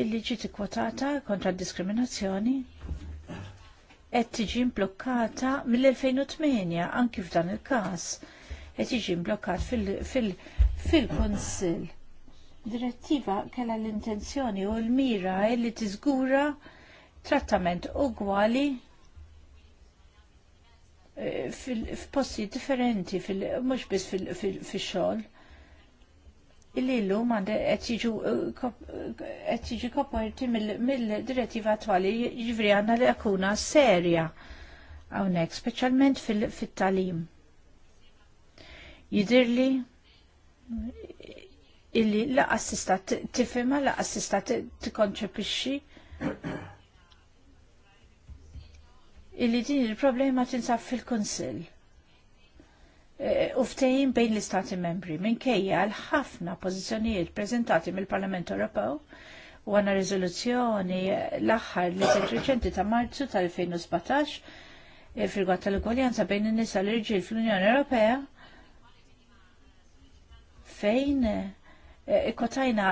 illi ġiet ikkwotata kontra d diskriminazzjoni qed tiġi mblokkata mill-2008 anki f'dan il-każ qed tiġi mblokkat fil-Kunsill. Direttiva kellha l-intenzjoni u l-mira li tiżgura trattament ugwali eh, f'posti differenti, mhux biss fix-xogħol illi l-lum qed jiġu eh, eh, koperti mill-direttiva attwali jiġri għandna lakuna serja hawnhekk, speċjalment fit-talim. Jidirli illi laqas tista' tifhimha, laqas t-konċepixi illi din il-problema tinsab fil-Kunsill Eh, u ftehim bejn l-Istati membri minkejja l-ħafna pożizzjonijiet preżentati mill-Parlament Ewropew u għanna rizoluzzjoni l-axħar li reċenti ta' marzu tal-2017 eh, fil-għat tal-ugwaljanza bejn in-nisa l irġiel fl-Unjoni Ewropea fejn eh, ikkotajna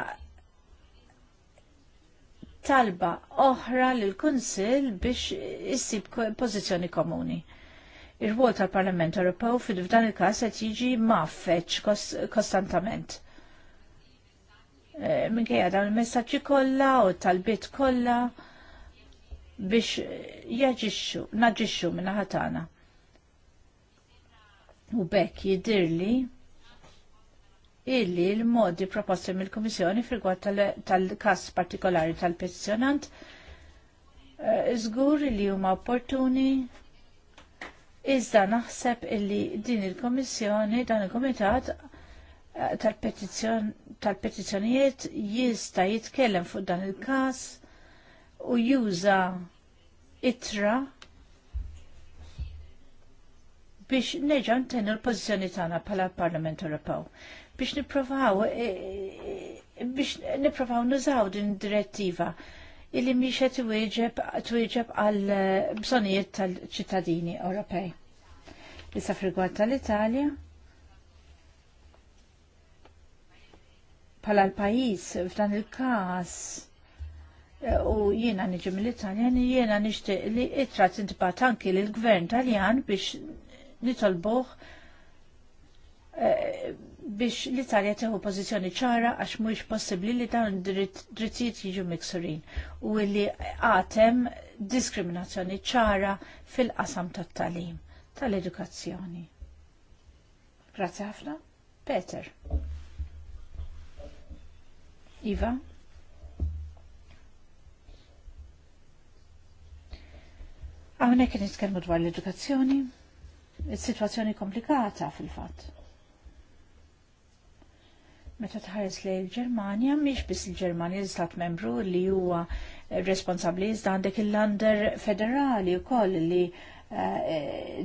talba oħra l kunsil biex issib pożizzjoni komuni. Ir-rwol tal-Parlament Ewropew f'dan il-każ qed jiġi maffeċ kostantament. Eh, minkejja dawn il-messaġġi kollha u tal-bit kollha biex jaġixxu, naġixxu minn ħatana. U bekk jidirli illi l-modi proposti mill kummissjoni fil-gwad tal-kas partikolari tal-petizjonant eh, żgur li huma opportuni Iżda naħseb illi din il-Komissjoni, dan il-Komitat eh, tal-petizzjonijiet jista jitkellem fuq dan il-kas u juża itra biex neġa' ntennu l-pożizzjoni tagħna bħala Parlament Ewropew biex nipprovaw eh, eh, biex nipprovaw nużaw din direttiva illi miex twieġeb għal eh, bżonijiet tal-ċittadini Ewropej. Issa frigward tal-Italja, pala l-pajis f'dan il-kas eh, u jiena niġi mill italja jiena nixtieq li itra tintbat anki lill gvern Taljan biex nitolbuh eh, biex l-Italja teħu pożizzjoni ċara għax mhuwiex possibbli li dawn drittijiet jiġu miksurin u li għatem diskriminazzjoni ċara fil-qasam tat-talim tal-edukazzjoni. Grazie ħafna. Peter. Iva. Għawnek nitkellmu dwar l-edukazzjoni, il-situazzjoni komplikata fil-fatt Meta tħares li l-Ġermanja, miex biss il-Ġermanja l-Stat membru li huwa responsabli iżda għandek il-Lander federali u koll li eh,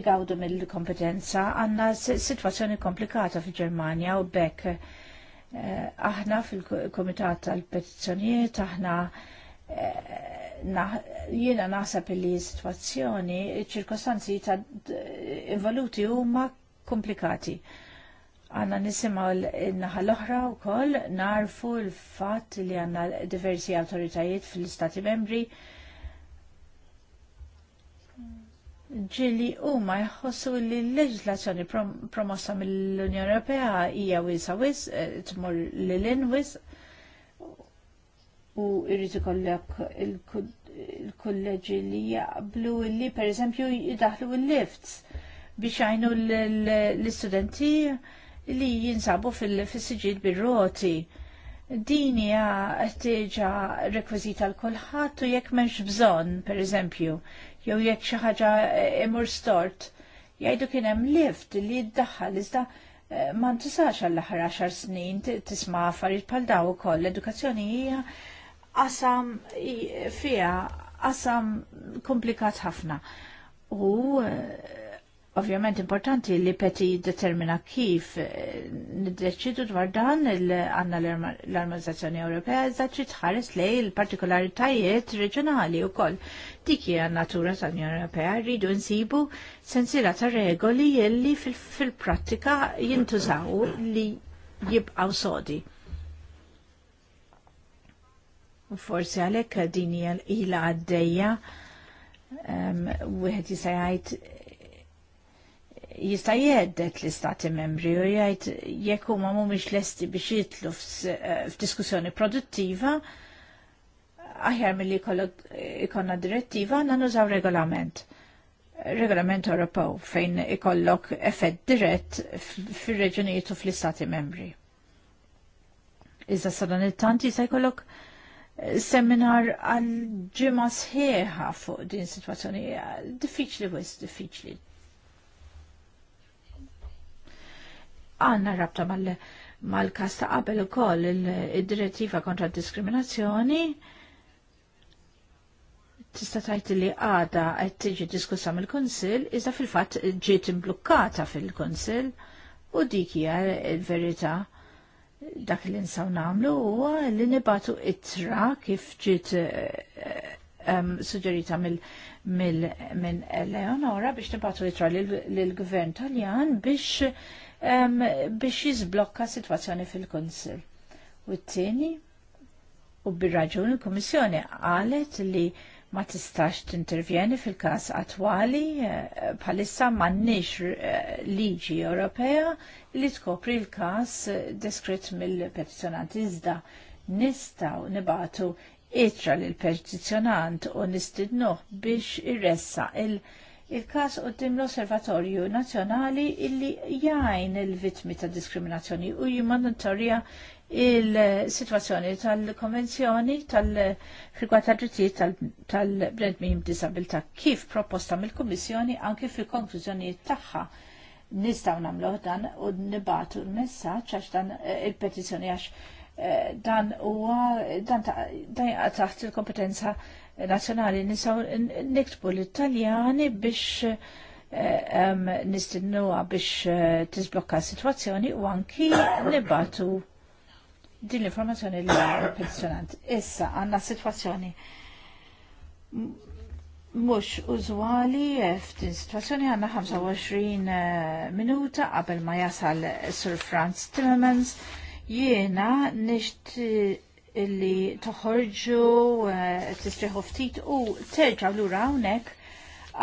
igawdu mill-kompetenza għanna situazzjoni komplikata fi Ġermanja u bekk eh, aħna fil-Komitat tal-Petizzjonijiet aħna eh, jiena naħseb li situazzjoni ċirkostanzi involuti huma komplikati. komplikati għanna nisimaw l-naħa l-oħra u koll narfu l-fat li għanna diversi autoritajiet fil istati membri ġili u ma jħossu li l-leġlazzjoni promossa mill-Unjoni Ewropea hija wisa wis, eh, tmur l-lin wis u irrid ikollok il-kolleġi li jaqblu li per eżempju jidaħlu l-lifts biex għajnu l-istudenti li jinsabu fil sġid bil-roti. Din hija ħtieġa rekwiżita l kulħadd u jekk m'hemmx bżonn, pereżempju, jew jekk xi ħaġa eh, imur stort, jgħidu kien hemm lift li jiddaħħal iżda eh, ma ntużax għall-aħħar 10 snin tisma' affarijiet bħal daw ukoll. L-edukazzjoni hija qasam fiha qasam komplikat ħafna. U eh, Ovvjament importanti li peti determina kif eh, niddeċidu dwar dan għanna l-armonizzazzjoni Ewropea iżda tħares li il-partikolaritajiet reġjonali u koll. Dik hija natura tal-Unjoni Ewropea rridu nsibu sensira ta' regoli jelli fil-prattika jintużaw li jibqaw sodi. Forsi għalhekk din hija għaddeja għaddejja wieħed jista' jgħid jista' jeddet l-istati membri u jgħid jekk huma mhumiex lesti biex jitlu eh, f'diskussjoni produttiva aħjar milli ikonna direttiva għandna nużaw regolament. Regolament Ewropew fejn ikollok effett dirett fir-reġunijiet u fl-istati membri. Iżda sadan il-tant jista' jkollok eh, seminar għal ġimgħa sħiħa fuq din situazzjoni diffiċli wis diffiċli għanna rabta mal-kas ta' qabel u koll il-direttiva kontra diskriminazzjoni tista' tajt li għada qed tiġi diskussa mill-Kunsill iżda fil-fatt ġiet imblukkata fil-Kunsill u dik hija l-verità dak li nsaw namlu huwa li nibatu ittra kif ġiet eh, suġġerita minn Eleonora biex nibatu ittra lil gvern Taljan biex biex jizblokka situazzjoni fil-Konsil. U t-tieni, u bil raġun il-Kummissjoni qalet li ma tistax tintervjeni fil-każ attwali eh, bħalissa m'għandniex eh, liġi Ewropea li tkopri l-każ deskritt mill-petizzjonanti iżda nistaw nibatu itra lill petizzjonant u nistidnuh biex irressa il- petizjonant il-kas qoddim l-Osservatorju Nazzjonali illi jgħin il-vitmi ta' diskriminazzjoni u jimmonitorja il-situazzjoni tal-konvenzjoni tal-rigward tad-drittijiet tal-bnedmin b'disabilità kif proposta mill-Kummissjoni anke fil-konklużjonijiet tagħha nistaw namluħ dan u nibatu messaċ għax dan eh, il-petizjoni għax eh, dan huwa dan taħt il-kompetenza nazzjonali nisaw niktbu l-Italjani biex eh, nistinnuha biex eh, tiżblokka s-sitwazzjoni u anki nibatu din l-informazzjoni li petizjonant. Issa għanna situazzjoni mux użwali eh, f'din situazzjoni għanna 25 minuta qabel ma jasal Sir Franz Timmermans jiena nixti illi toħorġu, eh, t-istriħu ftit u terġaw lura hawnhekk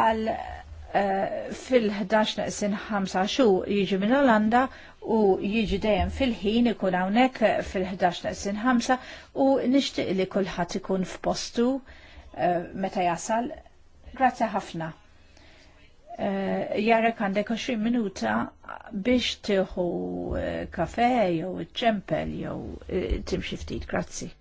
għal fil-11 sin 5 xu jiġi minn Olanda u jiġi dejjem fil-ħin ikun hawnhekk fil-11 sin 5 u nixtieq li kulħadd ikun f'postu eh, meta jasal. Grazzi ħafna. Eh, jarek għandek 20 minuta biex tieħu eh, kafe jew ċempel jew eh, timxi ftit. Grazzi.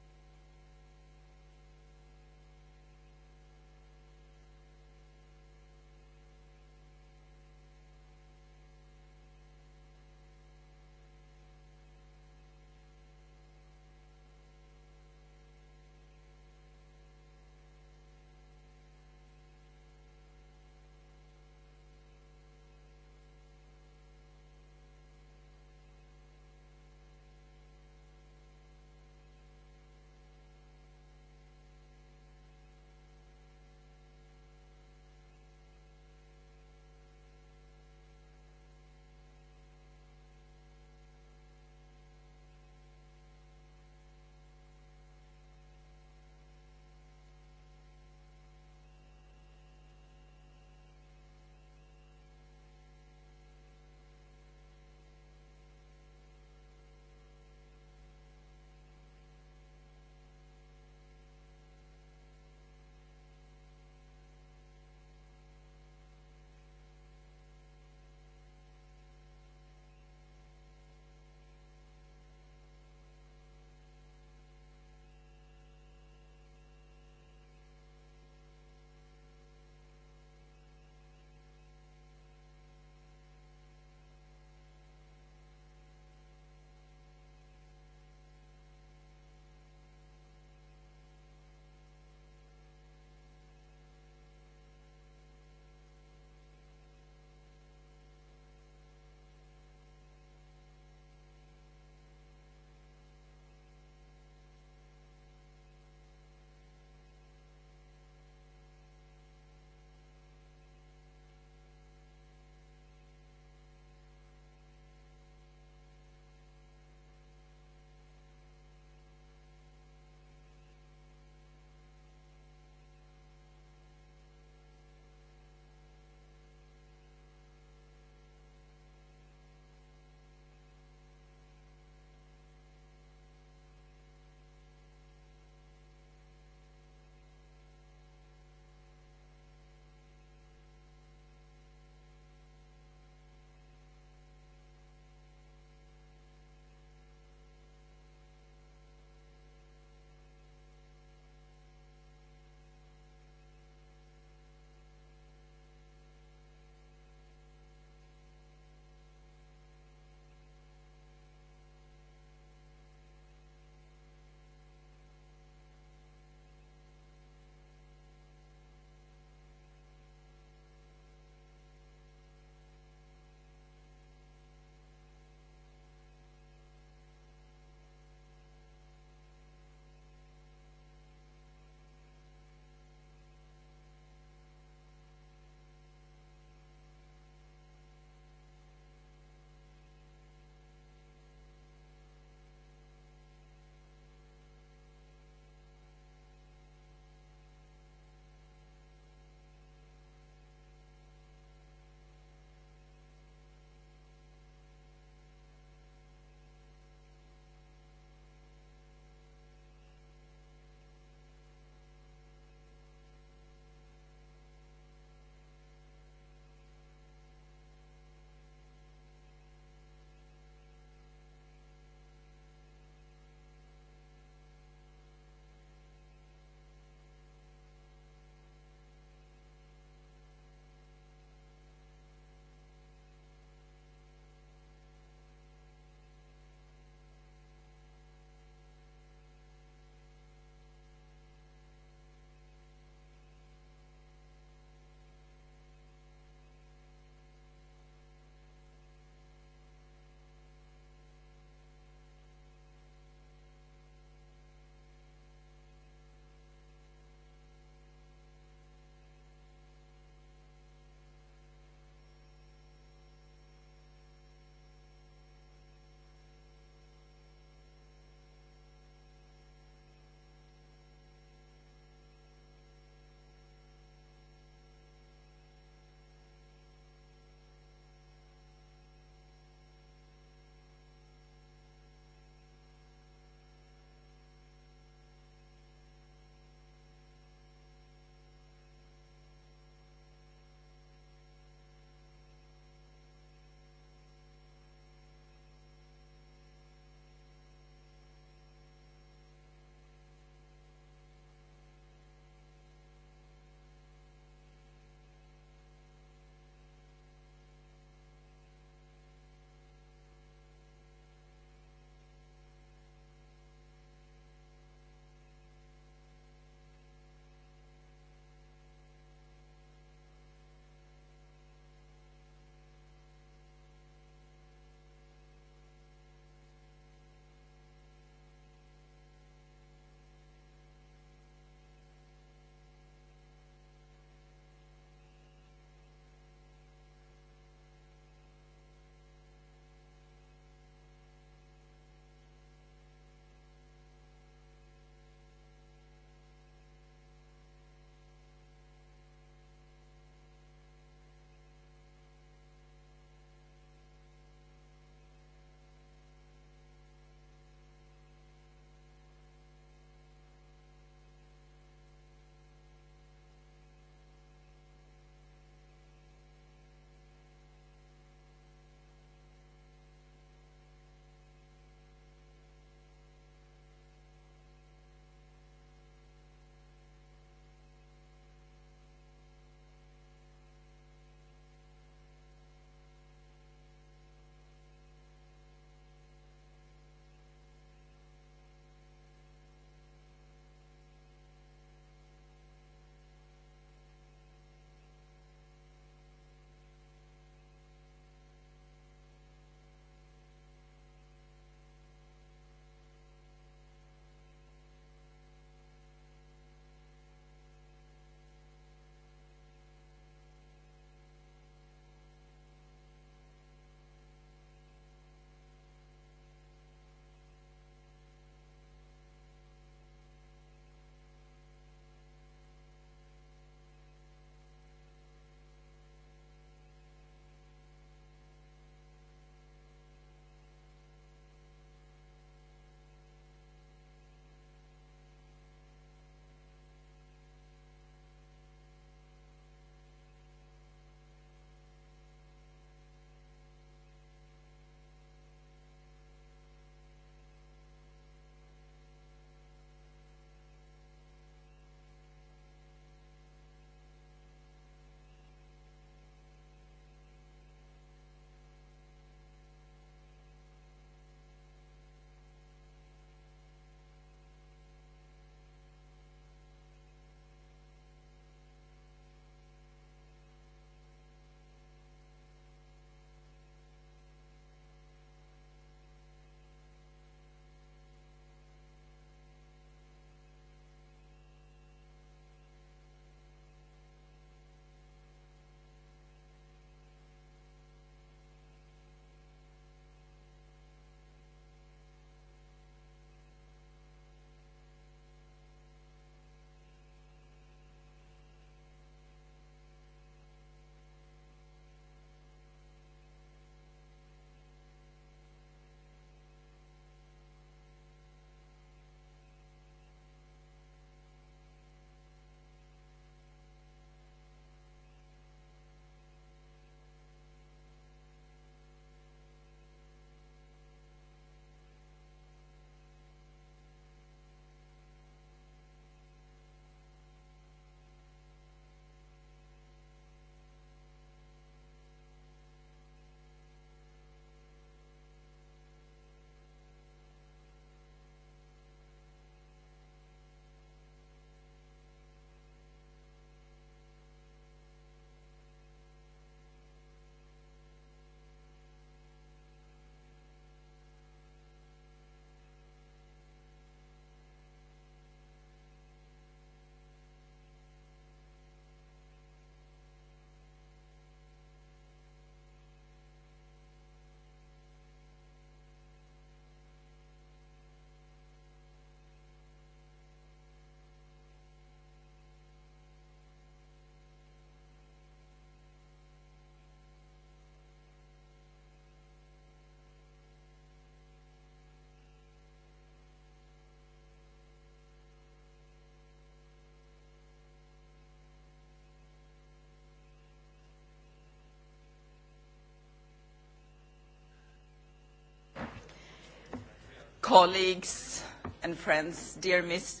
colleagues and friends, dear Miss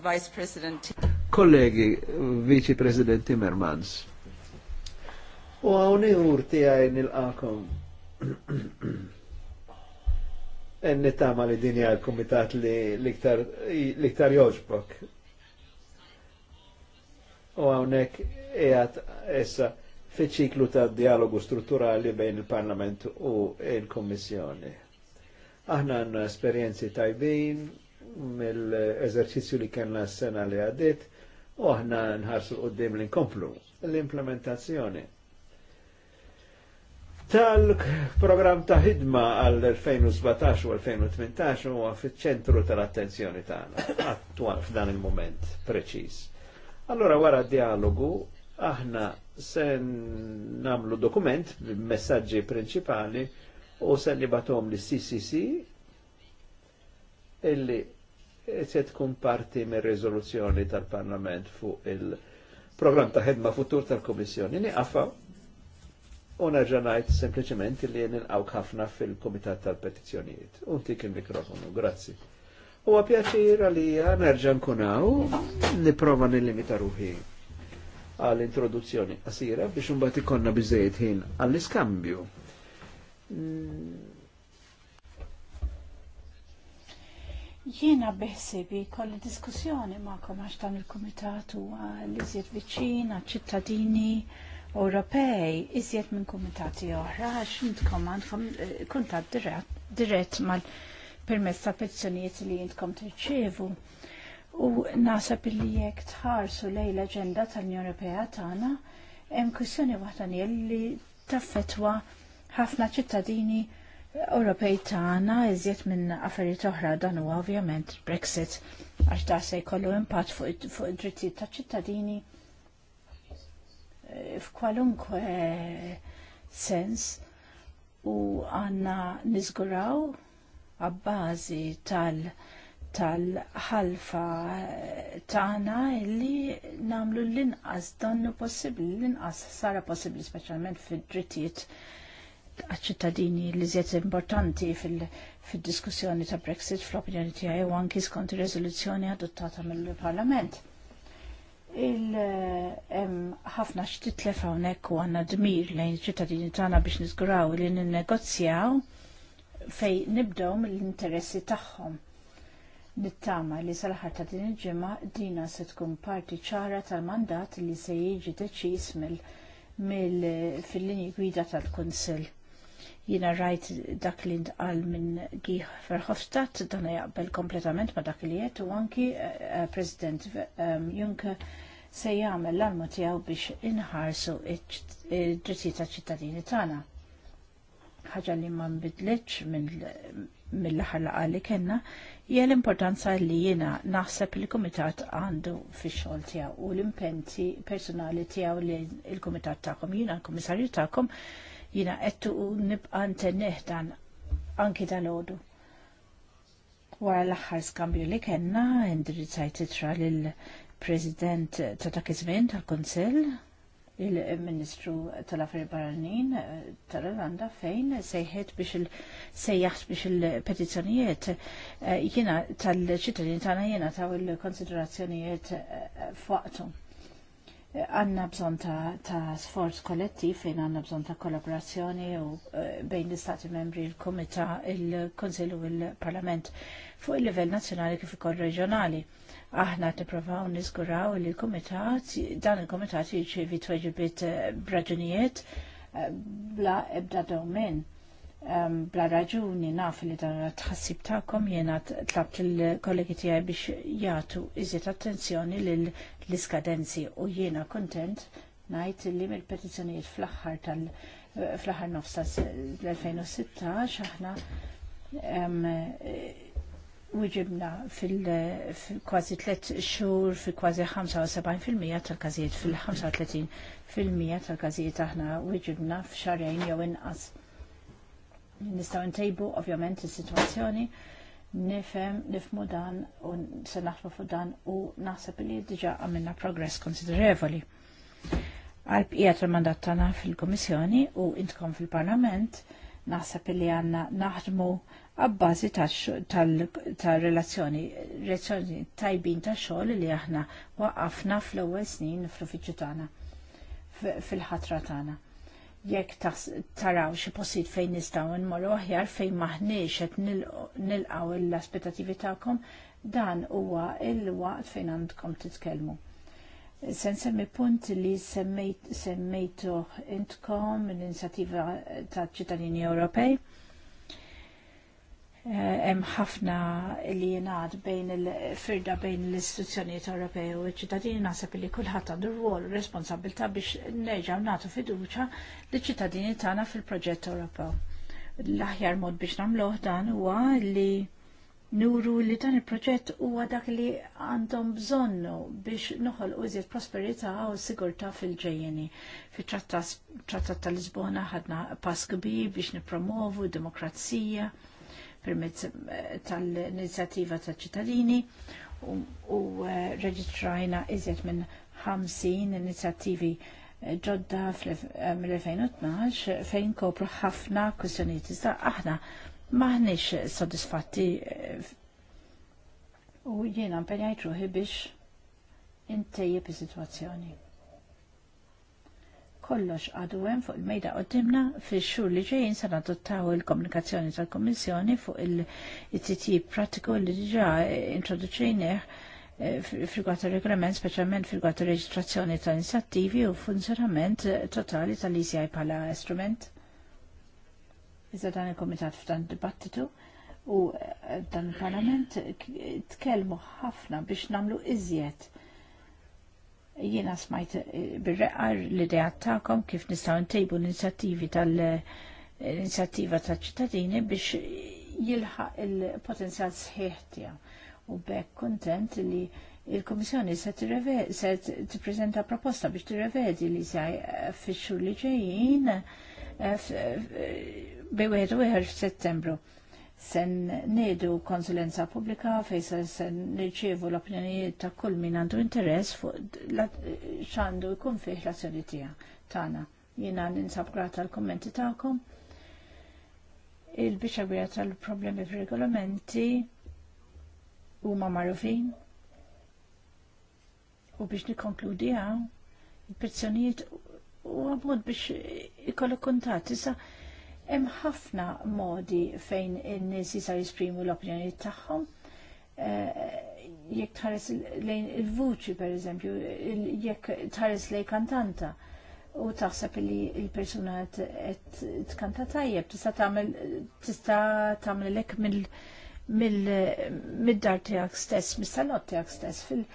Vice President. Kollegi, Vice President Timmermans. U għawni urti għaj nil-għakom. Enni tama li dinja għal komitat li liktar joġbok. U għawnek jgħat essa fiċiklu ta' dialogu strutturali bejn il-Parlament u il-Kommissjoni. Aħna għanna esperienzi tajbin mill-eżerċizzju li kellna s-sena li għaddit u aħna nħarsu l-qoddim li nkomplu l-implementazzjoni. Tal-program ta' ħidma għal-2017 u 2018 huwa fiċ-ċentru tal-attenzjoni tagħna attwal f'dan il-moment preċiż. Allora wara dialogu aħna se namlu dokument il-messaġġi prinċipali u selli batom li CCC illi se tkun parti mir rezoluzzjoni tal-Parlament fuq il-programm ta' ħedma futur tal-Komissjoni. Niqafa u ġanajt sempliciment li nilqawk ħafna fil-Komitat tal-Petizzjonijiet. Unti il-mikrofonu, grazzi. U għapjaċir għalija nerġa nkunaw, niprofa nil-limita ruħi għall-introduzzjoni qasira biex mbagħad konna biżejjed ħin għall-iskambju Mm. Jiena biħsibi koll diskussjoni ma'kom għax dan il-Kumitat huwa l-iżjed viċin għaċ-ċittadini Ewropej iżjed minn kumitati oħra għax intkom għandkom eh, kuntat dirett mal-permess ta' petizzjonijiet li intkom tirċievu. U nasab li jekk tħarsu lej l-aġenda tal-Unjoni Ewropea tagħna hemm kwistjoni waħda li taffetwa ħafna ċittadini Ewropej tagħna iżjed minn affarijiet oħra dan huwa ovvjament Brexit għax da se jkollu impatt fuq id-drittijiet ta' ċittadini eh, f'kwalunkwe eh, sens u għandna niżguraw għabbażi tal- tal-ħalfa eh, tagħna li nagħmlu l-inqas dannu possibbli, l-inqas sara possibbli speċjalment fid-drittijiet għal-ċittadini li zjed importanti fil-diskussjoni ta' Brexit fl-opinjoni tiegħi u anki skont ir-riżoluzzjoni adottata mill-Parlament. Il-ħafna eh, xtitlef hawnhekk u għandna dmir lejn ċittadini tagħna biex nizguraw li ninnegozjaw fej nibdew mill-interessi tagħhom. Nittama li sal-ħar ta' din il-ġimgħa dina se tkun parti ċara tal-mandat li se jiġi deċiż mill- mill fil-linji gwida tal-Kunsill. Jina rajt dak li ntqal minn Gih Verhofstadt, dan jaqbel kompletament ma dak li jett u anki eh, President eh, Juncker se jagħmel l almu tiegħu biex inħarsu id-drittijiet ta' ċittadini tagħna. Ħaġa li ma nbidlitx mill-aħħar laqgħa li kena, hija l-importanza li jiena naħseb li l-kumitat għandu fix-xogħol tiegħu u l-impenti personali tiegħu li l-kumitat tagħkom jiena l-kummissarju tagħkom jina għettu u nibqa ntenneħ dan anki dal-ħodu. Wara l-axħar skambju li kena indirizzajt titra lill-President ta' takizmin tal-Konsil il-Ministru tal-Affari Barranin eh, tal-Irlanda fejn sejħet biex il-sejjaħt biex il-petizzjonijiet eh, jiena tal-ċittadini tagħna jiena taw il-konsiderazzjonijiet eh, f'waqtu għanna bżon ta', ta sforz kollettiv fejn għanna bżon ta' kollaborazzjoni u eh, bejn l-Istati membri, il-Komita, il-Konsil u il-Parlament fuq il-livell nazzjonali kif ukoll reġjonali. Aħna nipprovaw niżguraw li l kumitat dan il kumitat jiġi tweġibiet braġunijiet eh, eh, bla ebda dawmin bla raġuni naf li dan tħassib ta'kom jena tlabt il-kollegi tijaj biex jgħatu iżiet attenzjoni l-iskadenzi u jena kontent najt li mill petizzjonijiet fl-axħar tal fl-axħar nofsa l-2016 aħna Wġibna fil-kważi 3 xhur, fi kważi 75% tal-każijiet, fil-35% tal-każijiet aħna wġibna f'xarajn jew inqas. Nistaw ntejbu ovvjament is-sitwazzjoni nifhem nifmu dan u se naħlu fuq dan u naħseb li diġa' għamilna progress konsiderevoli. Għalb jgħat il-mandat tagħna fil-Kummissjoni u intkom fil-Parlament naħseb li għandna naħdmu għabbażi tal-relazzjoni relazzjoni tajbin ta' xogħol li aħna waqqafna fl-ewwel snin fl-uffiċċju tagħna fil-ħatra tagħna jekk taraw xi posit fejn nistgħu nmorru aħjar fejn maħniex qed nilqgħu l-aspettativi tagħkom dan huwa il-waqt fejn għandkom titkellmu. Se nsemmi punt li semmejtuh intkom l-inizjattiva ta' ċittadini Ewropej Eh, hemm ħafna li jingħad bejn il-firda bejn l-istituzzjonijiet Ewropej u ċ-ċittadini naħseb li kulħadd għandu rwol u responsabilità biex nerġgħu nagħtu fiduċja liċ-ċittadini tagħna fil-proġett Ewropew. L-aħjar mod biex nagħmluh dan huwa li nuru li dan il-proġett huwa dak li għandhom bżonnu biex noħol użiet prosperità u sigurtà fil-ġejjeni. Fit-trattat tal-Lisbona ħadna pass kbir biex nipromovu demokrazija, permezz eh, tal-inizjattiva ta' ċittadini u eh, reġistrajna iżjed minn 50 inizjattivi eh, ġodda mill-2012 fejn kopru ħafna kwistjonijiet iżda aħna maħniex soddisfatti u jiena mpenjajt ruħi biex intejjeb is-sitwazzjoni kollox għadu hemm fuq il-mejda għoddimna fix-xhur li ġejjin se nadottaw il-komunikazzjoni tal-Kummissjoni fuq il itt e pratiku li diġà introduċejnieh fil-gwata regolament speċjalment fil-gwata reġistrazzjoni tal-inizjattivi u funzjonament eh, totali tal-ICI bħala strument. Iżda dan il-Komitat f'dan dibattitu u eh, dan il-Parlament tkellmu ħafna biex namlu iżjed Jiena smajt eh, bir-reqqar l-idea tagħkom kif nistgħu ntejbu l-inizjattivi tal-inizjattiva tal-ċittadini biex jilħaq il-potenzjal sħiħtija. u bekk kuntent li il-Komissjoni se tippreżenta proposta biex tirrevedi li se fix-xhur li ġejjin eh, eh, wieħed u f settembru sen nedu konsulenza publika fej sen nirċievu l-opinjonijiet ta' kull min għandu interess fuq xandu jkun fih l-azzjoni tiegħek tagħna. Jiena ninsab grata l-kommenti ta'kom. Il-bixawija tal-problemi fir-regolamenti huma magħrufin. U biex nikkonkludi hawn, il-pizzjonijiet u għabud biex ikollu kuntat. Issa, Hemm ħafna modi fejn in-nies jistgħu jesprimu l-opinjoni tagħhom. Eh, jekk tħares lejn il-vuċi pereżempju, jekk tħares lejn kantanta u taħseb li l-persuna qed tkanta tajjeb, tista' tagħmel tista' tagħmel lek mill-dar tiegħek stess, mis-salott tiegħek stess fil-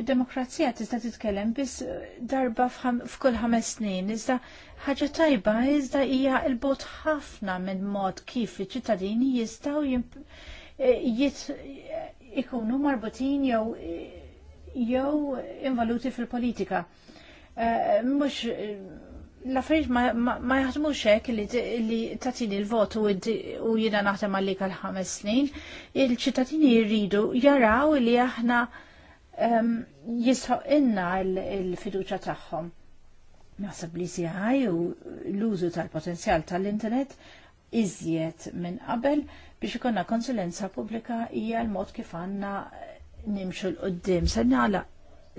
Id-demokrazija tista' titkellem biss eh, darba f'kull ħames snin, iżda ħaġa tajba iżda hija l-bot ħafna minn mod kif iċ-ċittadini jistgħu eh, ikunu marbutin jew jew involuti fil-politika. Eh, mhux Mux l-affarijiet ma jaħdmux hekk li, tagħtini l-vot u jiena naħdem għalik għal ħames snin, il-ċittadini jridu jaraw li aħna jisħoq inna il-fiduċa tagħhom. Naħseb li siħaj u l-użu tal-potenzjal tal-internet iżjed minn qabel biex ikonna konsulenza pubblika hija l-mod kif għandna nimxu l-qoddim. Se nagħla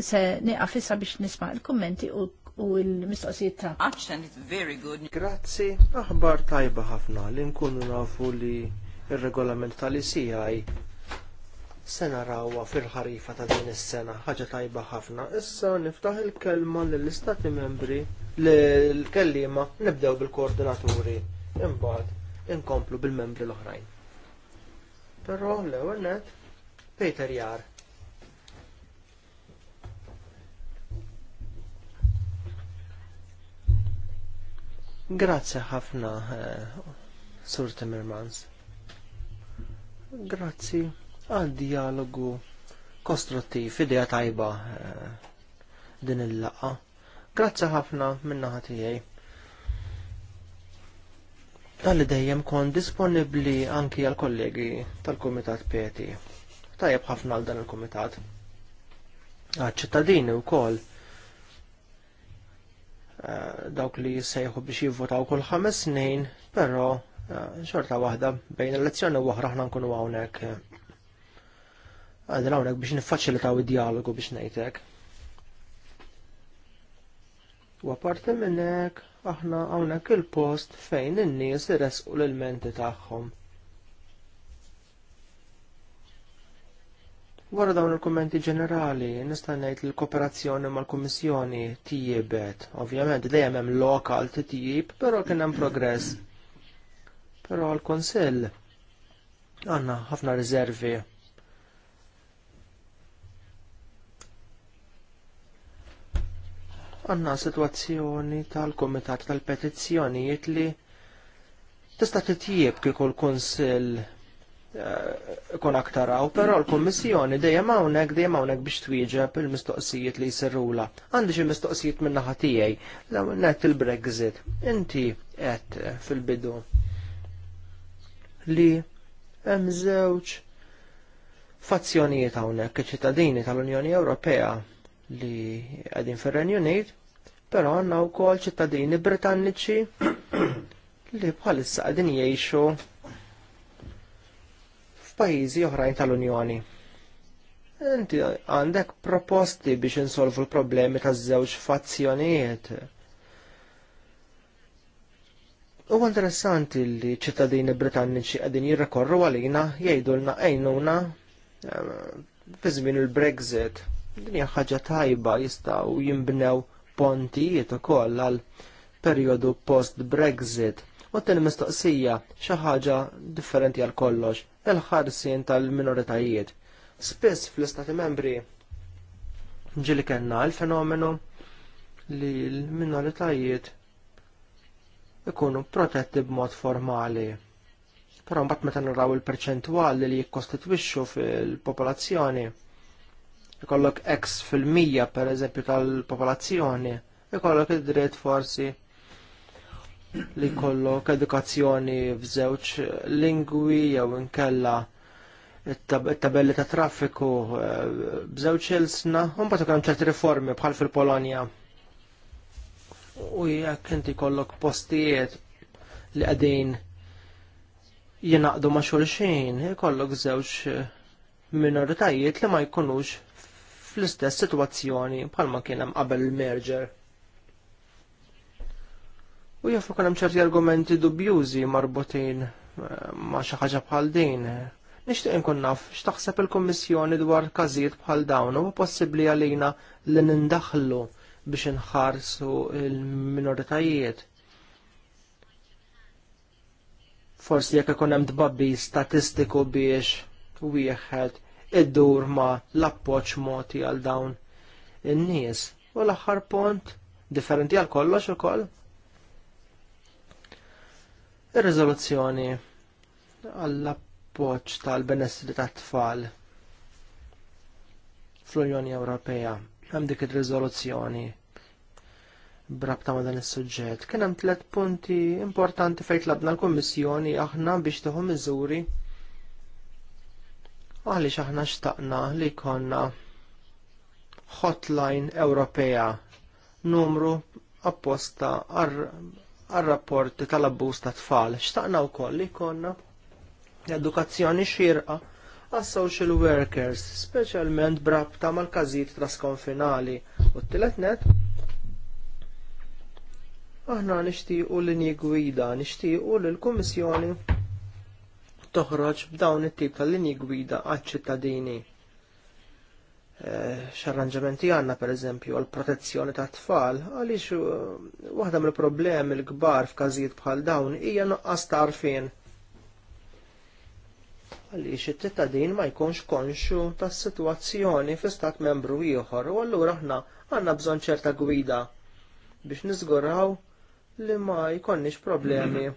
se nieqaf issa biex nisma' l-kummenti u l-mistoqsijiet ta' Action very good. Grazzi, aħbar tajba ħafna li nkunu nafu li ir-regolament tal-ICI Sena narawha fil-ħarifa ta' din is-sena ħaġa tajba ħafna. Issa niftaħ il-kelma lill-istati membri l-kellima nibdew bil-koordinaturi imbagħad inkomplu bil-membri l-oħrajn. Però l-ewwel net Peter Jar. Grazie ħafna, eh, Sur Timmermans. Grazzi għal dialogu kostruttiv, idea tajba eh, din il laqgħa Grazzi ħafna minna ħatijaj. tiegħi. Għalli dejjem kon disponibbli anki għal kollegi tal-Kumitat Peti. Tajab ħafna għal dan il-Kumitat. Għal ċittadini wkoll eh, dawk li jissejħu biex jivvotaw kull ħames snin, però eh, xorta waħda bejn elezzjoni u oħra ħna nkunu hawnhekk għadin għawnek biex taw id-dialogu biex nejtek. U għaparti minnek, aħna għawnek il-post fejn in-nies resqu l-menti tagħhom. Wara dawn il-kommenti ġenerali, nista' ngħid li l-kooperazzjoni mal-Kummissjoni tijibet. Ovvjament dejjem hemm lokal titjib, però kien hemm progress. Però għal kunsill għandna ħafna riservi għanna situazzjoni tal-Komitat tal-Petizzjonijiet li tista' titjieb kif l kunsill eh, kon aktaraw, pero l komissjoni dejjem hawnhekk dejjem hawnhekk biex twieġeb il-mistoqsijiet li jsirrula. Għandi xi mistoqsijiet minn naħa tiegħi l net il-Brexit. Inti qed fil-bidu li hemm żewġ fazzjonijiet hawnhekk iċ-ċittadini tal-Unjoni Ewropea li għadin fir-Renju Unit, però għandna wkoll ċittadini Britanniċi li bħalissa qegħdin jgħixu f'pajjiżi oħrajn tal-Unjoni. Inti għandek proposti biex insolvu l-problemi taż-żewġ fazzjonijiet. U interessanti li ċittadini Britanniċi qegħdin jirrekorru għalina jgħidulna għajnuna eh, fi żmien il-Brexit Dinja ħaġa tajba jistgħu jinbnew pontijiet ukoll għal perjodu post-Brexit. U t mistoqsija xi ħaġa differenti għal kollox, il-ħarsien tal-minoritajiet. Spiss fl-Istati Membri ġili kellna l-fenomenu li l-minoritajiet ikunu protetti b'mod formali. Però mbagħad meta naraw il-perċentwali li jikkostitwixxu fil-popolazzjoni, ikollok X fil-mija per eżempju tal-popolazzjoni, ikollok id-dritt forsi li jkollok edukazzjoni f'żewġ lingwi jew inkella it-tabelli ta' traffiku eh, b'żewġ ilsna, u mbagħad ikun ċerti riformi bħal fil-Polonja. U jekk inti jkollok postijiet li qegħdin jenaqdu ma' xulxin, jkollok żewġ minoritajiet li ma jkunux fl-istess situazzjoni bħalma kien hemm qabel il-merger. U jafu kien hemm ċerti argumenti dubjużi marbutin eh, ma xi ħaġa bħal din. Nixtieq inkun naf x'taħseb il-Kummissjoni dwar każijiet bħal dawn u possibbli għalina li nindaħlu biex inħarsu il-minoritajiet. Forsi jekk ikun hemm tbabbi statistiku biex wieħed iddur ma l-appoċ moti għal dawn in-nies. U l-aħħar punt differenti għal kollox ukoll. Ir-riżoluzzjoni għall-appoġġ tal-benessri tat-tfal fl-Unjoni Ewropea hemm dik ir-riżoluzzjoni brabta ma' dan is-suġġett. Kien hemm tliet punti importanti fejn tlabna l-Kummissjoni aħna biex tieħu miżuri għaliex aħna xtaqna li konna hotline Ewropea numru apposta għal-rapporti tal-abbuż ta' tfal. Xtaqna wkoll li konna edukazzjoni xirqa għas-social workers, speċjalment brabta mal kazit trasconfinali u t-tielet net. Aħna nixtiequ linji gwida, nixtiequ l kummissjoni toħroġ b'dawn it-tip ta' linji gwida għaċ-ċittadini. Eh, x'arranġamenti għandna pereżempju għall protezzjoni ta' tfal għaliex eh, waħda mill-problemi l-kbar f'każijiet bħal dawn hija nuqqas tarfin. Għaliex it-tittadin ma jkunx konxu tas-sitwazzjoni fi stat membru ieħor u allura aħna għandna bżonn ċerta gwida biex niżguraw li ma jkonniex problemi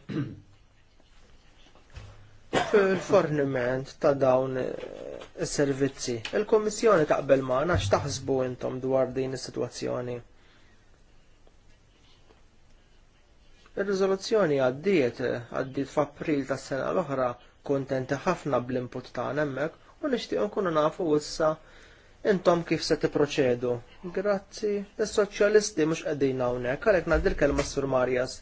fil-forniment ta' dawn eh, is-servizzi. Il-Kummissjoni taqbel ma' nax taħsbu intom dwar din is-sitwazzjoni. Ir-riżoluzzjoni għaddiet eh, għaddiet f'April tas-sena l-oħra kontenti ħafna bl-input tagħna hemmhekk u nixtieq nkunu nafu issa intom kif se tipproċedu. Grazzi, is-soċjalisti mhux qegħdin hawnhekk għalhekk nadir l-kelma Sur Marjas.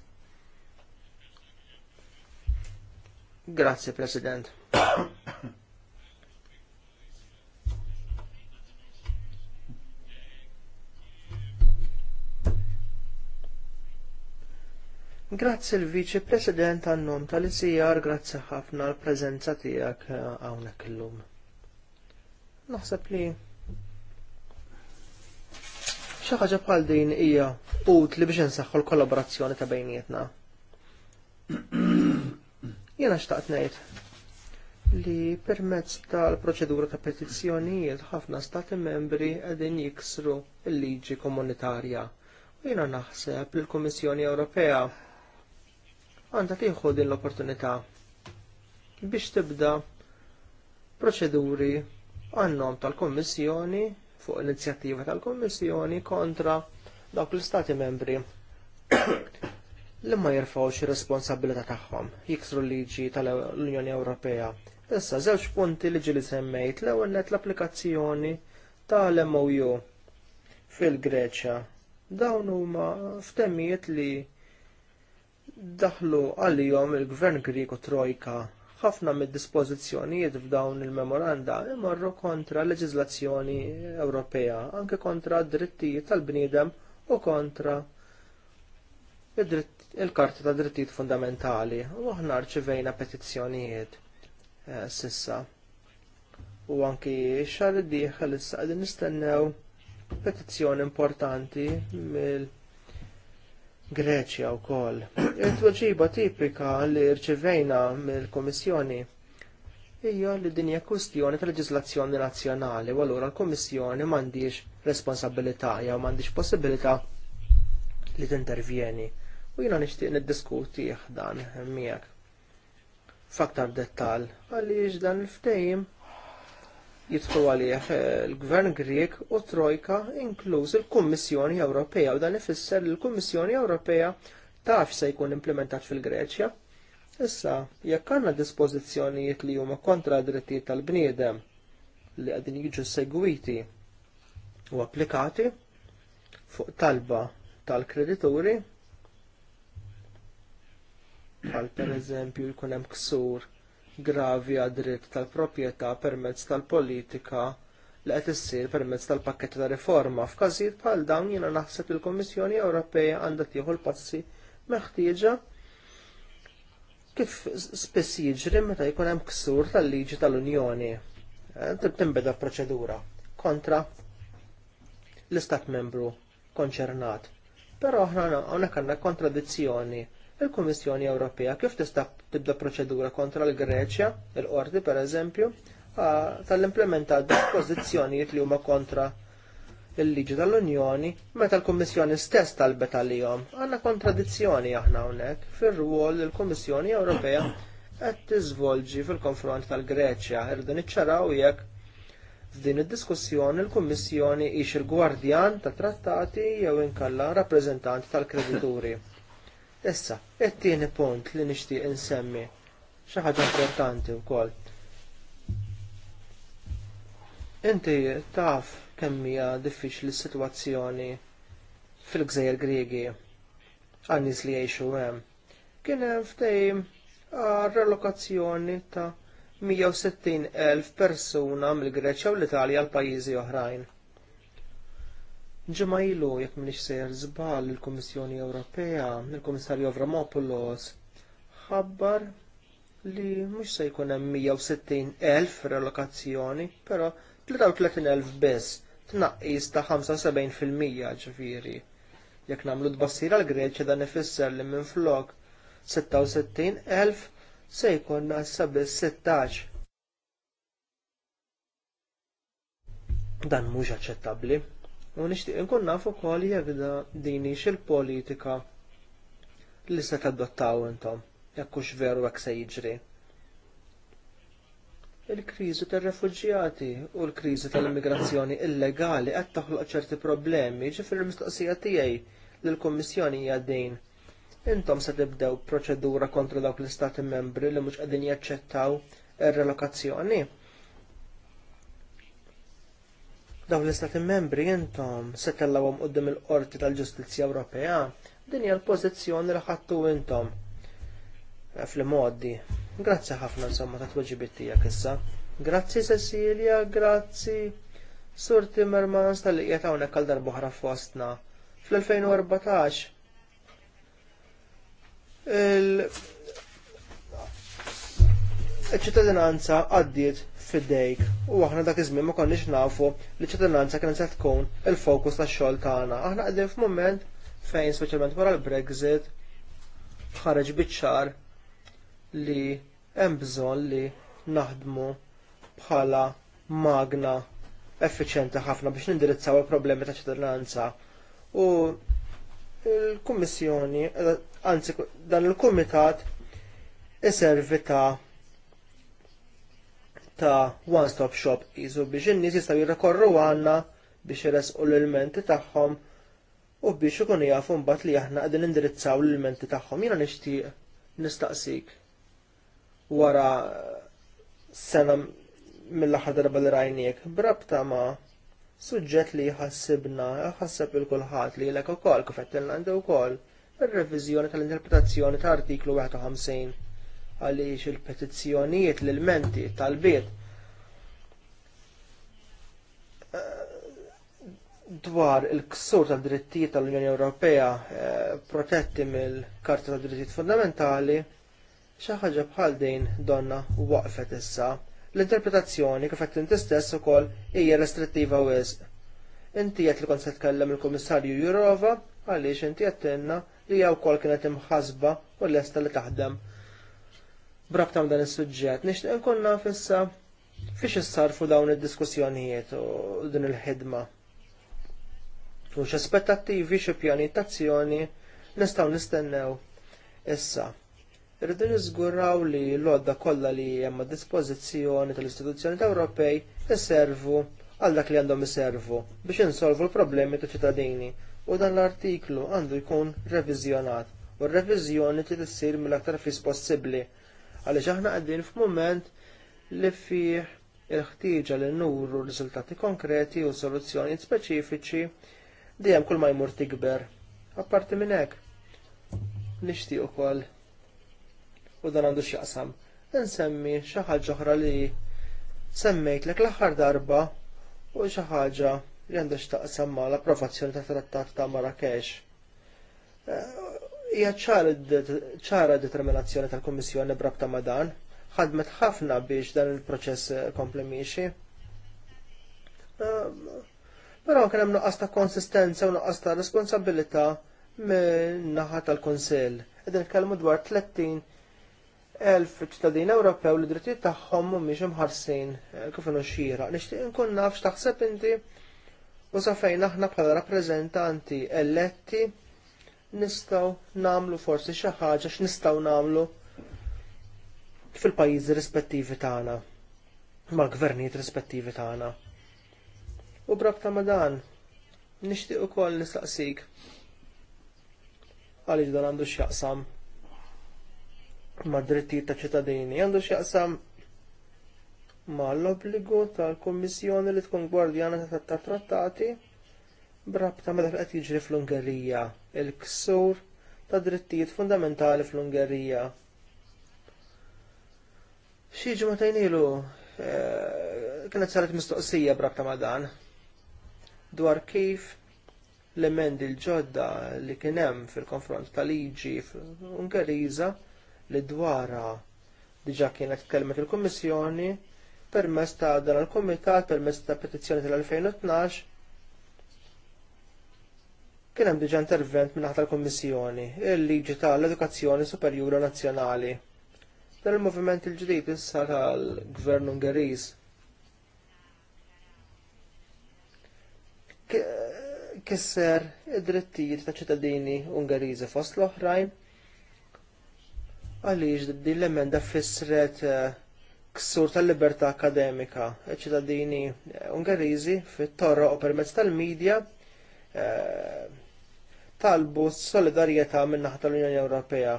Grazzi, President. Grazzi il Vice President għannom tal-ICR, grazzi ħafna l-prezenza tiegħek hawnhekk illum. Naħseb li ħaġa bħal din hija utli biex nsaħħu l-kollaborazzjoni ta' bejnietna. Jena xtaqt ngħid li permezz tal-proċedura ta' petizzjonijiet ħafna stati membri qegħdin jiksru l-liġi komunitarja. U jiena naħseb li l kummissjoni Ewropea għandha tieħu din l-opportunità biex tibda proċeduri għannom tal komissjoni fuq inizjattiva tal komissjoni kontra dawk l istati membri li ma jirfawx ir-responsabilità tagħhom, jiksru l-liġi tal-Unjoni Ewropea. Issa żewġ punti li ġili semmejt l-ewwel net l-applikazzjoni tal-MOU fil-Greċja. Dawn huma ftemmijiet li daħlu għal-jom il-Gvern Grieg u Trojka ħafna mid-dispożizzjonijiet f'dawn il-memoranda imorru kontra leġizlazzjoni Ewropea, anke kontra d-drittijiet tal-bniedem u kontra id-dritt il karti ta' Drittijiet Fundamentali u aħna rċivejna petizzjonijiet eh, sissa. U anki xar id-dieħel issa għadin nistennew petizzjoni importanti mill Greċja wkoll. Il-tweġiba tipika li rċivejna mill-Kummissjoni hija li din hija kwistjoni ta' leġislazzjoni nazzjonali u allura l-Kummissjoni m'għandix responsabilità jew m'għandix possibilità li tintervjeni u jina nishtiq niddiskuti dan miegħek. Faktar dettal, għaliex dan il-ftejim jidħlu għalih eh, l-Gvern Grieg u Trojka inkluż il-Kummissjoni Ewropea u dan ifisser li l-Kummissjoni Ewropea taf se jkun implementat fil-Greċja. Issa, jekk għandna dispożizzjonijiet li huma kontra d-drittijiet tal-bniedem li qegħdin jiġu segwiti u applikati fuq talba tal-kredituri, bħal pereżempju jkun hemm ksur gravi għad dritt tal-proprjetà permezz tal-politika li qed issir permezz tal-pakketti ta' riforma. F'każijiet bħal dawn jiena naħseb il kummissjoni Ewropea għandha tieħu l-passi meħtieġa kif spiss jiġri meta jkun hemm ksur tal-liġi tal-Unjoni. Eh, Timbeda proċedura kontra l-istat membru konċernat. Però aħna hawnhekk għandna kontradizzjoni il-Kummissjoni Ewropea kif tista' tibda proċedura kontra l-Greċja, il-qorti pereżempju, tal d dispożizzjonijiet li huma kontra il-liġi tal-Unjoni meta l-Kummissjoni stess talbet għalihom. Għandna kontradizzjoni aħna hawnhekk fir-rwol li l-Kummissjoni Ewropea qed tiżvolġi fil-konfront tal-Greċja. Irdu niċċaraw jekk f'din id-diskussjoni l-Kummissjoni ix il-gwardjan tat trattati jew inkalla rappreżentant tal-kredituri. Issa, it-tieni punt li nixtieq insemmi xi ħaġa importanti wkoll. Inti taf kemm hija diffiċli s-sitwazzjoni fil-Gżejjer Griegi għan nies li jgħixu hemm. Kien hemm ftehim relokazzjoni ta' 160,000 persuna mill-Greċja u l-Italja għal pajjiżi oħrajn. Ġemma ilu, jekk minix sejr żball il-Kummissjoni Ewropea, il-Kummissarju Avramopoulos, ħabbar li mhux se jkun hemm 160,000 relokazzjoni, però 33,000 biss, tnaqqis ta' 75% Jek Jekk nagħmlu bassira l Greċja dan ifisser li minflok 66,000 se jkun nassa biss 16. Dan mhux aċċettabbli. U nixtieq inkun naf ukoll jekda din hix il-politika li se tadottaw intom, jekk hux veru hekk se jiġri. Il-kriżi tar-refuġjati u l-kriżi tal-immigrazzjoni illegali qed taħloq ċerti problemi ġifir il-mistoqsija tiegħi lill-Kummissjoni hija din. Intom se tibdew proċedura kontra dawk l-Istati membri li mhux qegħdin jaċċettaw ir-relokazzjoni dawn l-istati membri intom se tellawhom quddiem il-Qorti tal-Ġustizzja Ewropea din hija l-pożizzjoni li ħadtu intom fl-modi. Grazzi ħafna insomma ta' tweġibit tiegħek issa. Grazzi Cecilia, grazzi Sur Timmermans tal-li qiegħed hawnhekk għal oħra fostna fl-2014. Il ċittadinanza għaddiet fid-dejk u aħna dak iż-żmien ma konniex nafu li ċittadinanza kienet se tkun il-fokus tax-xogħol tagħna. Aħna qegħdin f'mument fejn speċjalment wara l-Brexit ħareġ biċ-ċar li hemm bżonn li naħdmu bħala magna effiċjenti ħafna biex nindirizzaw il-problemi ta' ċittadinanza. U l-Kummissjoni, anzi dan il-Kumitat iservi ta' ta' one-stop shop jizu biex in-nies jistgħu għanna biex biex u l-elementi tagħhom u biex ikunu jafu mbat li aħna għadin indirizzaw l-elementi tagħhom. Jiena nixtieq nistaqsik wara sena mill-aħħar darba li rajniek b'rabta ma' suġġett li jħassibna, jħassab il-kulħadd li l-ek ukoll għandu u wkoll ir-reviżjoni tal-interpretazzjoni ta' artiklu 51 għaliex il-petizzjonijiet l-menti tal-bit eh, dwar il-ksur tad drittijiet tal-Unjoni Ewropea eh, protetti mill-Karta tad Drittijiet Fundamentali xi ħaġa bħal din donna waqfet issa. L-interpretazzjoni kif qed inti stess ukoll hija restrittiva wisq. Inti qed li kont se tkellem il-Kummissarju Jurova għaliex inti qed tinna li hija wkoll kienet imħasba u lesta li taħdem brabta dan is-suġġett. nix nkun fissa fiex fiex issarfu dawn id-diskussjonijiet u din il-ħidma. U aspettattivi, x pjani tazzjoni nistgħu nistennew issa. Irridu niżguraw li l-għodda kollha li hemm dispozizjoni dispożizzjoni tal-istituzzjoni Ewropej isservu għal dak li għandhom jesservu biex insolvu l-problemi ta' ċittadini u dan l-artiklu għandu jkun revizjonat u r-revizjoni t issir mill-aktar fis possibbli għaliex aħna qegħdin f'mument li fih il-ħtieġa li nuru riżultati konkreti u soluzzjoni speċifiċi dejjem kull ma jmur tikber. Apparti minn hekk, nixtieq ukoll u dan għandu x'jaqsam. Insemmi xi ħaġa oħra li semmejtlek l-aħħar darba u xi ħaġa li għandu x'taqsam mal approvazzjoni ta' trattat ta' Marrakesh. Eh, hija ċara determinazzjoni tal-Kummissjoni brabta ma' dan, ħadmet ħafna biex dan il-proċess eh, komplemiċi. Ehm, però kien hemm nuqqas ta' konsistenza u nuqqas ta' responsabilità min-naħa tal-Kunsill. Qegħdin nitkellmu dwar 30 elf ċittadin Ewropew li drittijiet tagħhom mhumiex imħarsin eh, kif inhu xira. Nixtieq inkun naf x'taħseb inti u sa fejn aħna bħala rappreżentanti eletti nistgħu nagħmlu forsi xi ħaġa x'nistgħu nagħmlu fil-pajjiżi rispettivi tagħna mal-gvernijiet rispettivi tagħna. U ta' ma' dan nixtieq ukoll nistaqsik għaliex dan għandu x'jaqsam ma' drittijiet ta' ċittadini, għandu x'jaqsam ma' l-obbligu tal-Kummissjoni li tkun gwardjana ta' trattati brabta ma qed jiġri fl-Ungerija, il-ksur ta' drittijiet fundamentali fl-Ungerija. Xi ġimgħatejn ilu eh, kienet saret mistoqsija brabta ma' dan dwar kif l-emendi l-ġodda li kien hemm fil-konfront tal-liġi Ungeriża li dwara diġà kienet tkellmet il-Kummissjoni permezz ta' dan il-Kumitat permezz ta' petizzjoni tal-2012 Kien hemm diġà intervent minn tal kummissjoni il-liġi tal-Edukazzjoni Superjura Nazzjonali. Dan il-moviment il-ġdid issa tal-Gvern Ungeriż. Kisser id-drittijiet ta' ċittadini Ungeriżi fost l-oħrajn għaliex din l-emenda fissret eh, ksur tal-libertà akademika. ċittadini eh, Ungeriżi fit-torro u permezz tal-medja eh, talbu s-solidarjetà min naħa tal-Unjoni Ewropea.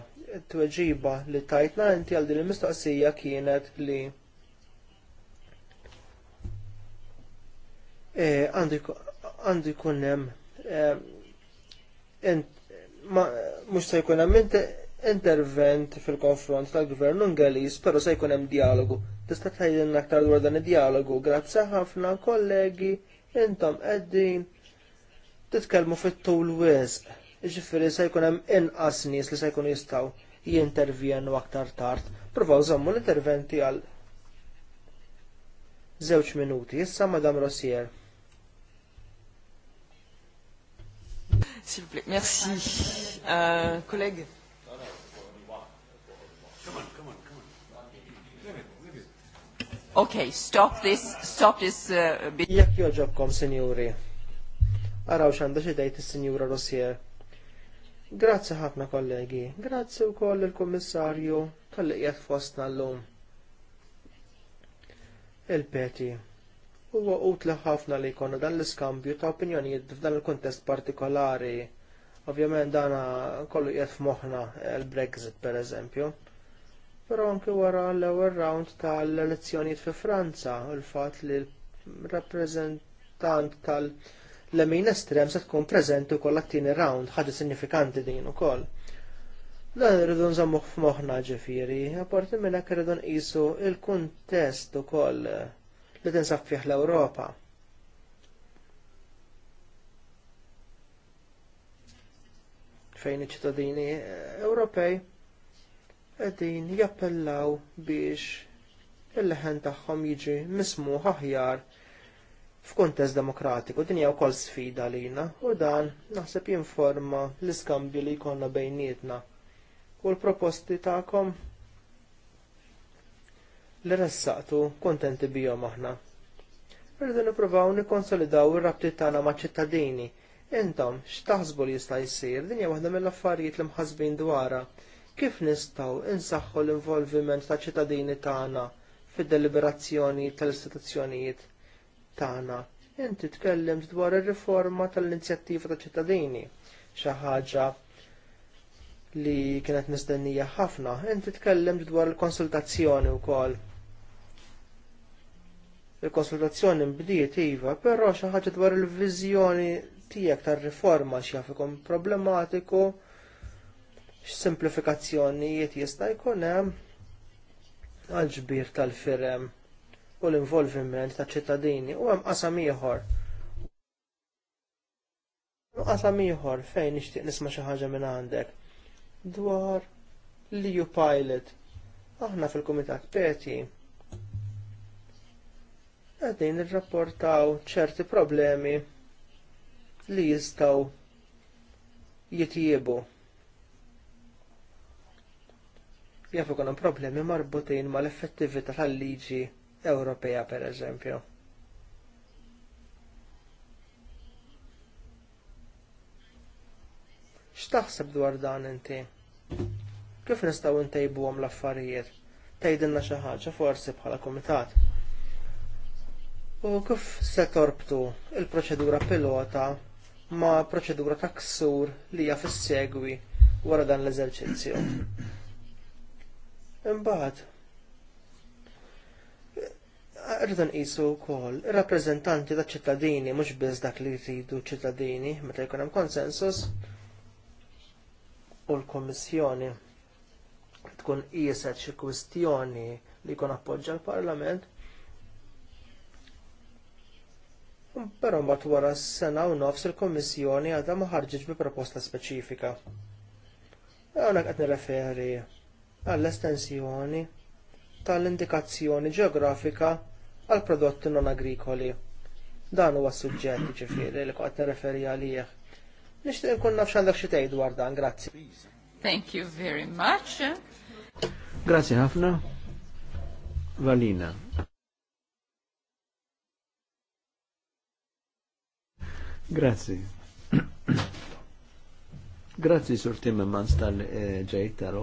tweġiba li tajtna inti għal din il-mistoqsija kienet li eh, għandu jkun hemm eh, mhux se jkun hemm intervent fil-konfront tal-gvern Ungeliż, però se jkun hemm dialogu. Tista' tgħidilna aktar dwar dan id-dialogu. Grazzi ħafna kollegi, intom qegħdin titkellmu fit-tul wisq. ġifiri se jkun hemm inqas nies li se jkunu jistgħu jintervjenu aktar tard. Provaw żommu l-interventi għal żewġ minuti. Issa Madam Rossier. S'il vous plaît, merci. Euh, collègue. Okay, stop this, stop this uh, joġobkom, senjuri. Araw xanda xi dejt is-Sinjura Rossier. Grazzi ħafna kollegi, grazzi wkoll il-Kummissarju tal liqjat fostna fostna llum. Il-Peti. Huwa utli ħafna li jkollna dan l-iskambju ta' opinjonijiet f'dan il-kuntest partikolari. Ovvjament dana kollu qiegħed f'moħħna l-Brexit pereżempju. Però anke wara l-ewwel round tal-elezzjonijiet fi Franza, il fatt li l-rappreżentant tal-, -rappresentant tal l-emin estrem se tkun preżenti wkoll t tieni round ħaġa sinifikanti din ukoll. Dan rridu nżammu f'moħħna ġifieri, ġifiri, minn hekk irridu nqisu il-kuntest ukoll li tinsab fih l-Ewropa. fejn iċ-ċittadini eh, Ewropej qegħdin jappellaw biex il-leħen tagħhom jiġi mismuħ aħjar f'kuntest demokratiku. Din hija wkoll sfida lina u dan naħseb jinforma l-iskambju li jkollna bejnietna. U l-proposti tagħkom li ressaqtu kuntenti bihom aħna. Rridu nippruvaw nikkonsolidaw ir-rabtiet tagħna maċ-ċittadini. Intom x'taħsbu li jista' jsir din hija waħda mill-affarijiet li mħasbin dwarha kif nistgħu insaħħu l-involviment ta' ċittadini tagħna fid-deliberazzjoni tal-istituzzjonijiet tagħna. Inti tkellimt dwar ir-riforma tal-inizjattiva ta' ċittadini, xi ħaġa li kienet mistennija ħafna. Inti tkellimt dwar il-konsultazzjoni wkoll. Il-konsultazzjoni mbdiet iva, però xi ħaġa dwar il-viżjoni tiegħek tar-riforma xi jafikom problematiku x-simplifikazzjonijiet jista' jkun hemm għal ġbir tal-firem u l-involviment taċ ċittadini u hemm qasam ieħor. Qasam ieħor fejn nixtieq nisma' xi ħaġa minn għandek dwar li eu pilot. Aħna fil-Kumitat Peti għadin nirrapportaw ċerti problemi li jistgħu jitjiebu. Jafu konon problemi marbutin mal effettività tal-liġi Ewropea per eżempju. X'taħseb dwar dan inti? Kif nistgħu ntejbuhom l-affarijiet? Tgħidilna xi ħaġa forsi bħala kumitat. U kif se torbtu il-proċedura pilota ma' proċedura ta' ksur li hija fis-segwi wara dan l-eżerċizzju. Imbagħad, rridu nqisu wkoll ir-rappreżentanti taċ ċittadini mhux biss dak li jridu ċittadini meta jkun hemm konsensus u l-Kommissjoni tkun qiset xi kwistjoni li jkun appoġġja l-Parlament. Um, però mbagħad wara s-sena u nofs il kummissjoni għadha ma ħarġitx bi proposta speċifika. Hawnhekk qed nirreferi għall-estensjoni tal-indikazzjoni ġeografika għal prodotti non agrikoli. Dan huwa suġġett ġifieri li qed nirreferi għalih. Nixtieq nkun naf x'għandek xi tgħid dwar dan, grazzi. Thank you very much. Grazzi ħafna. Valina. Grazzi. Grazzi Sur Timmermans tal-ġejt tal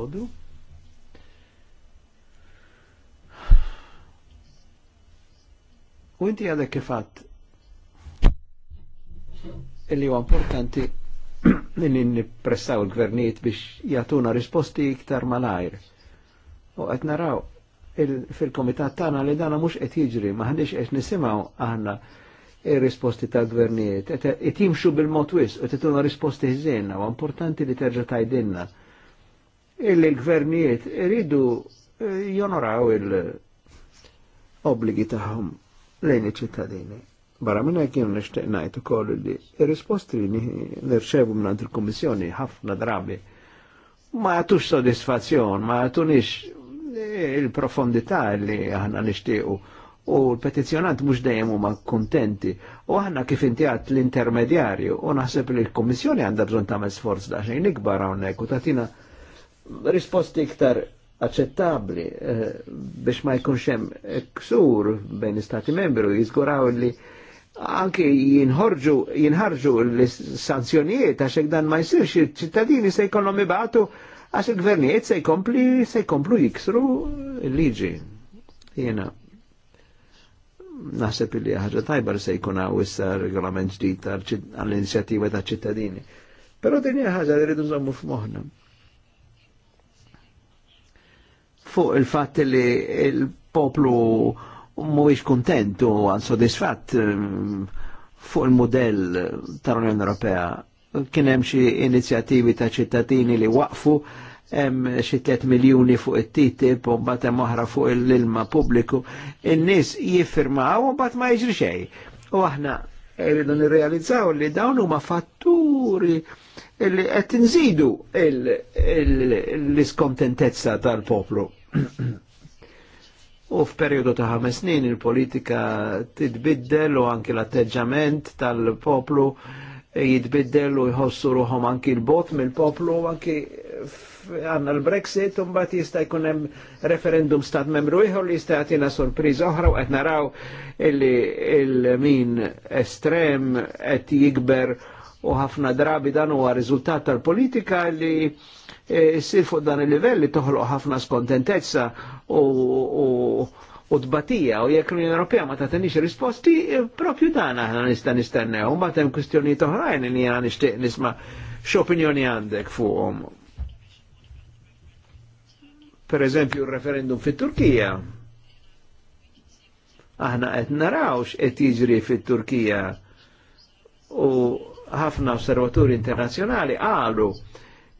U inti għadek kifat illi huwa importanti li nippressaw il-gvernijiet biex jatuna risposti iktar malajr. U qed naraw fil-komitat tagħna li dana mhux qed jiġri, maħniex qed nisimgħu aħna il risposti tal-gvernijiet, qed jimxu bil-mod wis u tituna risposti ħżienna u importanti li terġa' tajdinna illi l-gvernijiet iridu eh, jonoraw il-obbligi tagħhom lejn iċ-ċittadini. Barra minna kien nishtiq najt u koll li risposti li nirċevu minn għand il komissjoni ħafna drabi ma jatux sodisfazzjon, ma jatunix eh, il-profondità li aħna nishtiqu u l-petizjonant mux dejjem huma kontenti u aħna kif inti għat l-intermedjarju u naħseb li l komissjoni għandha bżon tagħmel sforz daqsxejn ikbar hawnhekk u tagħtina risposti iktar accettabli eh, biex ma jkunx hemm ksur bejn istati membru jiżguraw li anke jinħorġu jinħarġu l-sanzjonijiet għax dan ma jsirx iċ-ċittadini se jkollhom ibatu għax il-gvernijiet se jkompli se jkomplu jiksru l-liġi. Jena naħseb li ħaġa tajba se jkun hawn issa regolament ġdid għall-inizjattiva ta' ċittadini. Però din hija ħaġa li rridu nżommu f'moħħna. fuq il-fatt li il-poplu mhuwiex kuntentu għan sodisfatt ehm, fuq il-modell tal-Unjoni Ewropea. Kien hemm xi inizjattivi ta' ċittadini li waqfu hemm xi 3 miljuni fuq it ttip u mbagħad hemm oħra fuq l-ilma pubbliku. In-nies jiffirmaw u mbagħad ma jiġri xejn. U aħna rridu nirrealizzaw li dawn huma fatturi li qed inżidu l-iskontentezza tal-poplu. U f'perjodu ta' ħames snin il-politika titbiddel u anki l-atteġġament tal-poplu jitbiddel u jħossu ruħom anki l-bot mill-poplu u anki għanna l-Brexit, un bat jista jkun hemm referendum stat membru ieħor li jista jagħtina sorpriża oħra u qed naraw illi il-min estrem qed jikber u ħafna drabi dan huwa riżultat tal-politika li jissir fuq dan il livelli li toħloq ħafna skontentezza u tbatija u jekk l-Unjoni Ewropea ma tagħtinix risposti eh, propju dan aħna nista' nistennew, mbagħad hemm kwistjonijiet oħrajn li jiena nixtieq nisma' x'opinjoni għandek fuqhom. Per eżempju r-referendum fit-Turkija. Aħna qed narawx qed jiġri fit-Turkija u ħafna osservaturi internazzjonali qalu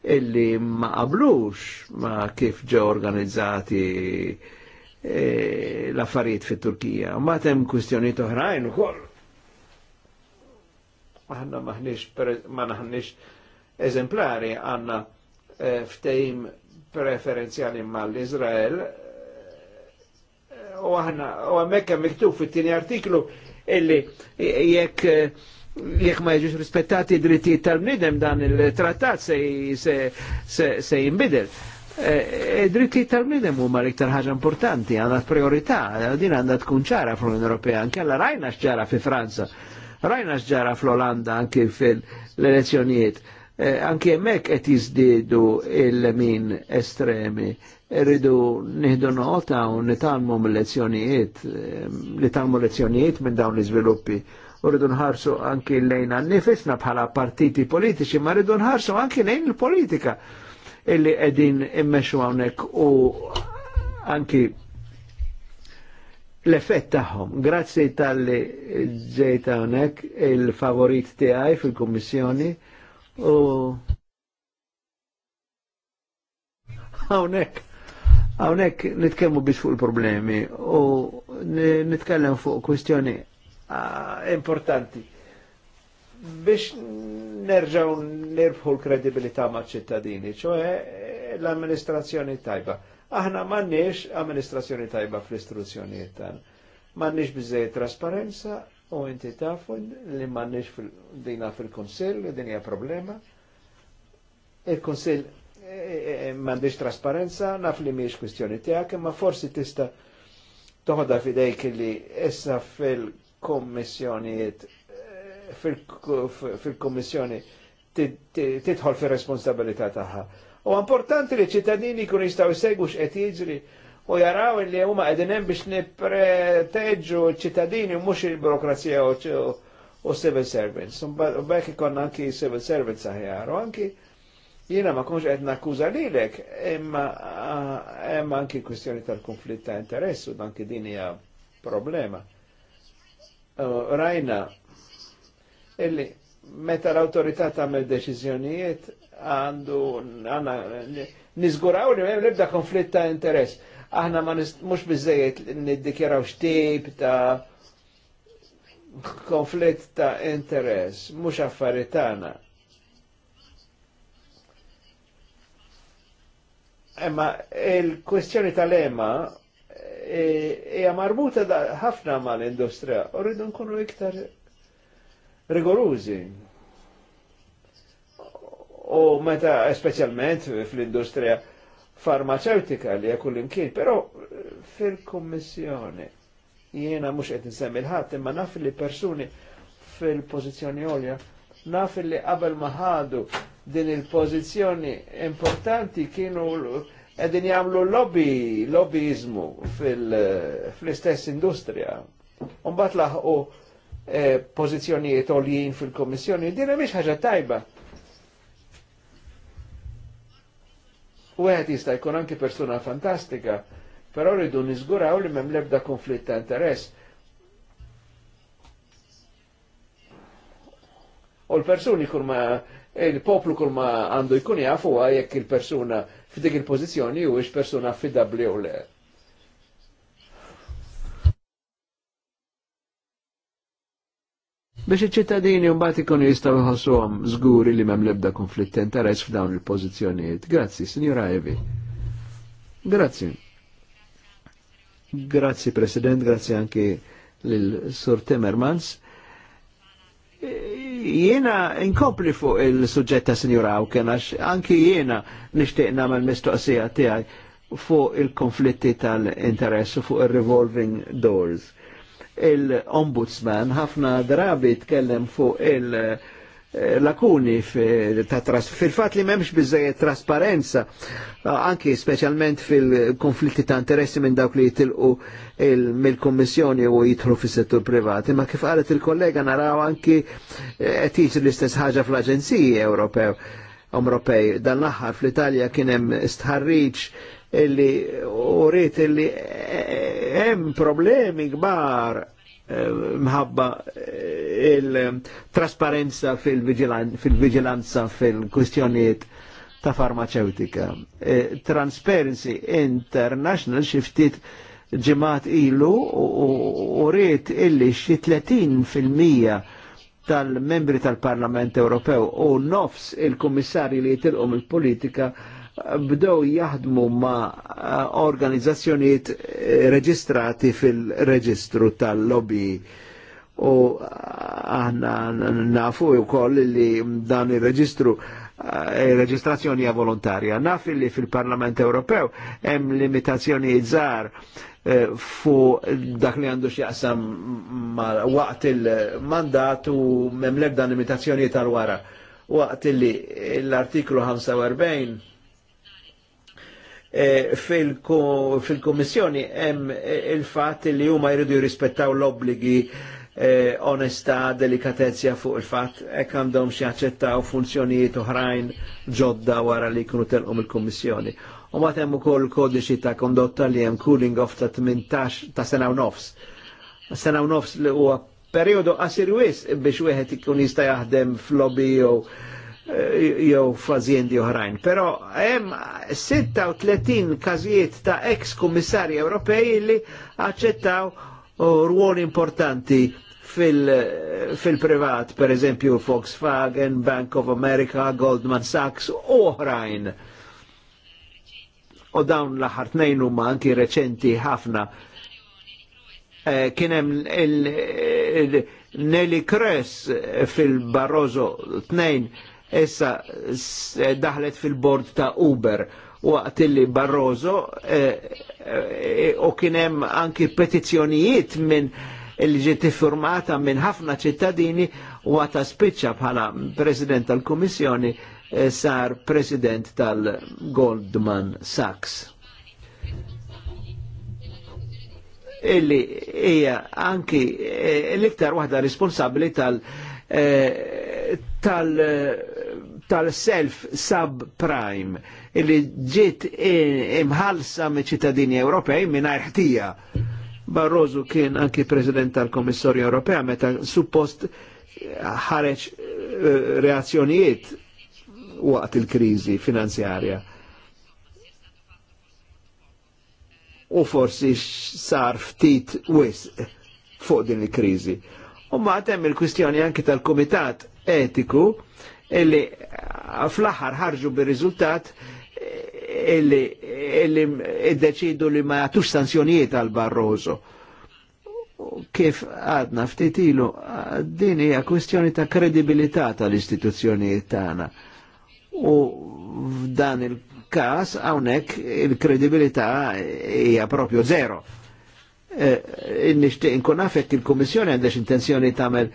illi ma qablux ma kif ġew organizzati e, l-affarijiet fit-Turkija. Ma tem kwistjonijiet oħrajn ukoll. Aħna maħniex ma naħniex eżemplari għandna e, ftehim preferenzjali mal-Izrael e, u aħna u għamekka miktub fit-tieni artiklu illi jekk jekk ma jiġux rispettati dritti drittijiet tal-bnidem dan il-trattat se, se, se, se jimbidel. E, e dritti tal-bnidem huma l-iktar ħaġa importanti, għandha priorità, din għandha tkun ċara fl-Unjoni Ewropea, anke alla rajna x'ġara fi Franza, rajna x'ġara fl-Olanda anke fil-elezzjonijiet. E, anke jemmek qed jiżdiedu il-min estremi, rridu nieħdu nota u nitalmu l lezzjonijiet e, nitalmu lezzjonijiet minn dawn l-iżviluppi u rridu nħarsu anki lejn għannifisna bħala partiti politiċi, ma rridu nħarsu anki lejn il-politika illi edin immexu għonek u anki l-effett taħħom. Grazzi tal-li ġejta għonek il-favorit tiegħi fil kommissjoni u għonek. hawnhekk nitkemmu biex fuq il-problemi u nitkellem fuq kwistjoni Ah, importanti biex nerġaw nirbħu l-kredibilità ma' ċittadini, ċoħe eh, l-amministrazzjoni tajba. Aħna mannix amministrazzjoni tajba fl-istruzzjonijiet tagħna. Mannix biżej trasparenza u inti tafu li mannix dina fil konsil din hija problema. il konsil e, eh, eh, m'għandix trasparenza, naf li mhijiex kwistjoni tijak, ma forsi tista' toħda fidejk li issa fil- kommissjoniet eh, fil-kommissjoni titħol fil responsabilità taħħa. U importanti li ċittadini kun jistaw jsegwu x'qed jiġri u jaraw li huma qegħdin hemm biex nippreteġġu ċittadini u mhux il-burokrazija u civil servants. U bekk ikon anki civil servants aħjar u anki jiena ma konx qed nakkuża lilek, imma eh, hemm anki kwestjoni tal-konflitt ta' interess u danki din hija problema. Eh, rajna illi meta l-autorità tagħmel deċiżjonijiet għandu għana nizguraw li hemm l-ebda konflitt ta' interess. Aħna ma mhux biżejjed niddikjaraw xtib ta' konflitt ta' interess, mhux affarijiet tagħna. Imma il-kwestjoni tal-ema hija marbuta ħafna mal-industrija, u rridu nkunu iktar rigorużi. U meta, specialment fl-industrija farmaceutika li jekull imkien, però fil-kommissjoni jiena mux qed nsemmi l-ħadd, imma naf li persuni fil-pożizzjoni olja, naf li qabel ma ħadu din il-pożizzjoni importanti kienu edin jamlu lobby, lobbyizmu fil-istess fil industrija. Umbat laħu eh, pozizjonijiet oljien fil-komissjoni, dina miex ħaġa tajba. U għed jista' jkun anki persona fantastika, però rridu nizguraw li mem lebda konflitt ta' interess. U l-persuni kull ma, il-poplu kull ma għandu jkun jafu għajek il persuna f'dik il-pożizzjoni u ix persuna affidabli u le. Biex iċ-ċittadini mbagħad jistaw jistgħu jħossuhom żguri li mem l-ebda konflitt interess f'dawn il-pożizzjonijiet. Grazzi, Signora Evi. Grazzi. Grazzi President, grazzi anki l Sur Timmermans. Jiena inkompli fuq il sujġet ta' Sinjur Awken, għax anki jiena nixtieq nagħmel mistoqsija tiegħi fuq il-konflitti tal-interess fuq il-revolving doors. Il-ombudsman ħafna drabi tkellem fuq il- lakuni fil-fat li memx bizzejiet trasparenza, eh, anki specialment fil-konflitti ta' interessi minn dawk li jitilqu mill-kommissjoni u jitħlu fis settur privati, Ma kif għalet il-kollega naraw anki eh, qed l-istess ħaġa fl-Aġenziji Ewropew. Ewropej. Dan l-aħħar fl-Italja kien hemm stħarriġ illi u rrit illi eh, hemm problemi kbar mħabba eh, il-trasparenza fil-vigilanza fil kustjoniet ta' farmaceutika. Eh, Transparency International xiftit ġemat ilu u rrit illi xi 30% tal-membri tal-Parlament Ewropew u nofs il kummissarji li jitilqom il-politika il politika bdew jaħdmu ma' organizzazzjonijiet eh, reġistrati fil-reġistru tal-lobby u eh, aħna nafu u koll li dan il-reġistru eh, reġistrazzjoni hija volontarja. Naf li fil-Parlament Ewropew hemm limitazzjoni żgħar fu dak li għandu x'jaqsam waqt il-mandat u memlek l-ebda limitazzjoni tal-wara. Waqt li l-artiklu 45 Eh, fil-Komissjoni hemm eh, il-fatt li huma jridu jirrispettaw l-obbligi eh, onesta, delikatezja fuq il-fatt hekk għandhom xi aċċettaw funzjonijiet oħrajn ġodda wara li jkunu telqom il-Kummissjoni. U ma hemm ukoll kodiċi ta' kondotta li hemm cooling off ta' 18 ta' sena u nofs. Sena u nofs li huwa periodu qasir wis biex wieħed ikun jista' jaħdem f'lobby jew Eh, jew f'ażjendi oħrajn. Però hemm 36 każijiet ta' ex kummissarji Ewropej li aċċettaw uh, rwol importanti fil-privat, fil per eżempju Volkswagen, Bank of America, Goldman Sachs u oħrajn. U dawn l-aħħar tnejn huma anki reċenti ħafna. Eh, Kien hemm il-Nelly il, il, Kress fil-Barroso 2 issa daħlet fil-bord ta' Uber waqt li Barroso eh, eh, eh, u kienem anki petizjonijiet minn li ġiet firmata minn ħafna ċittadini u ta' spiċċa bħala President tal-Kummissjoni sar President tal-Goldman Sachs illi hija anki l-iktar waħda responsabbli tal- tal tal-self subprime illi ġiet imħalsa me ċittadini Ewropej mingħajr ħtija. Barroso kien anki President tal-Komissarju Ewropea meta suppost ħareġ eh, reazzjonijiet waqt il-kriżi finanzjarja. U forsi sar ftit wis fuq din il-kriżi. U ma' il-kwistjoni anki tal-Komitat Etiku illi eh, fl-aħħar ħarġu bir-riżultat eh, illi iddeċidu li ma jagħtux sanzjonijiet għal Barroso. Kif għadna ftit ilu, eh, din hija kwestjoni ta' kredibilità tal-istituzzjonijiet tagħna. U f'dan il-każ hawnhekk il-kredibilità hija propju zero. E, inkun nafek il-Kummissjoni għandex intenzjoni tagħmel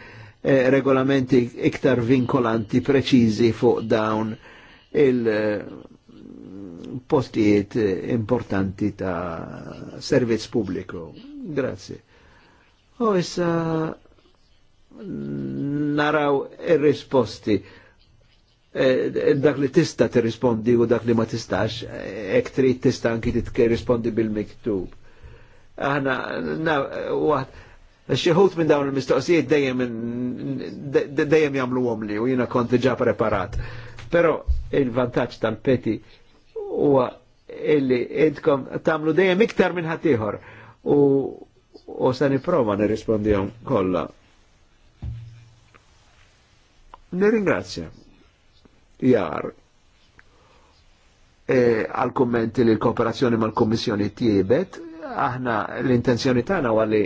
E, regolamenti iktar vinkolanti preċizi fuq dawn il-postijiet e, importanti ta' servizz pubbliku. Grazie. U issa naraw ir-risposti. E, dak li tista tirrispondi u dak li ma tistax, ek trid tista anki titke rispondi bil-miktub. Aħna, na, waħt, xieħut minn dawn il-mistoqsijiet dejjem jamlu jagħmlu li u jiena konti ġa preparat. Pero il-vantaġġ tal-peti huwa illi intkom tamlu dejjem iktar minn ħatiħor u u se nipprova nirrispondihom kollha. Nirringrazzja. Jar eh, għal kommenti kummenti li l-kooperazzjoni mal-Kommissjoni tiebet, aħna l-intenzjoni tagħna għalli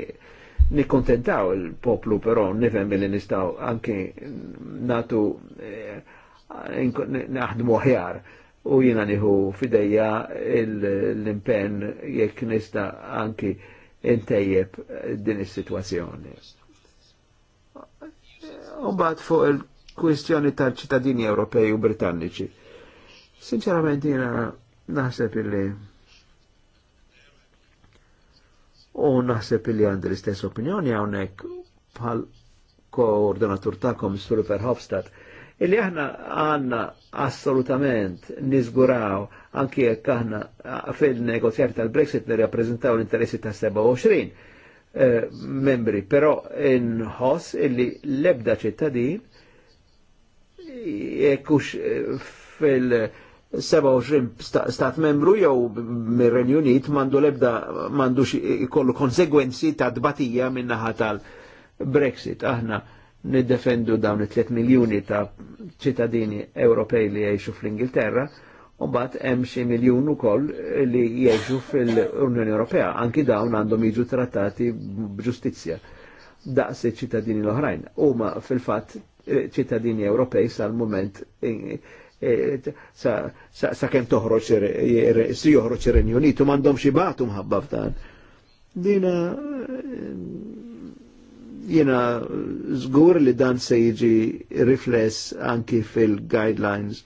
nikkontentaw il-poplu però nifem li nistaw anki natu eh, naħdmu ħjar u jina niħu fidejja l-impen jek nista anki intejjeb din is situazzjoni Umbagħad fuq il-kwistjoni tal-ċittadini Ewropej u Britanniċi. Sinċerament jina naħseb illi u naħseb li għandi l-istess opinjoni għawnek bħal koordinatur tagħkom per Verhofstadt illi aħna għanna assolutament nizguraw anki jekk aħna fil-negozjati tal-Brexit nirrappreżentaw l-interessi ta' 27 eh, membri, però inħoss illi l-ebda ċittadin jekkux eh, fil- 27 stat membru jew mir-Renju Unit mandu lebda mandu ikollu konsegwenzi ta' dbatija minnaħa tal-Brexit. Aħna niddefendu dawn it-3 miljuni ta' ċittadini Ewropej li jgħixu fl-Ingilterra u bat hemm xi miljun ukoll li jgħixu fil-Unjoni Ewropea. Anki dawn għandhom jiġu trattati b'ġustizzja daqs ċittadini l-oħrajn. Huma fil-fatt eh, ċittadini Ewropej sal mument eh, sa' kem toħroċ si joħroċ ir-Renjunitu mandom xibatu mħabbaf f'dan. Dina jena zgur li dan se jiġi rifless anki fil-guidelines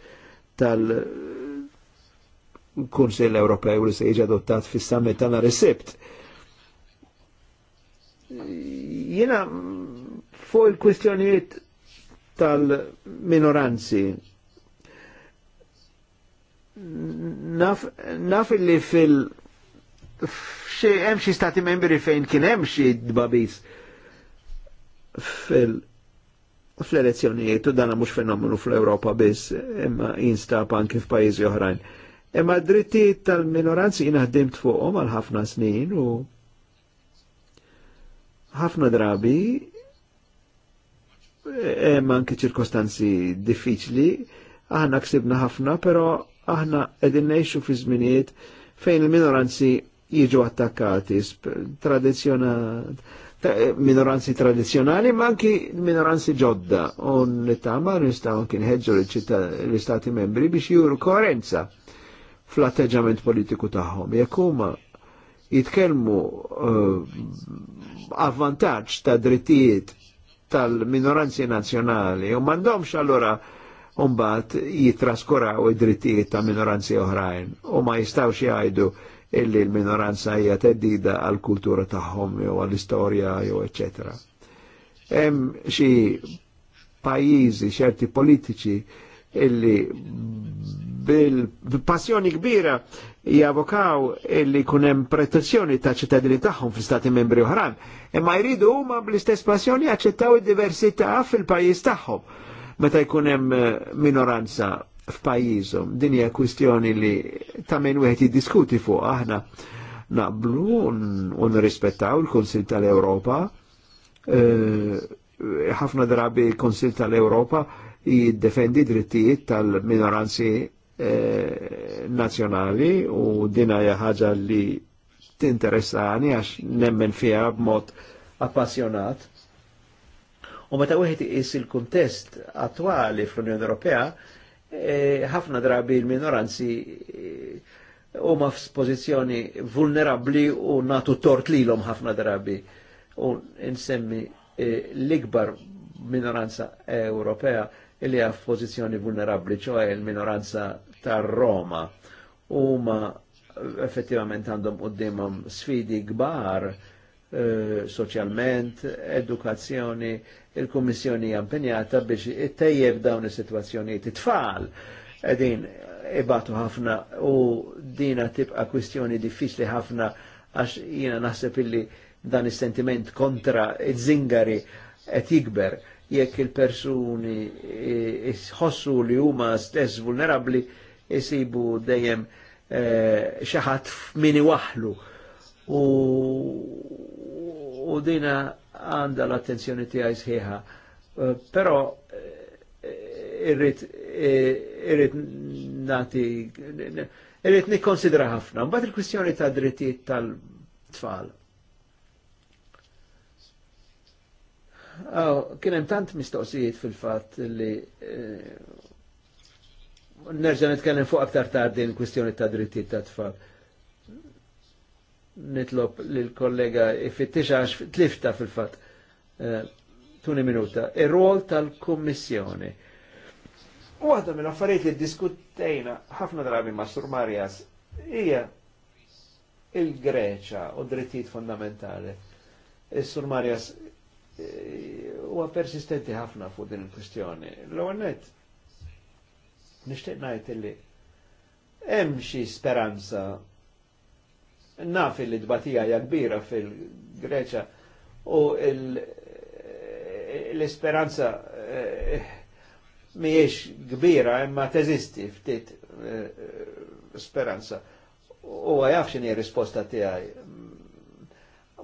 tal-Kunsel Ewropew li se jiġi adottat fis-summit tana recept. Jena fuq il-kwistjonijiet tal-minoranzi naf, naf li fil hemm xi stati membri fejn kien hemm xi dbabis fil fl-elezzjonijiet u dan mhux fenomenu fl-Ewropa biss, imma instab anki f'pajjiżi oħrajn. Imma drittijiet tal-minoranzi jiena ħdimt fuqhom għal ħafna snin u ħafna drabi hemm anki ċirkostanzi diffiċli, aħna ksibna ħafna, però aħna qegħdin neħxu fi żminijiet fejn il-minoranzi jiġu attakkati, minoranzi tradizjonali, ma anki minoranzi ġodda. Un tamar nistaw anki nħedġu l-istati membri biex juru koerenza fl-atteġġament politiku tagħhom. Jekk huma jitkellmu eh, avvantaġġ ta' drittijiet tal-minoranzi nazjonali u m'għandhomx allura umbat jitraskuraw id-drittijiet ta' minoranzi oħrajn u ma jistawx jgħidu illi l-minoranza hija teddida għal kultura tagħhom jew għall istorja jew eċetera. Hemm xi pajjiżi xerti politiċi illi bil-passjoni kbira javokaw illi kunem protezzjoni ta' ċittadini tagħhom fl-istati membri oħrajn, imma jridu huma bl-istess passjoni jaċċettaw id-diversità fil-pajjiż tagħhom meta jkun hemm eh, minoranza f'pajjiżhom. Din hija kwistjoni li ta' min wieħed jiddiskuti fuq aħna naqblu u nirrispettaw il-Kunsil tal-Ewropa. Eh, ħafna drabi il-Kunsil tal-Ewropa jiddefendi drittijiet tal-minoranzi eh, nazzjonali u dina hija ħaġa li tinteressani għax nemmen fiha b'mod appassjonat U meta wieħed is il-kuntest attwali fl-Unjoni Ewropea, e, ħafna drabi l-minoranzi e, huma f'pożizzjoni vulnerabbli u natu tort lilhom ħafna drabi. U insemmi e, l-ikbar minoranza Ewropea li hija f'pożizzjoni vulnerabbli, ċoħe l-minoranza tar-Roma. Huma effettivament għandhom qudiemhom sfidi kbar Eh, soċjalment, edukazzjoni, il-Kummissjoni impenjata biex ittejjeb dawn is sitwazzjoni It-tfal Edin ibatu ħafna u dina tibqa' kwistjoni diffiċli ħafna għax jiena naħseb illi dan is-sentiment kontra iż-żingari qed jikber jekk il-persuni jħossu li huma stess vulnerabbli jisibu dejjem eh, xaħat ħadd f'mini waħlu. U u dina għanda l-attenzjoni tiegħi sħiħa. Eh, Però eh, irrit eh, irrit nati irrit nikkonsidra ħafna. Mbagħad il-kwistjoni ta' drittijiet tal-tfal. Kien hemm tant mistoqsijiet fil-fatt li nerġa' nitkellem fuq aktar tard din kwistjoni ta' drittijiet tat-tfal nitlob li l-kollega ifittixax tlifta fil-fat. Eh, tuni minuta. Ir-rol tal-Kommissjoni. U għadda minn affarijiet li diskutejna ħafna drabi ma' Sur Marjas hija il-Greċa u drittijiet fondamentali. E, sur Marjas e, huwa persistenti ħafna fuq din il-kwistjoni. L-ewwel nett nixtieq ngħid li hemm xi speranza naf il dbatija hija kbira fil-Greċa u l esperanza eh, miex kbira imma teżisti ftit eh, speranza. U għajaf xini risposta tijaj.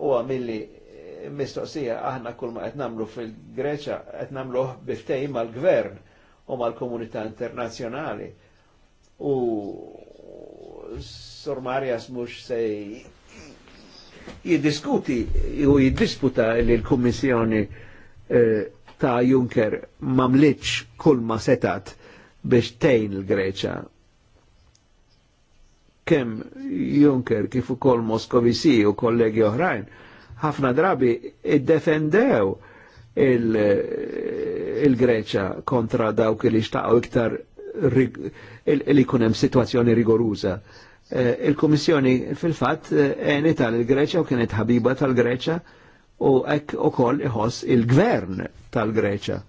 U għamilli mistoqsija aħna kull ma etnamlu fil-Greċa etnamlu biftej mal-gvern u mal-komunità internazjonali. U Sor Marjas mux sej jiddiskuti u jiddisputa li l kommissjoni eh, ta' Juncker mamliċ kull ma setat biex tejn l-Greċa. Kem Juncker kif ukoll Moskovisi u kollegi oħrajn, ħafna drabi iddefendew il-Greċa kontra dawk li xtaqgħu iktar li kunem situazzjoni rigorusa. Eh, Il-Komissjoni fil-fat eh, għeni tal-Greċa u kienet ħabiba tal-Greċa u ek u koll iħoss il-gvern tal-Greċa.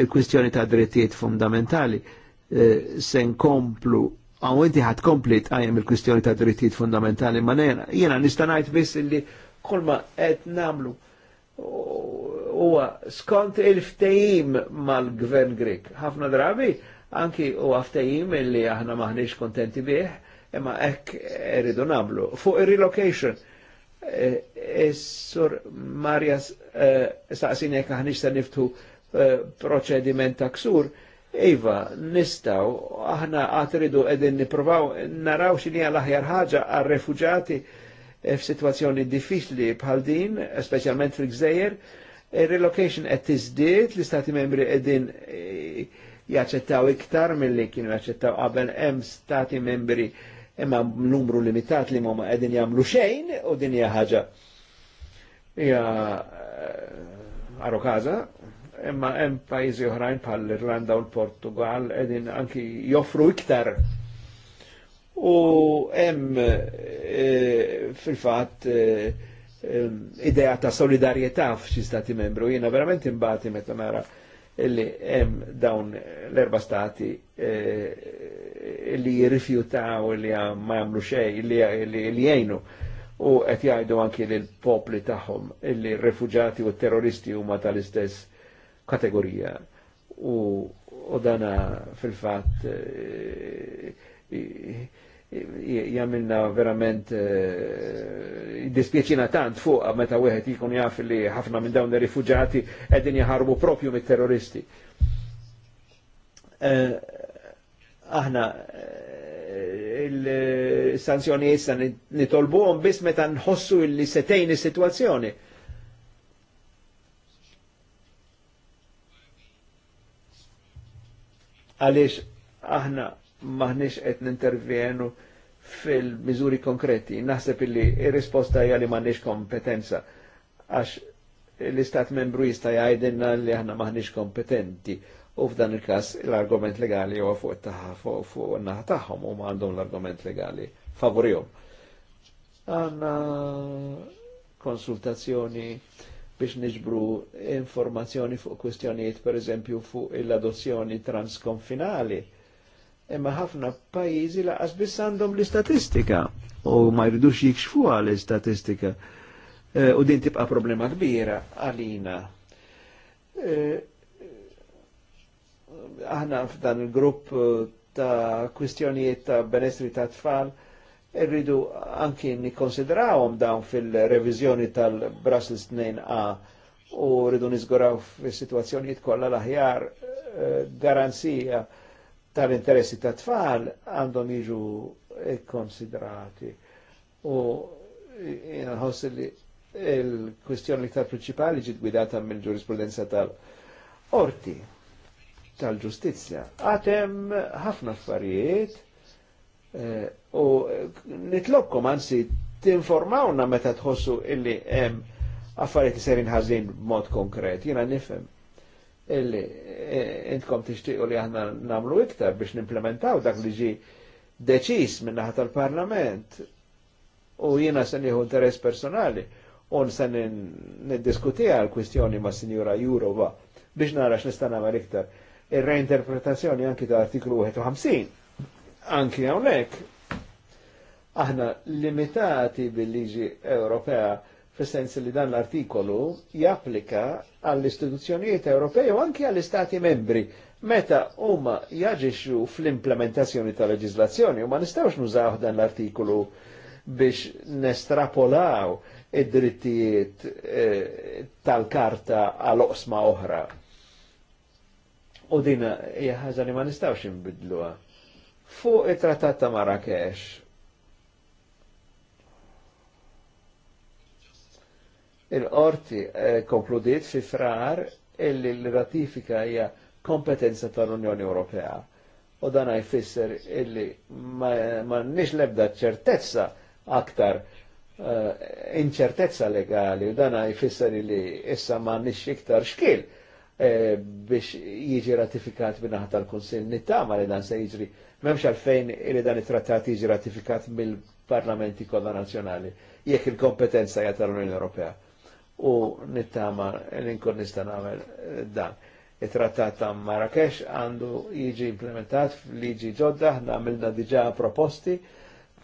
Il-kwistjoni ta' drittijiet fundamentali eh, sen komplu għaw inti ħat komplit għajem il-kwistjoni ta' drittijiet fundamentali ma' nejna. jena nistanajt biss li kolma ma' et namlu huwa skont il-ftejim mal-gvern Grek. ħafna drabi anki u għaftajim illi aħna maħniġ kontenti bieħ, imma ek eridu nablu. Fuq il-relocation, Is-sur e, e, Marjas e, saqsin jek aħniġ niftu proċediment ta' ksur, Iva, nistaw, aħna għatridu edin niprovaw, naraw xinija laħjar ħagġa għal-refugġati f f'sitwazzjoni diffiċli bħal din, specialment fil-gżejjer, relocation qed tizdiet, l-istati membri edin jaċċettaw iktar mill-li kienu jaċċettaw qabel hemm stati membri imma numru limitat li ma qegħdin jagħmlu xejn u din hija ħaġa hija eh, arokaza, imma hemm pajjiżi oħrajn bħal l-Irlanda u l-Portugal qegħdin anki joffru iktar u hemm eh, fil-fatt eh, idea ta' solidarietà f'xi stati membru. Jiena verament imbati meta nara illi hemm dawn l-erba stati eh, li jirrifjutaw li ma jamlu xej li jgħinu u qed jgħidu anki lil popli tagħhom illi r u terroristi huma tal-istess kategorija u, dana fil-fatt eh, jamilna verament eh, dispieċina tant fuq meta wieħed jkun jaf li ħafna minn dawn ir-rifuġati qegħdin jaħarbu propju mit-terroristi. Eh, aħna eh, il sanzjoni issa nitolbuhom biss meta nħossu li setejn is-sitwazzjoni. Għaliex aħna maħniex qed nintervjenu fil-miżuri konkreti. Naħseb illi ir-risposta hija li m'għandniex kompetenza għax l-istat membru jista' jgħidilna li aħna maħniex kompetenti u f'dan il-każ l-argument legali huwa fuq taħħa fuq naħa tagħhom u għandhom l-argument legali favorihom. Għandna konsultazzjoni biex niġbru informazzjoni fuq kwistjonijiet per eżempju fuq l-adozzjoni transkonfinali imma ħafna pajjiżi laqas biss għandhom l-istatistika u ma jridux jikxfu l-istatistika. E, u din tibqa' problema kbira għalina. E, aħna f'dan il-grupp ta' kwistjonijiet ta' benessri ta' tfal irridu anki nikkonsidrawhom dawn fil-reviżjoni tal-Brussels 2A u rridu nizguraw fis-sitwazzjonijiet kollha l-aħjar e, garanzija tal-interessi ta' tfal għandhom jiġu konsiderati. U jinaħos li il-kwistjoni l-iktar principali ġit gwidata mill-ġurisprudenza tal-orti tal-ġustizja. Għatem ħafna affarijiet eh, u nitlokkom għansi t-informawna meta tħossu illi hemm affarijiet li serin ħażin b'mod konkret. Jiena nifem illi e, intkom tixtiqu li aħna namlu iktar biex nimplementaw dak li ġi deċis minn naħat tal-parlament u jina sen nieħu interess personali un sen niddiskutija l-kwistjoni ma' Sinjura Jurova biex nara x'nista' nagħmel iktar. Ir-reinterpretazzjoni anki ta' artiklu 51 anki hawnhekk aħna limitati bil-liġi Ewropea fis-sens li dan l-artikolu japplika għall-istituzzjonijiet Ewropej u anki għall-Istati membri meta huma jaġixxu fl-implementazzjoni tal leġislazzjoni u ma nistgħux nużaw dan l-artikolu biex nestrapolaw id-drittijiet eh, tal-karta għal oqsma oħra. U din hija ħaġa li ma nistgħux nbidluha. Fuq it-Trattat ta' Marrakesh, Il-qorti eh, konkludiet fi frar illi l-ratifika hija kompetenza tal-Unjoni Ewropea. U dan jfisser illi ma nix lebda ċertezza aktar eh, inċertezza legali u dan jfisser illi issa ma nix iktar xkil eh, biex jiġi ratifikat minnaħa tal-Konsil nittama li dan se jiġri memx għalfejn illi dan it-trattat jiġi ratifikat mill-parlamenti kolla nazjonali jekk il-kompetenza jgħat tal-Unjoni Ewropea u nittama l-inkun nista' nagħmel eh, dan. Il-trattat ta' Marrakesh għandu jiġi implementat f'liġi ġodda, aħna għamilna diġà proposti.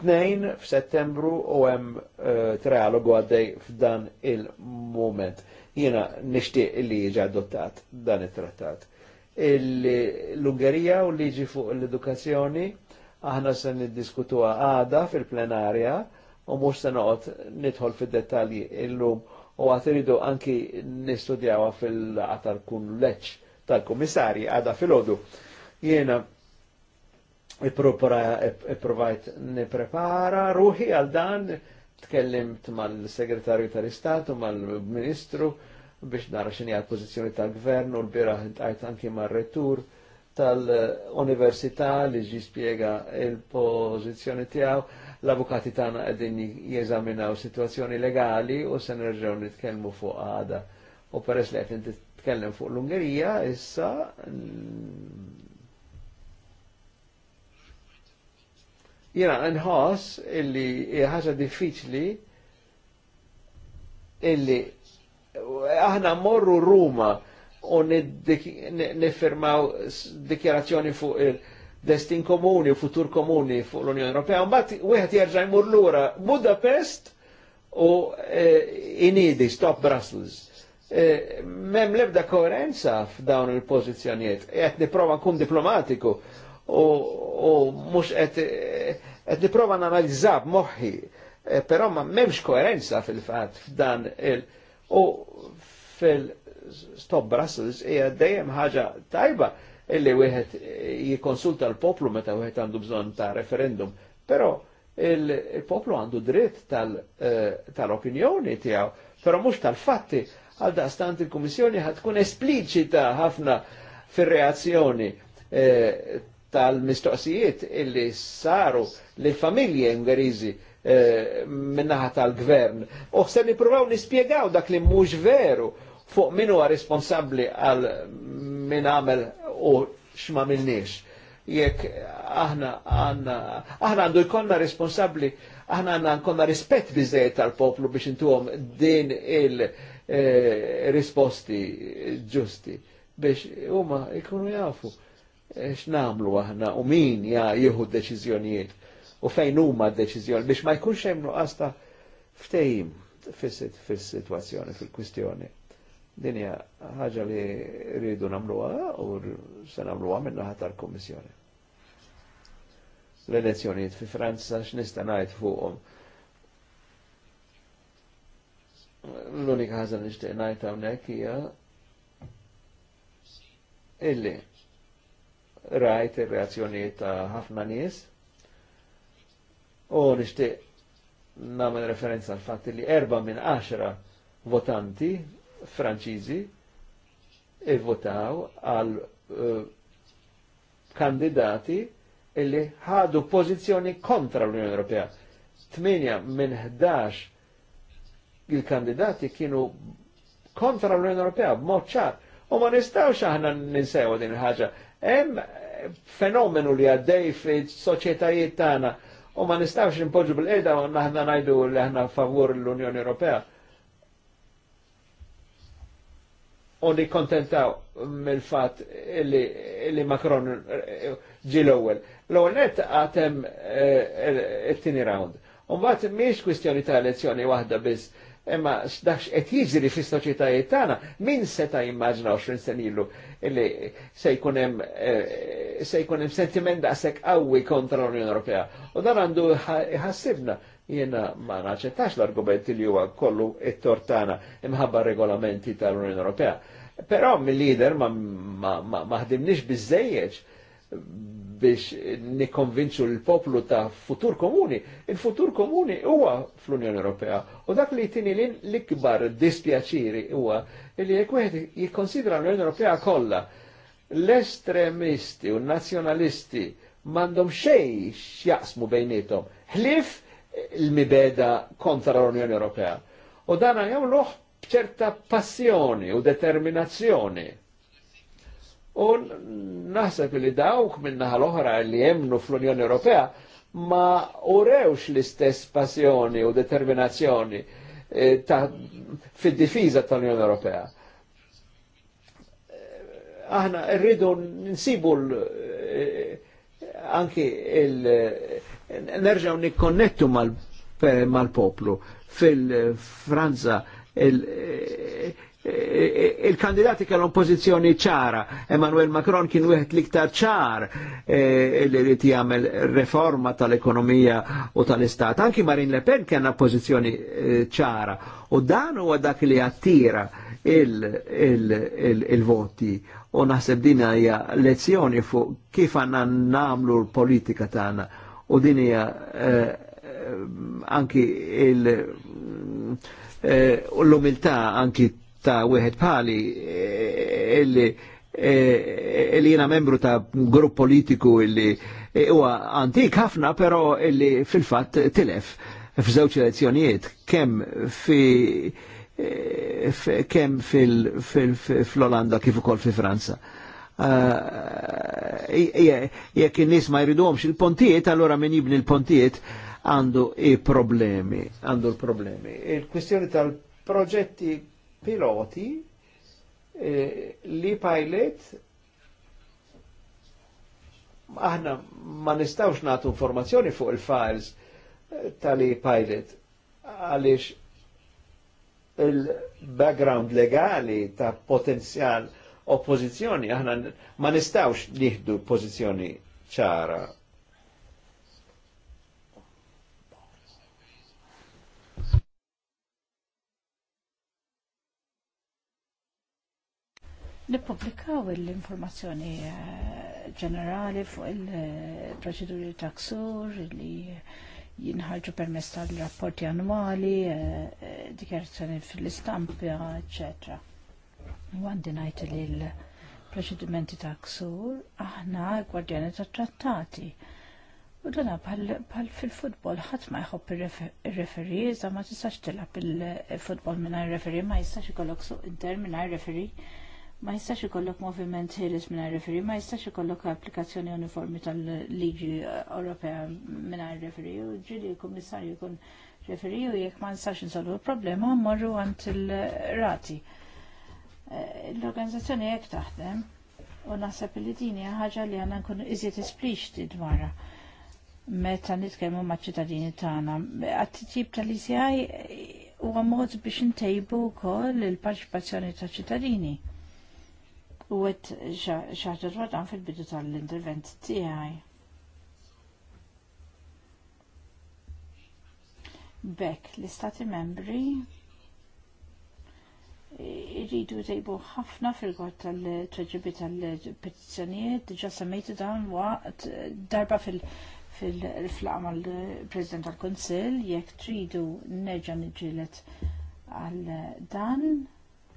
Tnejn f'Settembru u hemm eh, trialogu għaddej f'dan il-moment. Jiena nixtieq li jiġi adottat dan it-trattat. L-Ungerija u liġi fuq l-edukazzjoni aħna se niddiskutuha għada fil-plenarja u mhux se noqgħod nidħol fid-dettalji illum u għatiridu anki nistudjawa fil-għatar kun leċ tal-komissari għada fil-ħodu. Jena i-provajt niprepara ruħi għal dan, tkellimt mal-segretarju tal-istatu, mal-ministru, biex nara xini għal pozizjoni tal-gvern u l-bira għajt anki mar-retur tal-università li ġi spiega il-pozizjoni tijaw l-avukati tagħna qegħdin jeżaminaw sitwazzjoni legali u se nerġgħu nitkellmu fuq għada. U peress li qed titkellem fuq l-Ungerija issa mm, jiena nħoss illi ħaġa diffiċli illi aħna mmorru Ruma u nifirmaw dikjarazzjoni fuq il- destin komuni u futur komuni fuq l-Unjoni Ewropea, mbagħad wieħed jerġa' jmur lura Budapest u eh, inidi stop Brussels. Eh, mem lebda koerenza f'dawn il-pożizzjonijiet, qed nipprova nkun diplomatiku u, mhux qed eh, qed nipprova nanalizza b'moħħi, però ma m'hemmx koerenza fil-fatt f'dan il- u fil-stop Brussels hija dejjem ħaġa tajba illi wieħed jikonsulta l-poplu meta wieħed għandu bżonn ta' referendum, però il-poplu għandu dritt eh, tal-opinjoni tal tiegħu, però mhux tal-fatti għal daqstant il-Kummissjoni ħad tkun espliċita ħafna fir-reazzjoni eh, tal-mistoqsijiet illi saru lil familje Ungeriżi eh, minnaħa tal-gvern. U se nipruvaw nispiegaw dak li mhux veru fuq minu għar responsabli għal min għamel u x'ma minnix. Jekk aħna aħna, aħna għandu jkollna responsabbli, aħna għandna jkollna rispett biżejjed tal-poplu biex intuhom din il-risposti eh, ġusti biex huma jkunu jafu eh, x'namlu aħna u min ja jieħu deċiżjonijiet u fejn huma d-deċiżjoni biex ma jkunx hemm nuqqas ta' ftehim fis-sitwazzjoni fil-kwistjoni. Dinja ħaġa li rridu namluha u se namluha minn naħa tal-Kummissjoni. L-elezzjonijiet fi Franza x'nista' ngħid fuqhom. L-unika ħaġa li nixtieq ngħid hawnhekk hija illi rajt ir-reazzjonijiet ta' ħafna nies u nixtieq nagħmel referenza għal fatt li erba' minn 10 votanti Franċiżi e votaw għal eh, kandidati illi ħadu pozizjoni kontra l-Unjoni Ewropea. Tminja minn 11 il-kandidati kienu kontra l-Unjoni Ewropea b'mod ċar. U ma nistawx aħna ninsew din il-ħaġa. Hemm fenomenu li għaddej fis-soċjetajiet tagħna u ma nistawx nipoġġu bil qiegħda u naħna ngħidu li aħna favur l-Unjoni Ewropea Oni li kontentaw mill-fat li Macron eh, ġi l-ewwel. L-ewwel net għatem eh, il-tini round. U mbagħad mhiex kwistjoni ta' elezzjoni wahda biz, imma x'dax et jizri fi soċieta jittana, min seta' jimmaġna 20 sen ilu illi se jkun hemm eh, se jkun hemm kontra l-Unjoni Ewropea. U dan għandu ħassibna Jena ma naċċettax l-argumenti li huwa kollu it-tortana imħabba regolamenti tal-Unjoni Ewropea. Però mill-lider ma, ma, ma, ma ħdimniex biżejjeġ biex nikonvinċu l-poplu ta' futur komuni. Il-futur komuni huwa fl-Unjoni Ewropea. U dak li tini l-ikbar dispjaċiri huwa li jekk wieħed jikkonsidra l-Unjoni Ewropea kollha l-estremisti u nazjonalisti mandom xej xjaqsmu bejnietom. Hlif il-mibeda kontra l-Unjoni Ewropea. U dan għajaw loħ b'ċerta passjoni u determinazzjoni. U naħseb li dawk minnaħa l-oħra li jemnu fl-Unjoni Ewropea ma urewx l-istess passjoni u determinazzjoni eh, ta' fid-difiża tal-Unjoni Ewropea. Eh, aħna rridu nsibu l eh, anki il- nerġaw nikkonnettu mal-poplu. Mal poplu fil il-kandidati il kellhom pożizzjoni ċara. Emmanuel Macron kien wieħed liktar ċar eh, li rid jagħmel reforma tal-ekonomija u tal-istat. Anki Marine Le Pen kien pożizzjoni eh, ċara u dan huwa dak li attira il-voti il, il, u naħseb din hija lezzjoni fuq kif għandna nagħmlu l-politika tagħna u dinija eh, eh, anki il eh, l-umiltà anki ta' wieħed Pali illi illi jena membru ta' grupp politiku illi huwa antik ħafna però illi fil-fatt tilef f'żewġ elezzjonijiet kemm fi kemm fil-Olanda kif ukoll fi Franza. Eh, eh, eh, jekk in-nies ma jridhomx il-pontijiet, allora min jibni l-pontijiet għandu i problemi, għandu l-problemi. Il-kwistjoni tal-proġetti piloti li pilot aħna ma nistawx natu informazzjoni fuq il-files tal i pilot għalix il-background legali ta' potenzjal oppożizzjoni, aħna ma nistawx nieħdu pożizzjoni ċara. Nippubblikaw l-informazzjoni eh, ġenerali fuq il-proċeduri taksur li jinħarġu permess tal-rapporti annwali, eh, eh, dikjarazzjoni fil istampja eccetera għandi ngħid li l-proċedimenti ta' ksur aħna gwardjani ta' trattati. U dana bħal fil-futbol ħadd ma jħobb ir-referi za' ma tistax tilab il-futbol mingħajr referi ma jistax ikollok suq inter mingħajr referi ma jistax ikollok moviment ħieles mingħajr referi ma jistax ikollok applikazzjoni uniformi tal-liġi uh, Ewropea mingħajr referi u ġieli l-kummissarju jkun referi u jekk ma nistax insolvu l-problema mmorru għand il-rati l-organizzazzjoni jek taħdem u naħseb li dini ħaġa li għanna nkunu iżiet espliċti dwarra meta nitkellmu maċ-ċittadini tagħna. Għat-titjib tal-ICI huwa mod biex intejbu wkoll il-parċipazzjoni ta' ċittadini. U għet xaħġa dwar fil-bidu tal-intervent tiegħi. Bekk, l-Istati membri irridu tejbu ħafna fil-kot tal-tweġibi tal-petizzjonijiet, ġa semmejtu dan waqt darba fil- flaqam għal president tal-Konsil, jekk tridu nerġa nġilet għal dan,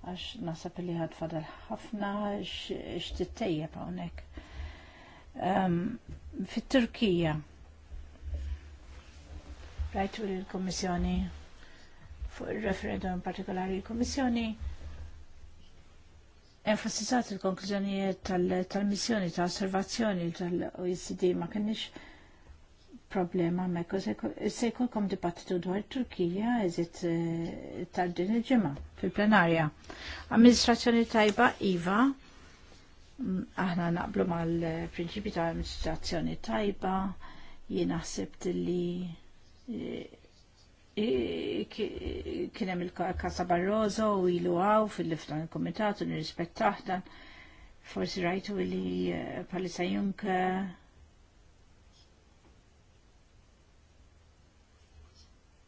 għax nasab li għad fadal ħafna x'tittejjeb hawnhekk. Ehm, Fit-Turkija, rajtu l-Komissjoni fuq il-referendum partikolari l-Komissjoni enfasizzat il-konklużjonijiet tal-missjoni ta' osservazzjoni tal-OECD ma kienx problema mekk se jkunkom dibattitu dwar Turkija eżit eh, tal din il-ġimgħa fil-plenarja. Amministrazzjoni tajba IVA mm, aħna naqblu mal-prinċipi tal amministrazzjoni tajba jien ħsibt li eh, kienem il-Kasa Barroso u ilu għaw fil-liftan il-komitatu nirrispet dan forsi rajtu li eh, palisa Junka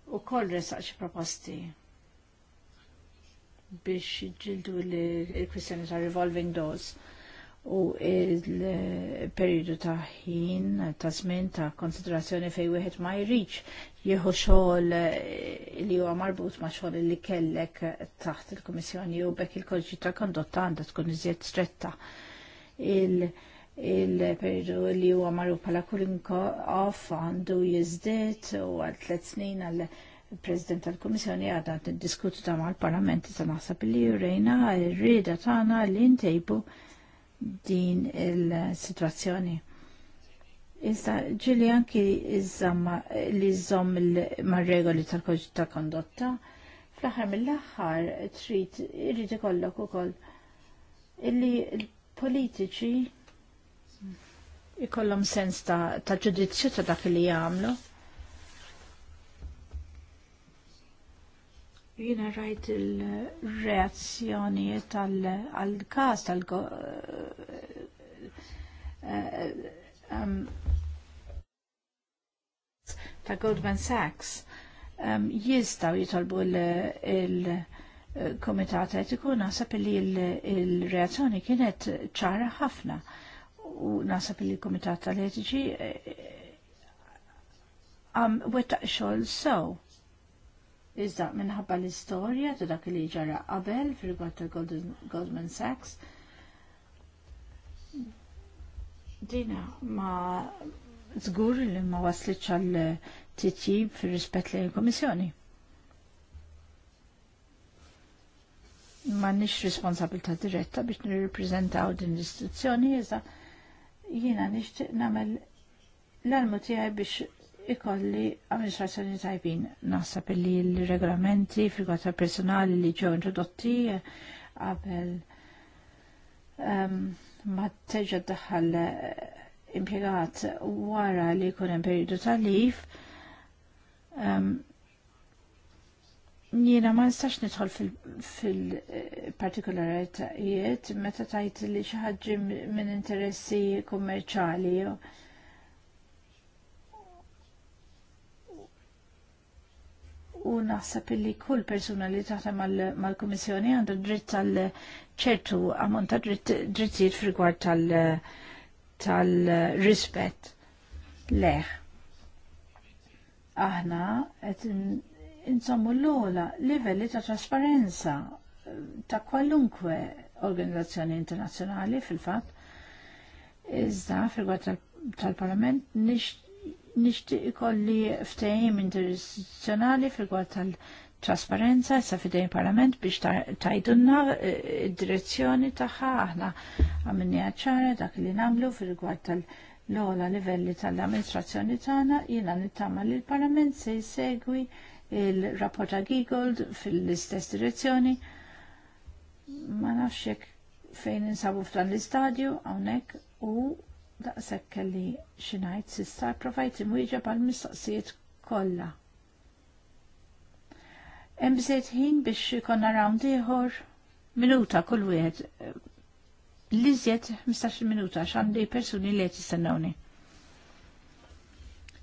u koll resaċ proposti biex ġildu il kwistjoni ta' revolving doors u il-periodu ta' ħin ta' żmien ta' konsiderazzjoni fejn wieħed ma jriċ jieħu xogħol eh, li huwa marbut ma' xogħol li kellek taħt il-Kummissjoni u bekk il-Kodiċi ta' Kondotta għandha tkun iżjed stretta il-periodu li huwa marru bħala kulinko off għandu jiżdied u għal tliet snin għal President tal-Kummissjoni għadha diskutu ta' mal parlamenti ta' naħseb li rejna rrieda tagħna li ntejbu din il-situazzjoni. Issa, ġili anki li zom il-marregoli tal-koġi ta' kondotta, fl-axar mill-axar irriti kollok ikollok ukoll illi l-politiċi ikollom sens ta' ġudizzju ta' dak li jagħmlu Jina rajt il-reazzjoni tal-kas tal eh, eh, ta' Goldman Sachs jistaw jitolbu il komitata etiku nasab li il-reazzjoni kienet ċara ħafna u nasab li il-komitat tal-etiġi għam eh, wettaq xol So Iżda minħabba l-istorja ta' dak li ġara qabel fil-rigward ta' Goldman Sachs. Dina ma żgur li ma waslitx għal titjib fir-rispett lejn il-Komissjoni. Ma nix responsabilta diretta biex nirrepreżentaw din l-istituzzjoni, iżda jiena nixtieq nagħmel l-almu tiegħi biex ikolli amministrazzjoni tajbin. Nasab li l-regolamenti fil-gota personali li ġew introdotti eh, qabel um, ma teġa daħal eh, impiegat wara li jkun hemm periodu tal-lif um, ehm, Jiena ma nistax nidħol fil-partikolaritajiet meta tajt li xi ħaġa minn interessi kummerċali u naħseb illi kull persuna li taħta mal-Kummissjoni għandu dritt tal ċertu għamon ta' drittijiet f'rigward tal-rispett leħ. Aħna qed insommu l-ola livelli ta' trasparenza eh, ta' kwalunkwe organizzazzjoni internazzjonali fil-fatt. Iżda fil tal-Parlament nix nixtieq ikolli ftehim interistituzzjonali fil tal-trasparenza sa fidej parlament biex tajdunna eh, id-direzzjoni tagħha aħna għamni għacċara dak li nagħmlu fil tal l-ola livelli tal-amministrazzjoni tagħna jiena nittama li l-Parlament se jsegwi il-rapport ta' Giegold fil-istess direzzjoni. Ma nafx hekk fejn insabu f'dan l-istadju hawnhekk u daqsek kelli xinajt sissa provajt imwieġa bħal-mistoqsijiet kollha. Hemm bżejt ħin biex ikonna around ieħor minuta kull wieħed li żjed 15 minuta x'għandi persuni li qed jistennawni.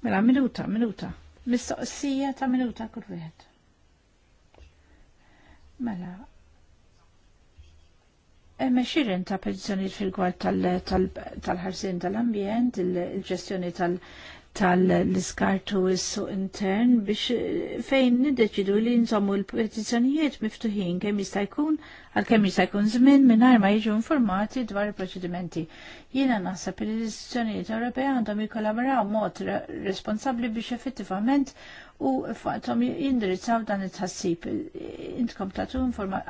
Mela minuta, minuta. Mistoqsija ta' minuta kull wieħed. Mela, Emma xirren ta' petizjoniet fil-gwar tal-ħarsin tal-ambjent, il-ġestjoni tal-iskartu issu intern biex fejn nideċidu li nżommu l petizzjonijiet miftuħin kemm jista' jkun għal kemm jista' jkun żmien mingħajr ma jiġu informati dwar il-proċedimenti. Jiena naħseb li l-istituzzjonijiet Ewropej għandhom jikkollaboraw mod responsabbli biex effettivament u faqtom jindirizzaw dan it-ħassib. Intkom tatu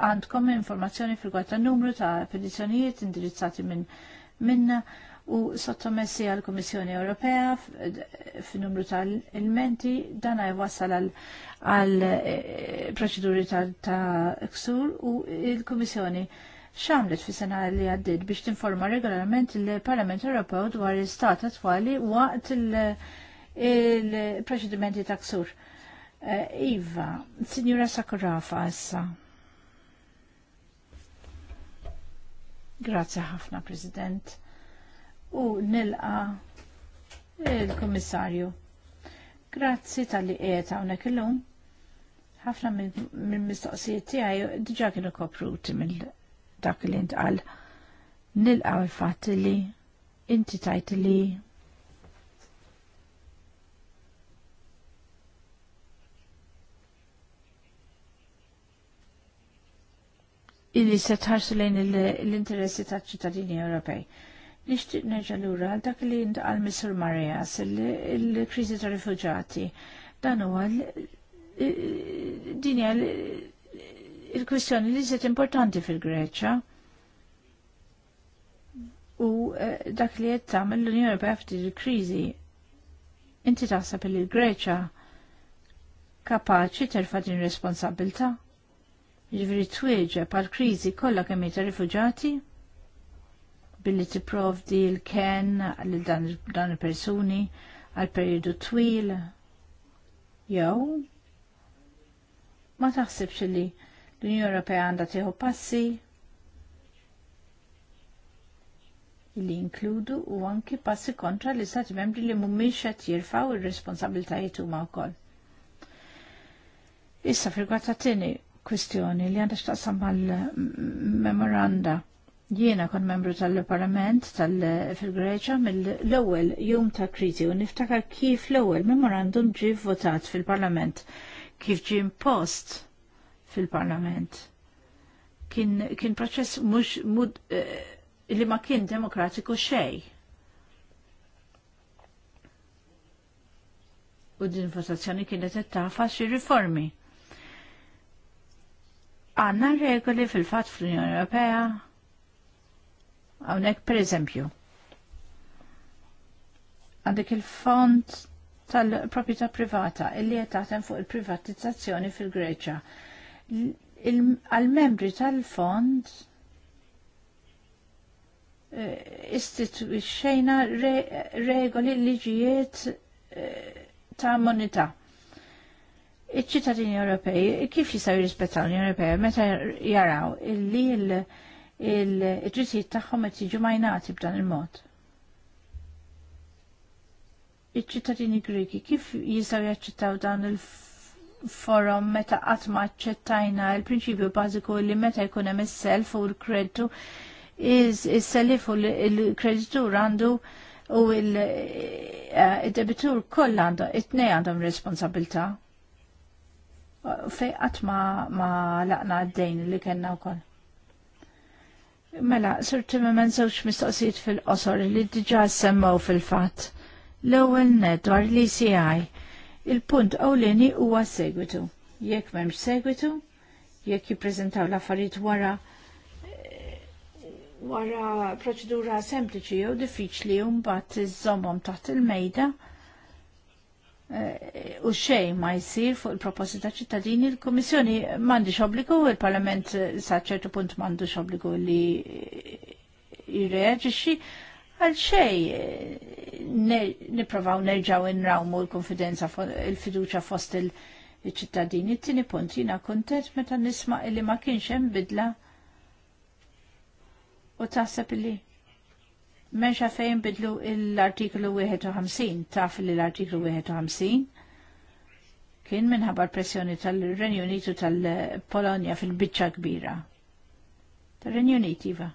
għandkom informazzjoni fil ta' numru ta' petizzjonijiet indirizzati minn minna u sottomessi għal Komissjoni Ewropea f'numru ta' elementi dan wassal għal e, proċeduri ta' ksur u il-Komissjoni xamlet fi sena li għaddit biex tinforma regolarment il-Parlament Ewropew dwar il-stat attwali waqt il- il-proċedimenti ta' ksur. Eh, iva, Signora Sakurafa issa. Grazie ħafna, President. U nilqa il-Komissarju. Grazzi tal-li qiegħed hawnhekk illum. Ħafna mill-mistoqsijiet tiegħi diġà kienu kopruti mill dak li intqal. Nilqa' il-fatt li inti tajt li illi se tħarsu lejn l-interessi ta' ċittadini Ewropej. Nishtiq nerġa' lura għal dak li għal Mr. Marias il-kriżi ta' rifugġati. Dan huwa din hija il-kwistjoni li set importanti fil-Greċja. U eh, dak li qed tagħmel l-Unjoni Ewropej għafti il-kriżi inti taħseb li greċa kapaċi terfa' din responsabilta' Ġifri twieġa pal kriżi kollha kemm ta' rifuġati billi tipprovdi l-ken għal dan il-persuni għal periodu twil jew ma taħsibx li l-Unjoni Ewropea għandha tieħu passi li inkludu u anki passi kontra li stati membri li mumiex qed jirfgħu r responsabiltajiet huma wkoll. Issa fil-gwatta tieni kwistjoni li għandha xtaqsam mal-memoranda. Jiena kon membru tal-Parlament tal-fil-Greċa mill-ewwel jum ta' kriti u niftakar kif l-ewwel memorandum ġi votat fil-Parlament, kif ġi impost fil-Parlament. Kien, kien proċess mhux mud eh, li ma kien demokratiku xej. U din votazzjoni kienet tafa xi riformi għanna regoli fil-fat fl-Unjoni Ewropea. Għawnek per eżempju. Għandek il-fond tal-proprietà privata illi qed taħdem fuq il-privatizzazzjoni fil-Greċja. Għal-membri tal-fond eh, istitwixxejna regoli liġijiet eh, ta' moneta iċ-ċittadini Ewropej kif jistgħu jirrispettaw l-Unjoni Ewropea meta jaraw illi l drittijiet tagħhom qed jiġu majnati b'dan il-mod. Iċ-ċittadini Griki kif jistgħu jaċċettaw dan il-forum meta qatt ma aċċettajna l-prinċipju bażiku li meta jkun hemm is-self u l-kreditu is-self u l-kreditur għandu u l eh, debitur kollha għandhom it-tnej għandhom responsabilta' fej qatt ma laqna għaddejn li kellna wkoll. Mela, Sir me żewġ mistoqsijiet fil-qosor li diġà semmew fil-fatt. L-ewwel ned dwar l-ECI. Il-punt ewlieni huwa segwitu. Jekk m'hemmx segwitu, jekk jiprezentaw l-affarijiet wara wara proċedura sempliċi jew diffiċli u mbagħad iżommhom taħt il-mejda Eh, u xej ma jisir fuq il-proposti ta' ċittadini, il-Komissjoni mandi obbligu, il-Parlament eh, sa' ċertu punt mandi obbligu li eh, jirreagġiċi, għal xej niprofaw nerġaw inrawmu l-konfidenza, il-fiduċa fost il-ċittadini. Tini punt jina kontet meta nisma' li ma kienx hemm bidla u taħseb li Menxa fejn bidlu l-artiklu 51, taf li l-artiklu 51 kien minħabba pressjoni tal-Renju Unitu tal-Polonja fil-bicċa kbira. Tal-Renju Unit, Iva.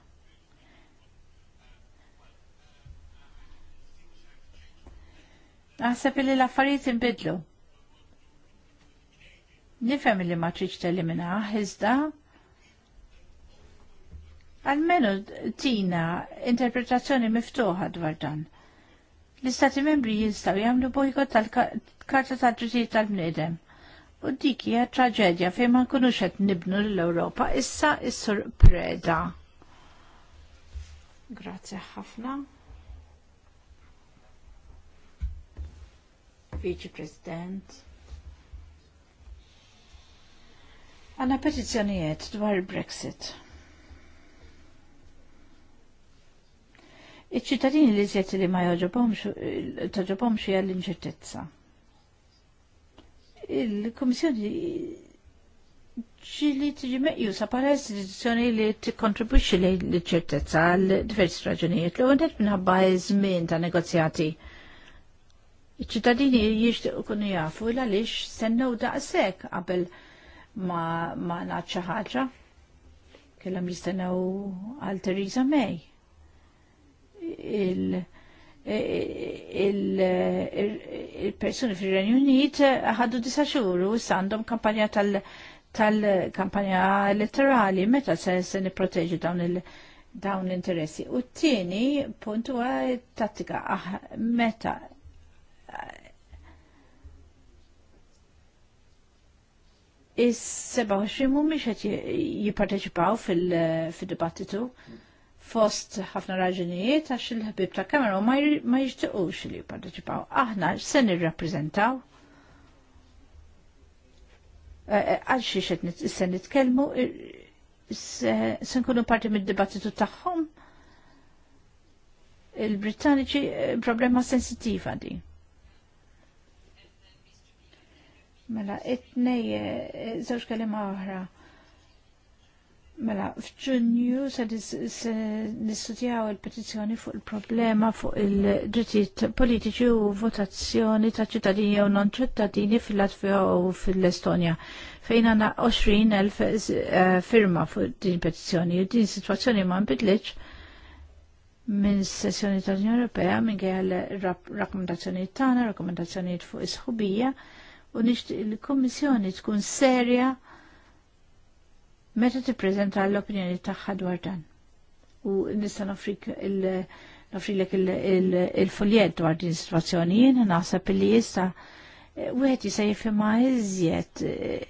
Naħseb li l-affarijiet imbidlu. Nifhem li ma tridx teliminaħ, iżda Almenu tina interpretazzjoni miftuħa dwar dan. L-Istati membri jistaw jagħmlu bojkot tal-Karta tad-Drittijiet tal-Bniedem. U dik hija traġedja fejn ma nkunux qed nibnu l-Ewropa issa issur preda. Grazzi ħafna. Viċi President. Għanna petizzjonijiet dwar Brexit. Iċ-ċittadini li zjet li ma joġobomx hija l-inċertezza. Il-Komissjoni ġili tiġi meqjusa bħala istituzzjoni li t-kontribuċi li l-ċertezza għal diversi raġunijiet. L-għonet minħabba żmien ta' negozjati. Iċ-ċittadini jixtiqu kunu jafu il għaliex sennew daqshekk qabel ma, ma naċċa ħaġa. Kellhom jistennew għal Theresa May il- il-persuni fil-Renju Unit ħaddu disa xhur u kampanja tal- tal-kampanja elettorali meta se se nipproteġu dawn il- dawn l-interessi. U t-tieni punt t tattika ah, meta is-27 mhumiex qed jipparteċipaw fil-dibattitu. Fil fost ħafna raġunijiet għax il-ħbib ta' kamera ma jixtiqux li jipparteċipaw. Aħna se nirrappreżentaw. Eh, eh, għal xi se nitkellmu eh, se nkunu parti mid-dibattitu tagħhom. Il-Britanniċi problema sensittiva di. Mela, it-nej, zewġ kalima oħra Mela, f'ġunju se nistudjaw il-petizzjoni fuq il-problema fuq il-drittijiet politiċi u votazzjoni ta' ċittadini u non ċittadini fil-Latvija u fil-Estonja. Fejn għandna 20.000 eh, firma fuq din petizzjoni u din situazzjoni ma' nbidliċ minn sessjoni tal-Unjoni Ewropea minn għal rakkomandazzjonijiet tagħna, rakkomandazzjonijiet fuq is u nixtieq il-Kummissjoni tkun serja Meta tippreżenta l-opinjoni tagħha dwar dan? U nista' nofrik nofrilek il-foljet dwar din is-sitwazzjoni jiena naħseb li jista' eh, wieħed jista' jifhimha iżjed eh,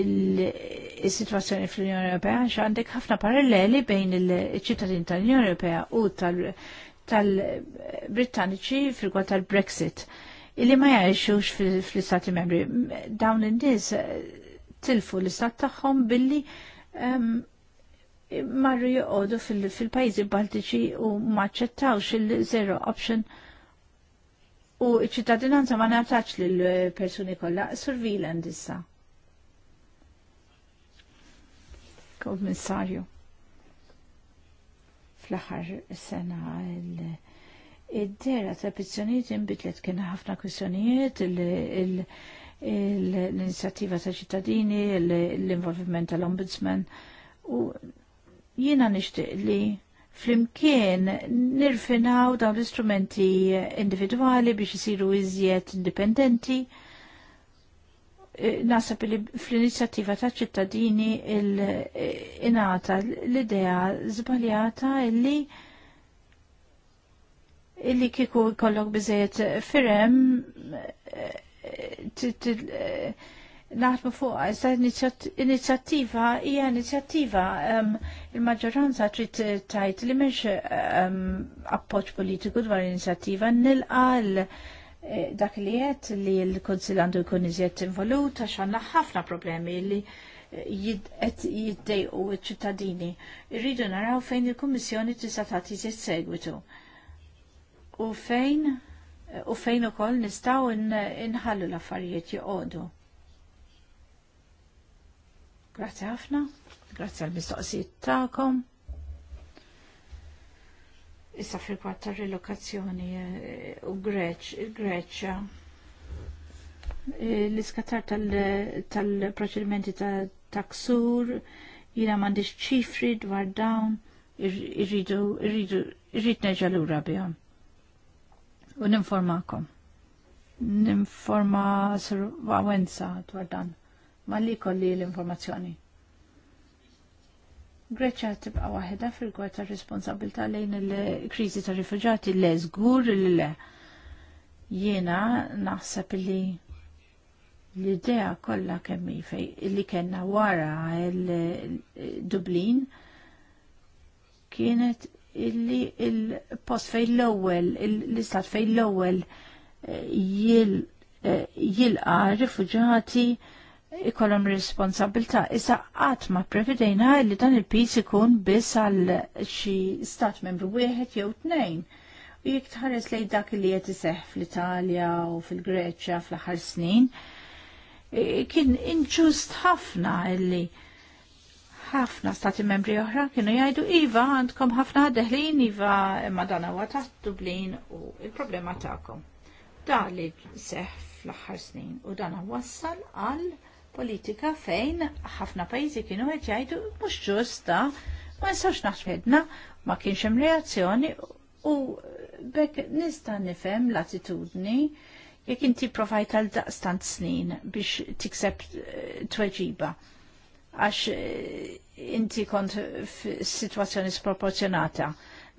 il-situazzjoni fl-Unjoni Ewropea għax għandek ħafna paralleli bejn il-ċittadin tal-Unjoni Ewropea u tal-Britanniċi frigwa tal-Brexit illi ma jgħixux fl-Istati Membri. Dawn in nis eh, tilfu l-istat tagħhom billi ehm, marru joqodu fil-pajzi baltiċi u maċċettawx il-zero option u ċittadinanza ma nataċ l-persuni kolla surveillance issa. Kommissarju. Fl-aħħar sena il- Id-dera ta' pizzjoniet imbidlet kien ħafna kwistjonijiet il-, il, il l-inizjattiva ta' ċittadini, l-involviment tal-ombudsman u jiena nixtieq li flimkien nirfinaw dawn l-istrumenti individuali biex isiru iżjed indipendenti. E, nasab li fl-inizjattiva ta' ċittadini il-inata e, l-idea zbaljata illi illi kiku kollok bizziet firem e, Eh, naħdmu fuq sa inizjattiva hija inizjattiva il-maġġoranza trid tajt li m'hemmx appoġġ politiku dwar inizjattiva nilqa l eh, dak li qed li l-Kunsill għandu jkun iżjed involut għax għandna ħafna problemi li eh, jiddejqu ċ-ċittadini. Irridu naraw fejn il-Kummissjoni tista' tagħti segwitu. U fejn u fejn ukoll nistgħu inħallu l-affarijiet joqogħdu. Grazzi ħafna, grazie għall mistoqsijiet tagħkom. Issa fil ta' relokazzjoni eh, u Greċja eh, l-iskatar tal-proċedimenti ta' taksur, jina mandiċ ċifri dwar dawn, irridu, irridu, irrid irridu, bjom u ninformakom. Ninforma survawenza dwar dan. Ma li kolli l-informazzjoni. Greċa tibqa waħda fil-gwar ta' responsabilta lejn il-krizi ta' rifugjati le zgur le. Jiena naħseb li l-idea kollha kemm fej li kellna wara il-Dublin kienet illi il-post fej l-ewwel, l-istat fej l-ewwel eh, eh, jilqa rifuġati ikollhom responsabilta. Issa qatt ma prevedejna li dan il-pis ikun biss għal xi stat membru wieħed jew tnejn. U jekk tħares lejn dak li qed iseħħ fl-Italja u fil-Greċja fl-aħħar snin, eh, kien inġust ħafna illi ħafna stati membri oħra kienu jgħidu Iva għandkom ħafna ħdeħlin Iva imma dan huwa taħt Dublin u il-problema tagħkom. Da li seħ fl-aħħar snin u dan wassal għal politika fejn ħafna pajjiżi kienu qed jgħidu mhux ġusta ma nistgħux naħsbedna ma kienx hemm reazzjoni u bekk nista' nifhem l-attitudni jekk inti provajt għal daqstant snin biex tikseb eh, tweġiba għax eh, inti kont situazzjoni sproporzjonata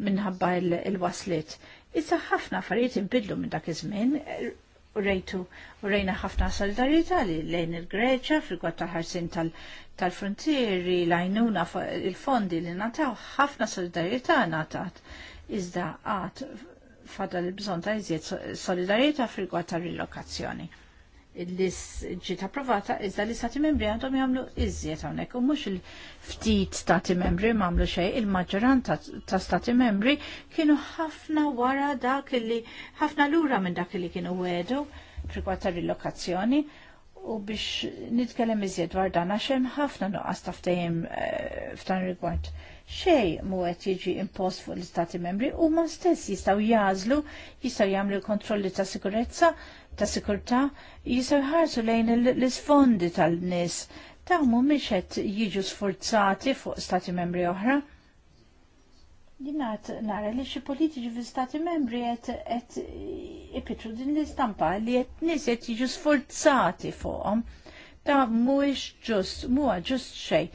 minħabba il-waslit. Issa ħafna affarijiet inbidlu minn dak iż-żmien, eh, rejtu u rejna ħafna solidarjetà li lejn il-Greċja fil-kwad tal-ħarsin tal-frontieri, l-għajnuna il-fondi li nataw, ħafna solidarjetà natat. Iżda għat fadal bżonn bżon ta' iżjed solidarjetà fil-kwad tal-rilokazzjoni. Il-lis ġiet approvata iżda li stati membri għandhom jagħmlu iżjed hawnhekk u mhux il-ftit stati membri għamlu xejn, il-maġġoran ta' stati membri kienu ħafna wara dak li ħafna lura minn dak li kienu wedu rigward ta' rilokazzjoni u biex nitkellem iżjed dwar dan għax hemm ħafna nuqqas ta' ftehim eh, f'dan rigward xej mu qed jiġi impost fuq l-Istati Membri u ma stess jistgħu jażlu jistgħu jagħmlu kontrolli ta' sikurezza ta' sikurtà jisew ħarsu lejn l-isfondi tal-nies ta' mhumiex qed jiġu sforzati fuq stati membri oħra. Jinaħt nara li xie politiċi fi stati membri għet għet ipitru din l-istampa li għet nis għet jiġu sforzati fuqom. Ta' mu ġust, mu ġust xej.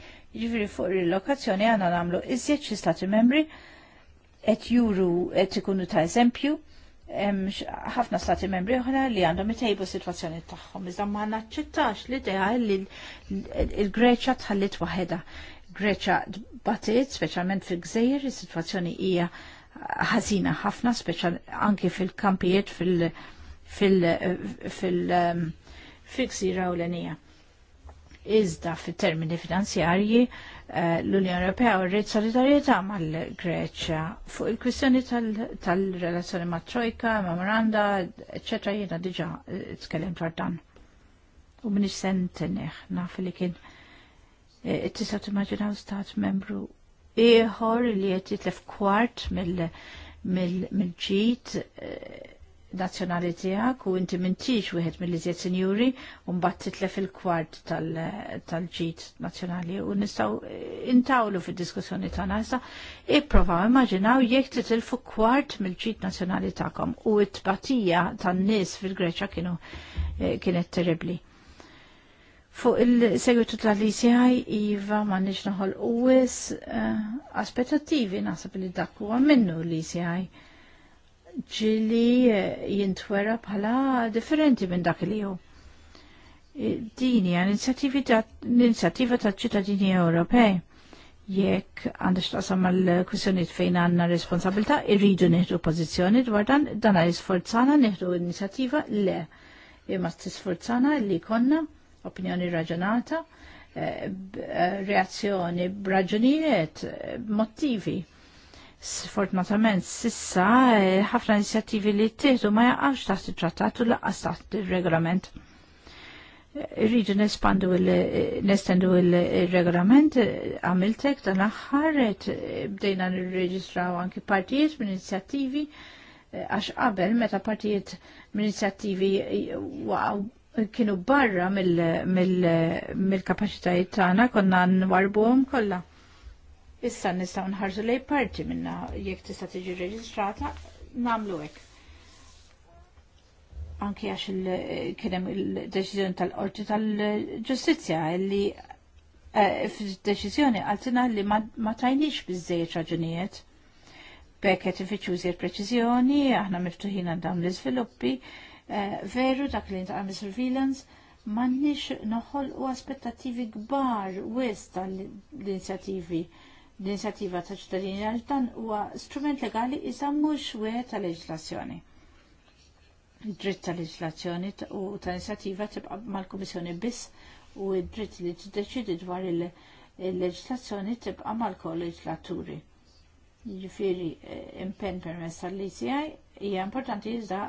ġifri fuq ir-lokazzjoni għana namlu iżjed stati membri għet juru għet ikunu ta' eżempju ħafna stati membri oħra li għandhom itejbu situazzjoni tagħhom. Iżda ma naċċettax l deħa li l-Greċja tħallit waħedha. Greċa batiet, speċjalment fil-Gżejjer, is-sitwazzjoni hija ħażina ħafna, speċjal anke fil-kampijiet fil- gżira u l-enija. Iżda fil termini finanzjarji Eh, l-Unjoni Ewropea u rrid solidarjetà mal-Greċja fuq il-kwistjoni tal-relazzjoni mat Trojka, memoranda, eċetera jiena diġà eh, tkellem dwar dan. U minix sentinih naf li kien eh, tista' timmaġinaw stat membru ieħor li qed jitlef kwart mill-ġid nazzjonali tiegħek u inti mintix wieħed mill-iżjed senjuri u mbagħad titlef il-kwart tal-ġid nazzjonali u nistgħu eh, intawlu fid-diskussjoni nasa i ipprovaw immaġinaw titil titilfu kwart mill ġit nazzjonali tagħkom u t-tbatija tan-nies fil-Greċja kienu eh, kienet terribli. Fuq il-segwitu tal-ICI, Iva, ma nix noħol u uh, aspettativi nasab li dak huwa minnu l-ICI ġili eh, jintwera bħala differenti minn dak li ju. Eh, dini għan l-inizjattiva ta' ċittadini Ewropej jekk għandu x'taqsam mal kwissjoniet fejn għandna responsabilità, irridu nieħdu pożizzjoni dwar dan, dan jisforzana nieħdu inizjattiva le. Imma tisforzana li konna opinjoni raġunata, eh, reazzjoni raġunijiet motivi Sfortunatament sissa eh, ħafna inizjattivi li ttieħdu ma jaqgħux taħt it-trattat u laqqas taħt ir-regolament. Rridu nespandu nestendu il-regolament għamiltek dan aħħar bdejna nirreġistraw anki partijiet minn inizjattivi eh, għax qabel meta partijiet minn inizjattivi eh, kienu barra mill-kapaċitajiet tagħna konna nwarbuhom kollha Issa nistgħu nħarsu lej parti minna jekk tista' tiġi reġistrata nagħmlu hekk. Anki għax kien hemm il-deċiżjoni tal-Qorti tal-Ġustizzja li eh, f-deċizjoni għaltina li ma tajniex bizzejt raġunijiet bekket ifiċużi preċiżjoni, aħna miftuħina dam l-iżviluppi, eh, veru dak li intaqam surveillance, mannix noħol u aspettativi gbar wis tal-inizjativi. l inizjativi L-inizjattiva ta' ċittadini għal dan huwa strument legali iżda mhux we ta' leġislazzjoni. Id-dritt ta' leġislazzjoni u ta' inizjattiva tibqa' mal-Kummissjoni biss u id-dritt li tiddeċidi dwar il-leġislazzjoni tibqa' mal-kolleġlaturi. Jiġifieri eh, impenn permess tal-ICI hija importanti iżda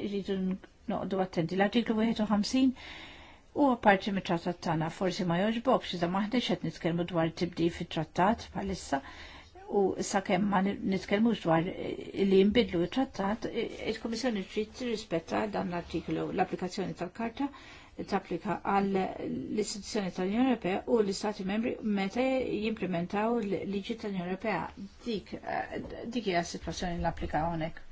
jridu eh, noqdu attenti. L-artiklu 51 U apparti mit trattat tagħna forsi ma joġbokx iżda maħdex qed nitkellmu dwar tibdi fit-trattat bħalissa u sakemm ma nitkellmux dwar eh, li jinbidlu t-trattat, eh, il-Komissjoni trid tirrispetta dan l-artiklu l-applikazzjoni tal-Karta tapplika għall l-istituzzjoni tal-Unjoni Ewropea u l-Istati membri meta jimplementaw l-liġi tal-Unjoni Ewropea. Dik eh, hija situazzjoni l-applika hawnhekk.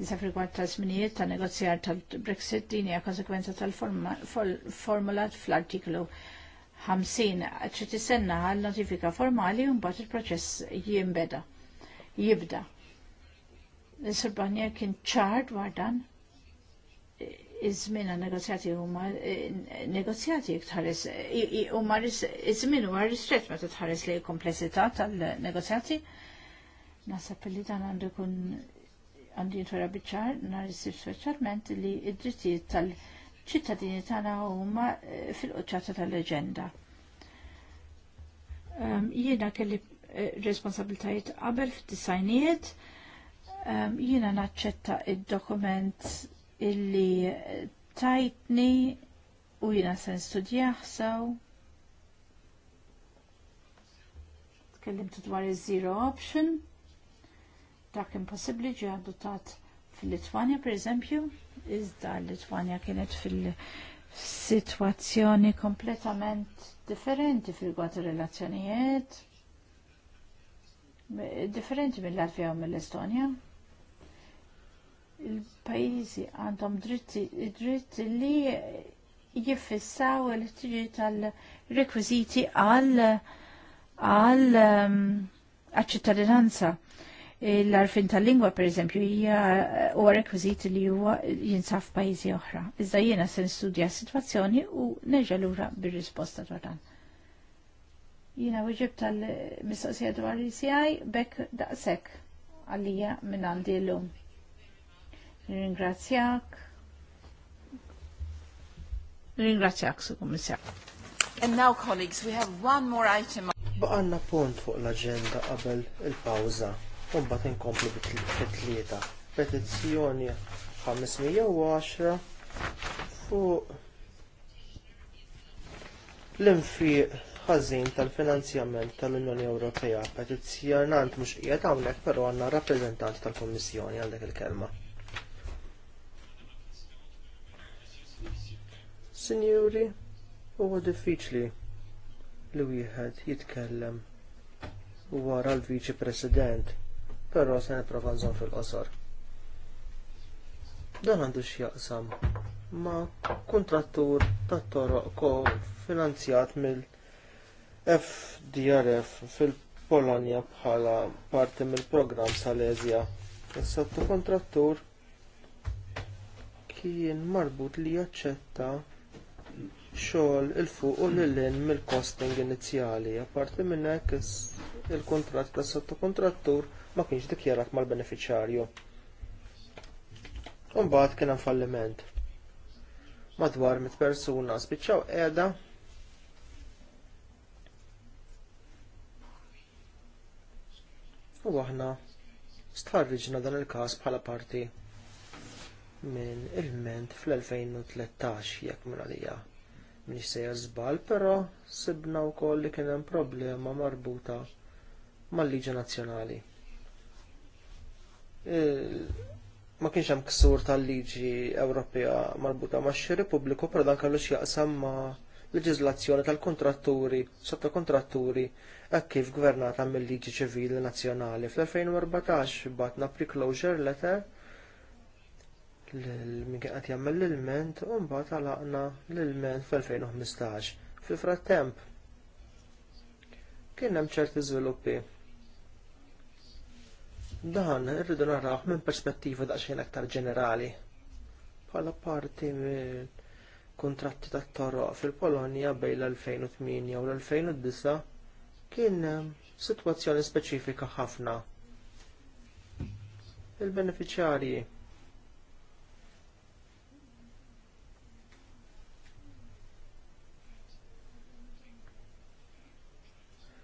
Issa frigwant ta' żminijiet ta' negozjar tal-Brexit din hija konsekwenza tal-formulat fl-artiklu 50 trid tistenna għal notifika formali u bat il-proċess jinbeda. Jibda. Sir kien ċard dwar izmina iż-żmien negozjati huma eh, negozjati tħares huma iż-żmien huwa ristret meta tħares li komplessita tal-negozjati. Nasa pelli dan għandu kun għandi tora biċar nar isir speċjalment li id-drittijiet tal-ċittadini tagħna huma eh, fil-quċċata tal-leġenda. Um, jiena kelli eh, responsabiltajiet qabel fid-disajnijiet, um, ehm, jiena naċċetta id-dokument illi eh, tajtni u jiena sen nistudjah sew. dwar iż-zero option Dak impossibbli ġie adottat fil-Litwanja, pereżempju, iżda l-Litwanja kienet fil- situazzjoni kompletament differenti fil-gwad relazzjonijiet, differenti mill-Latvija u mill-Estonja. Il-pajizi għandhom dritt li jiffissaw il-ħtiġi tal-rekwiziti għal għal ehm, ċittadinanza. Um, l-arfin tal-lingwa per eżempju hija eh, u rekwiziti li huwa jinsaf pajjiżi oħra. Iżda jiena se nistudja s-sitwazzjoni u neġa' lura bir-risposta dwar dan. Jiena weġib tal-mistoqsija dwar ICI bekk daqshekk għalija minn għandi l-lum. Ringrazzjak. Ringrazzjak su kummissar. And now colleagues, we have one more item. Baqanna punt fuq l-agenda qabel il-pawza. Imbagħad inkomplu bit-tlieta. Petizzjoni 510 fuq l-infiq ħażin tal-finanzjament tal-Unjoni Ewropea. Petizzjonant mhux qiegħed hawnhekk però għandna rappreżentant tal-Kummissjoni dik il-kelma. Sinjuri, huwa diffiċli li wieħed jitkellem wara l-Viċi President però se nipprova nżomm fil-qosor. Dan għandu x'jaqsam ma' kuntrattur tat-toroq ko finanzjat mill-FDRF fil-Polonja bħala parti mill-programm Salesia. Is-sattu kontrattur kien marbut li jaċċetta xogħol il-fuq u l-lin mill-costing inizjali. Apparti minn hekk il kuntratt tas sottokontrattur ma kienx dikjarat mal-beneficjarju. Umbagħad kien hemm falliment. Madwar mit persuna spiċċaw qiegħda u aħna stħarriġna dan il-każ bħala parti minn il-ment fl-2013 jekk minn għalija. Minn sejja żball, però sibna wkoll li kien hemm problema marbuta mal-Liġi Nazzjonali. Eh, ma kienx hemm ksur tal-liġi Ewropea marbuta max-xiri pubbliku, però dan kellu x'jaqsam ma' leġiżlazzjoni tal-kontratturi, sottokontratturi, hekk kif gvernata mill-liġi ċivili nazzjonali. Fl-2014 batna pre-closure letter l-min kien qed jagħmel l-ilment u mbagħad għalaqna l-ilment fl-2015. Fi frattemp kien hemm ċerti żviluppi Dan irridu naraw minn perspettiva daqsxejn aktar ġenerali. Bħala parti mill kuntratti ta' toroq fil-Polonja bej l-2008 u l-2009 kien sitwazzjoni speċifika ħafna. il benefiċjarji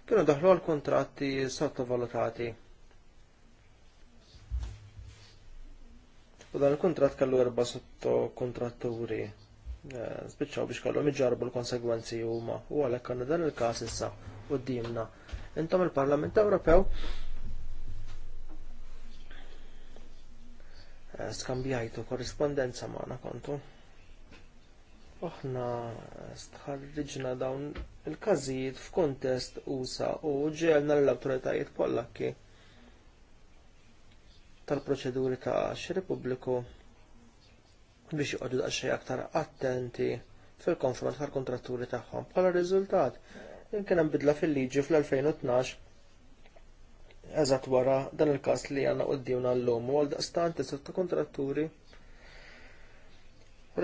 kienu daħlu għal kontratti sottovalutati. U dan il-kontrat kellu erba' sotto kontratturi. Eh, spiċċaw biex kellhom iġarbu l-konsegwenzi huma u għalhekk għandna dan il-każ issa qudiemna. Intom il-Parlament Ewropew eh, skambjajtu korrispondenza maħna kontu. Aħna stħarriġna dawn il każijiet f'kuntest USA u ġelna l-autoritajiet pollakki tal-proċeduri ta' x pubbliku biex joqogħdu daqsxejn aktar attenti fil-konfront tal-kontratturi tagħhom. Bħala riżultat, kien hemm bidla fil-liġi fl-2012 eżatt wara dan il-każ li għandna qudiemna llum u għal daqstant ta' kontratturi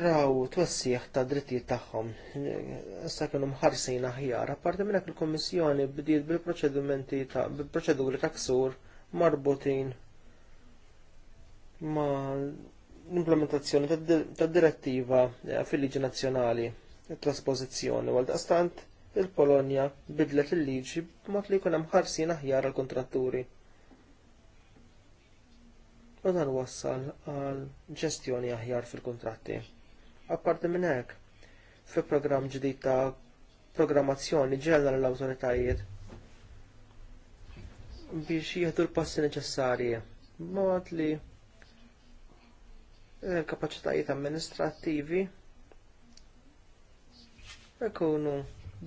raw twessieħ ta' drittijiet tagħhom. Issa kienu mħarsin aħjar, apparti minn hekk il-Kummissjoni bdiet bil-proċedimenti ta' bil-proċeduri ta' ksur marbutin ma' l-implementazzjoni tad direttiva eh, fil-liġi nazzjonali trasposizzjoni traspożizzjoni għal daqstant il-Polonja bidlet il-liġi b'mod li jkun hemm ħarsien aħjar għall kontratturi U dan wassal għal ġestjoni aħjar fil-kontratti. Apparti minn hekk, fi programm ġdid ta' programmazzjoni ġelna l-awtoritajiet biex jieħdu l-passi neċessarji b'mod li l-kapaċitajiet eh, amministrattivi ikunu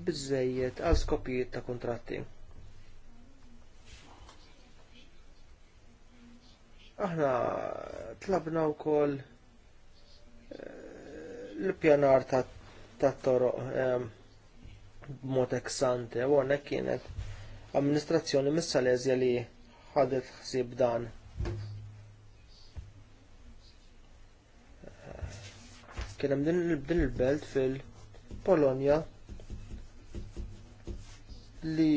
biżżejjed għal skopijiet ta' kuntratti. Aħna tlabna wkoll eh, l-pjanar ta' toroq eh, b'mod eksante, u għonek kienet amministrazzjoni mis-Salezja li ħadet ħsieb dan. Kien hemm din il-belt fil-Polonja li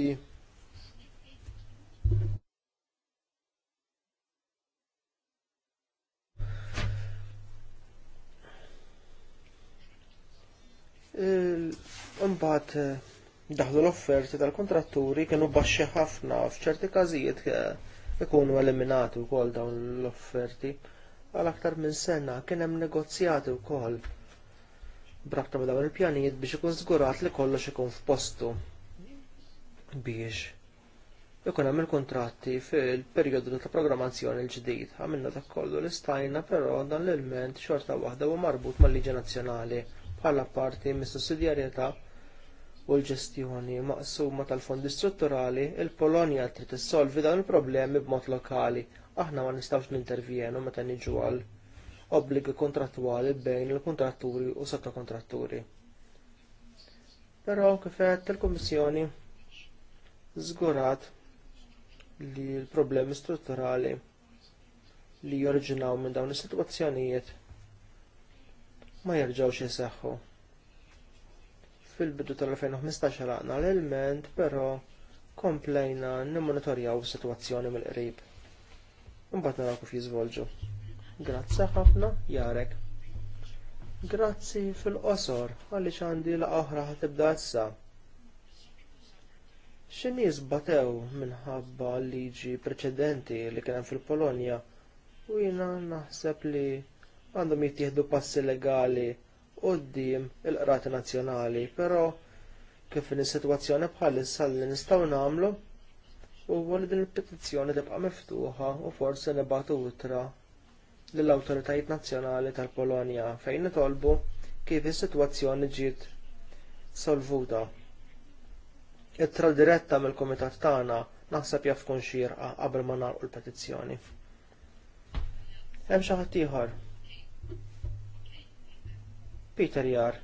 Imbagħad eh, daħlu l-offerti tal-kontratturi kienu baxxi ħafna f'ċerti każijiet eh, ikunu eliminati wkoll dawn l-offerti għal aktar minn sena kien hemm negozjati wkoll b'rabta ma' dawn il-pjanijiet biex ikun żgurat li kollox ikun f'postu biex ikun hemm il kuntratti fil-perjodu ta' programmazzjoni l-ġdid. Għamilna dak kollu l-istajna però dan l-ilment xorta waħda u marbut mal-Liġi Nazzjonali bħala parti mis-sussidjarjetà u l-ġestjoni maqsuma tal-fondi strutturali, il-Polonja trid issolvi dawn il-problemi b'mod lokali aħna ma nistawx nintervjenu meta niġu għal obbligi kontrattwali bejn il-kontratturi u sottokontratturi. Però kif qed il-Kummissjoni żgurat li l-problemi strutturali li jorġinaw minn dawn is-sitwazzjonijiet ma jerġgħux jiseħħu. Fil-bidu tal-2015 għaqna l-ilment, però komplejna nimmonitorjaw is-sitwazzjoni mill-qrib. Mbagħad naraw kif jiżvolġu. Grazzi ħafna, jarek. Grazzi fil-qosor għaliex għandi la oħra ħatibda issa. X'nies batew minħabba liġi preċedenti li kien hemm fil-Polonja u jiena naħseb li għandhom jittieħdu passi legali qoddim il-qrati nazzjonali, però kif in-sitwazzjoni bħalissa li nistgħu nagħmlu u li din il-petizzjoni tibqa' miftuħa u forsi nibagħtu wittra lill-awtoritajiet nazzjonali tal-Polonja fejn nitolbu kif is-sitwazzjoni ġiet solvuta. Ittra diretta mill-Kumitat tagħna naħseb jaf tkun xierqa qabel ma narqu l-petizzjoni. Hemm xi ħadd ieħor. Peter Jar.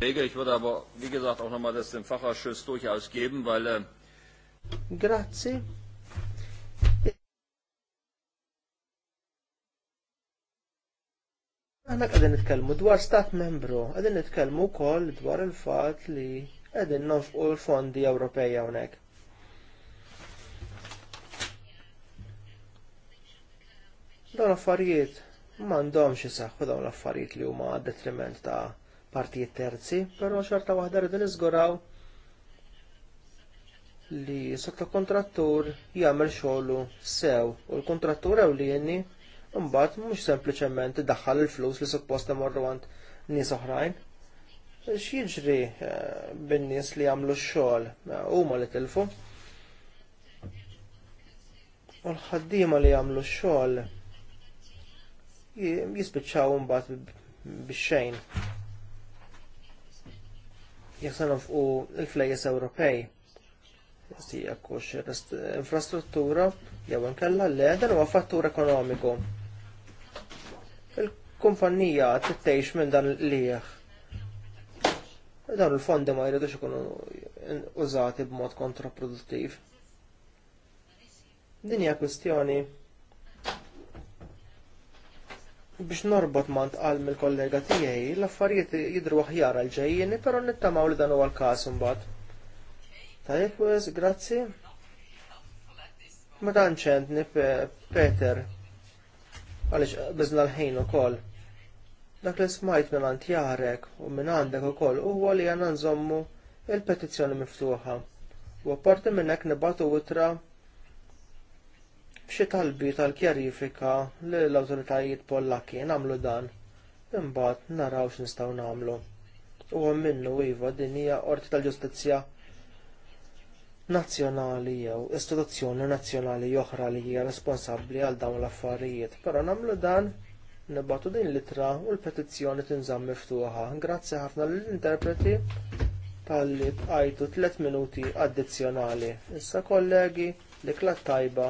ich würde aber, wie gesagt, auch nochmal das durchaus geben, weil äh, Grazzi. Aħna qegħdin nitkellmu dwar stat membru, qegħdin nitkellmu wkoll dwar il-fatt li qegħdin nonfqu l-fondi Ewropej hawnhekk. Dawn affarijiet m'għandhomx saħħu dawn l-affarijiet li huma għad detriment ta' partijiet terzi, però xorta waħda rridu niżguraw li sottokontrattur jagħmel xogħlu sew u l-kontrattur ewlieni mbagħad mhux sempliċement iddaħħal il-flus li suppost imorru għand nies oħrajn. X'jiġri bin-nies li jagħmlu x-xogħol huma li tilfu. U l-ħaddiema li jagħmlu x-xogħol jispiċċaw mbagħad bix-xejn. Jekk se nofqu l-flejjes Ewropej si jakkux infrastruttura jew inkella le dan e huwa fattur ekonomiku. Il-kumpanija tittejx minn dan l-lieħ. Eh. Dan il-fondi ma jridux ikunu użati b'mod kontraproduttiv. Din hija kwistjoni biex norbot ma ntqal mill-kollega tiegħi l-affarijiet jidru aħjar għal ġejjieni, però nittamaw li dan huwa l-każ imbagħad. Tajib, wis, grazzi. Ma tanċent nip eh, Peter għaliex biżna l-ħin ukoll. Dak li smajt minn għand jarek u minn għandek ukoll huwa li għandna nżommu il-petizzjoni miftuħa. U għaparti minn hekk nibatu utra b'xi talbi tal-kjarifika l awtoritajiet pollaki nagħmlu dan. Imbagħad naraw x-nistaw nagħmlu. U minnu iva din hija qorti tal-ġustizzja nazzjonali jew istituzzjoni nazzjonali oħra li hija responsabbli għal dawn l-affarijiet, però nagħmlu dan nibatu din litra u l-petizzjoni tinżamm miftuħa. Grazzi ħafna lill-interpreti tal-li tqajtu 3 minuti addizzjonali. Issa kollegi, l klat tajba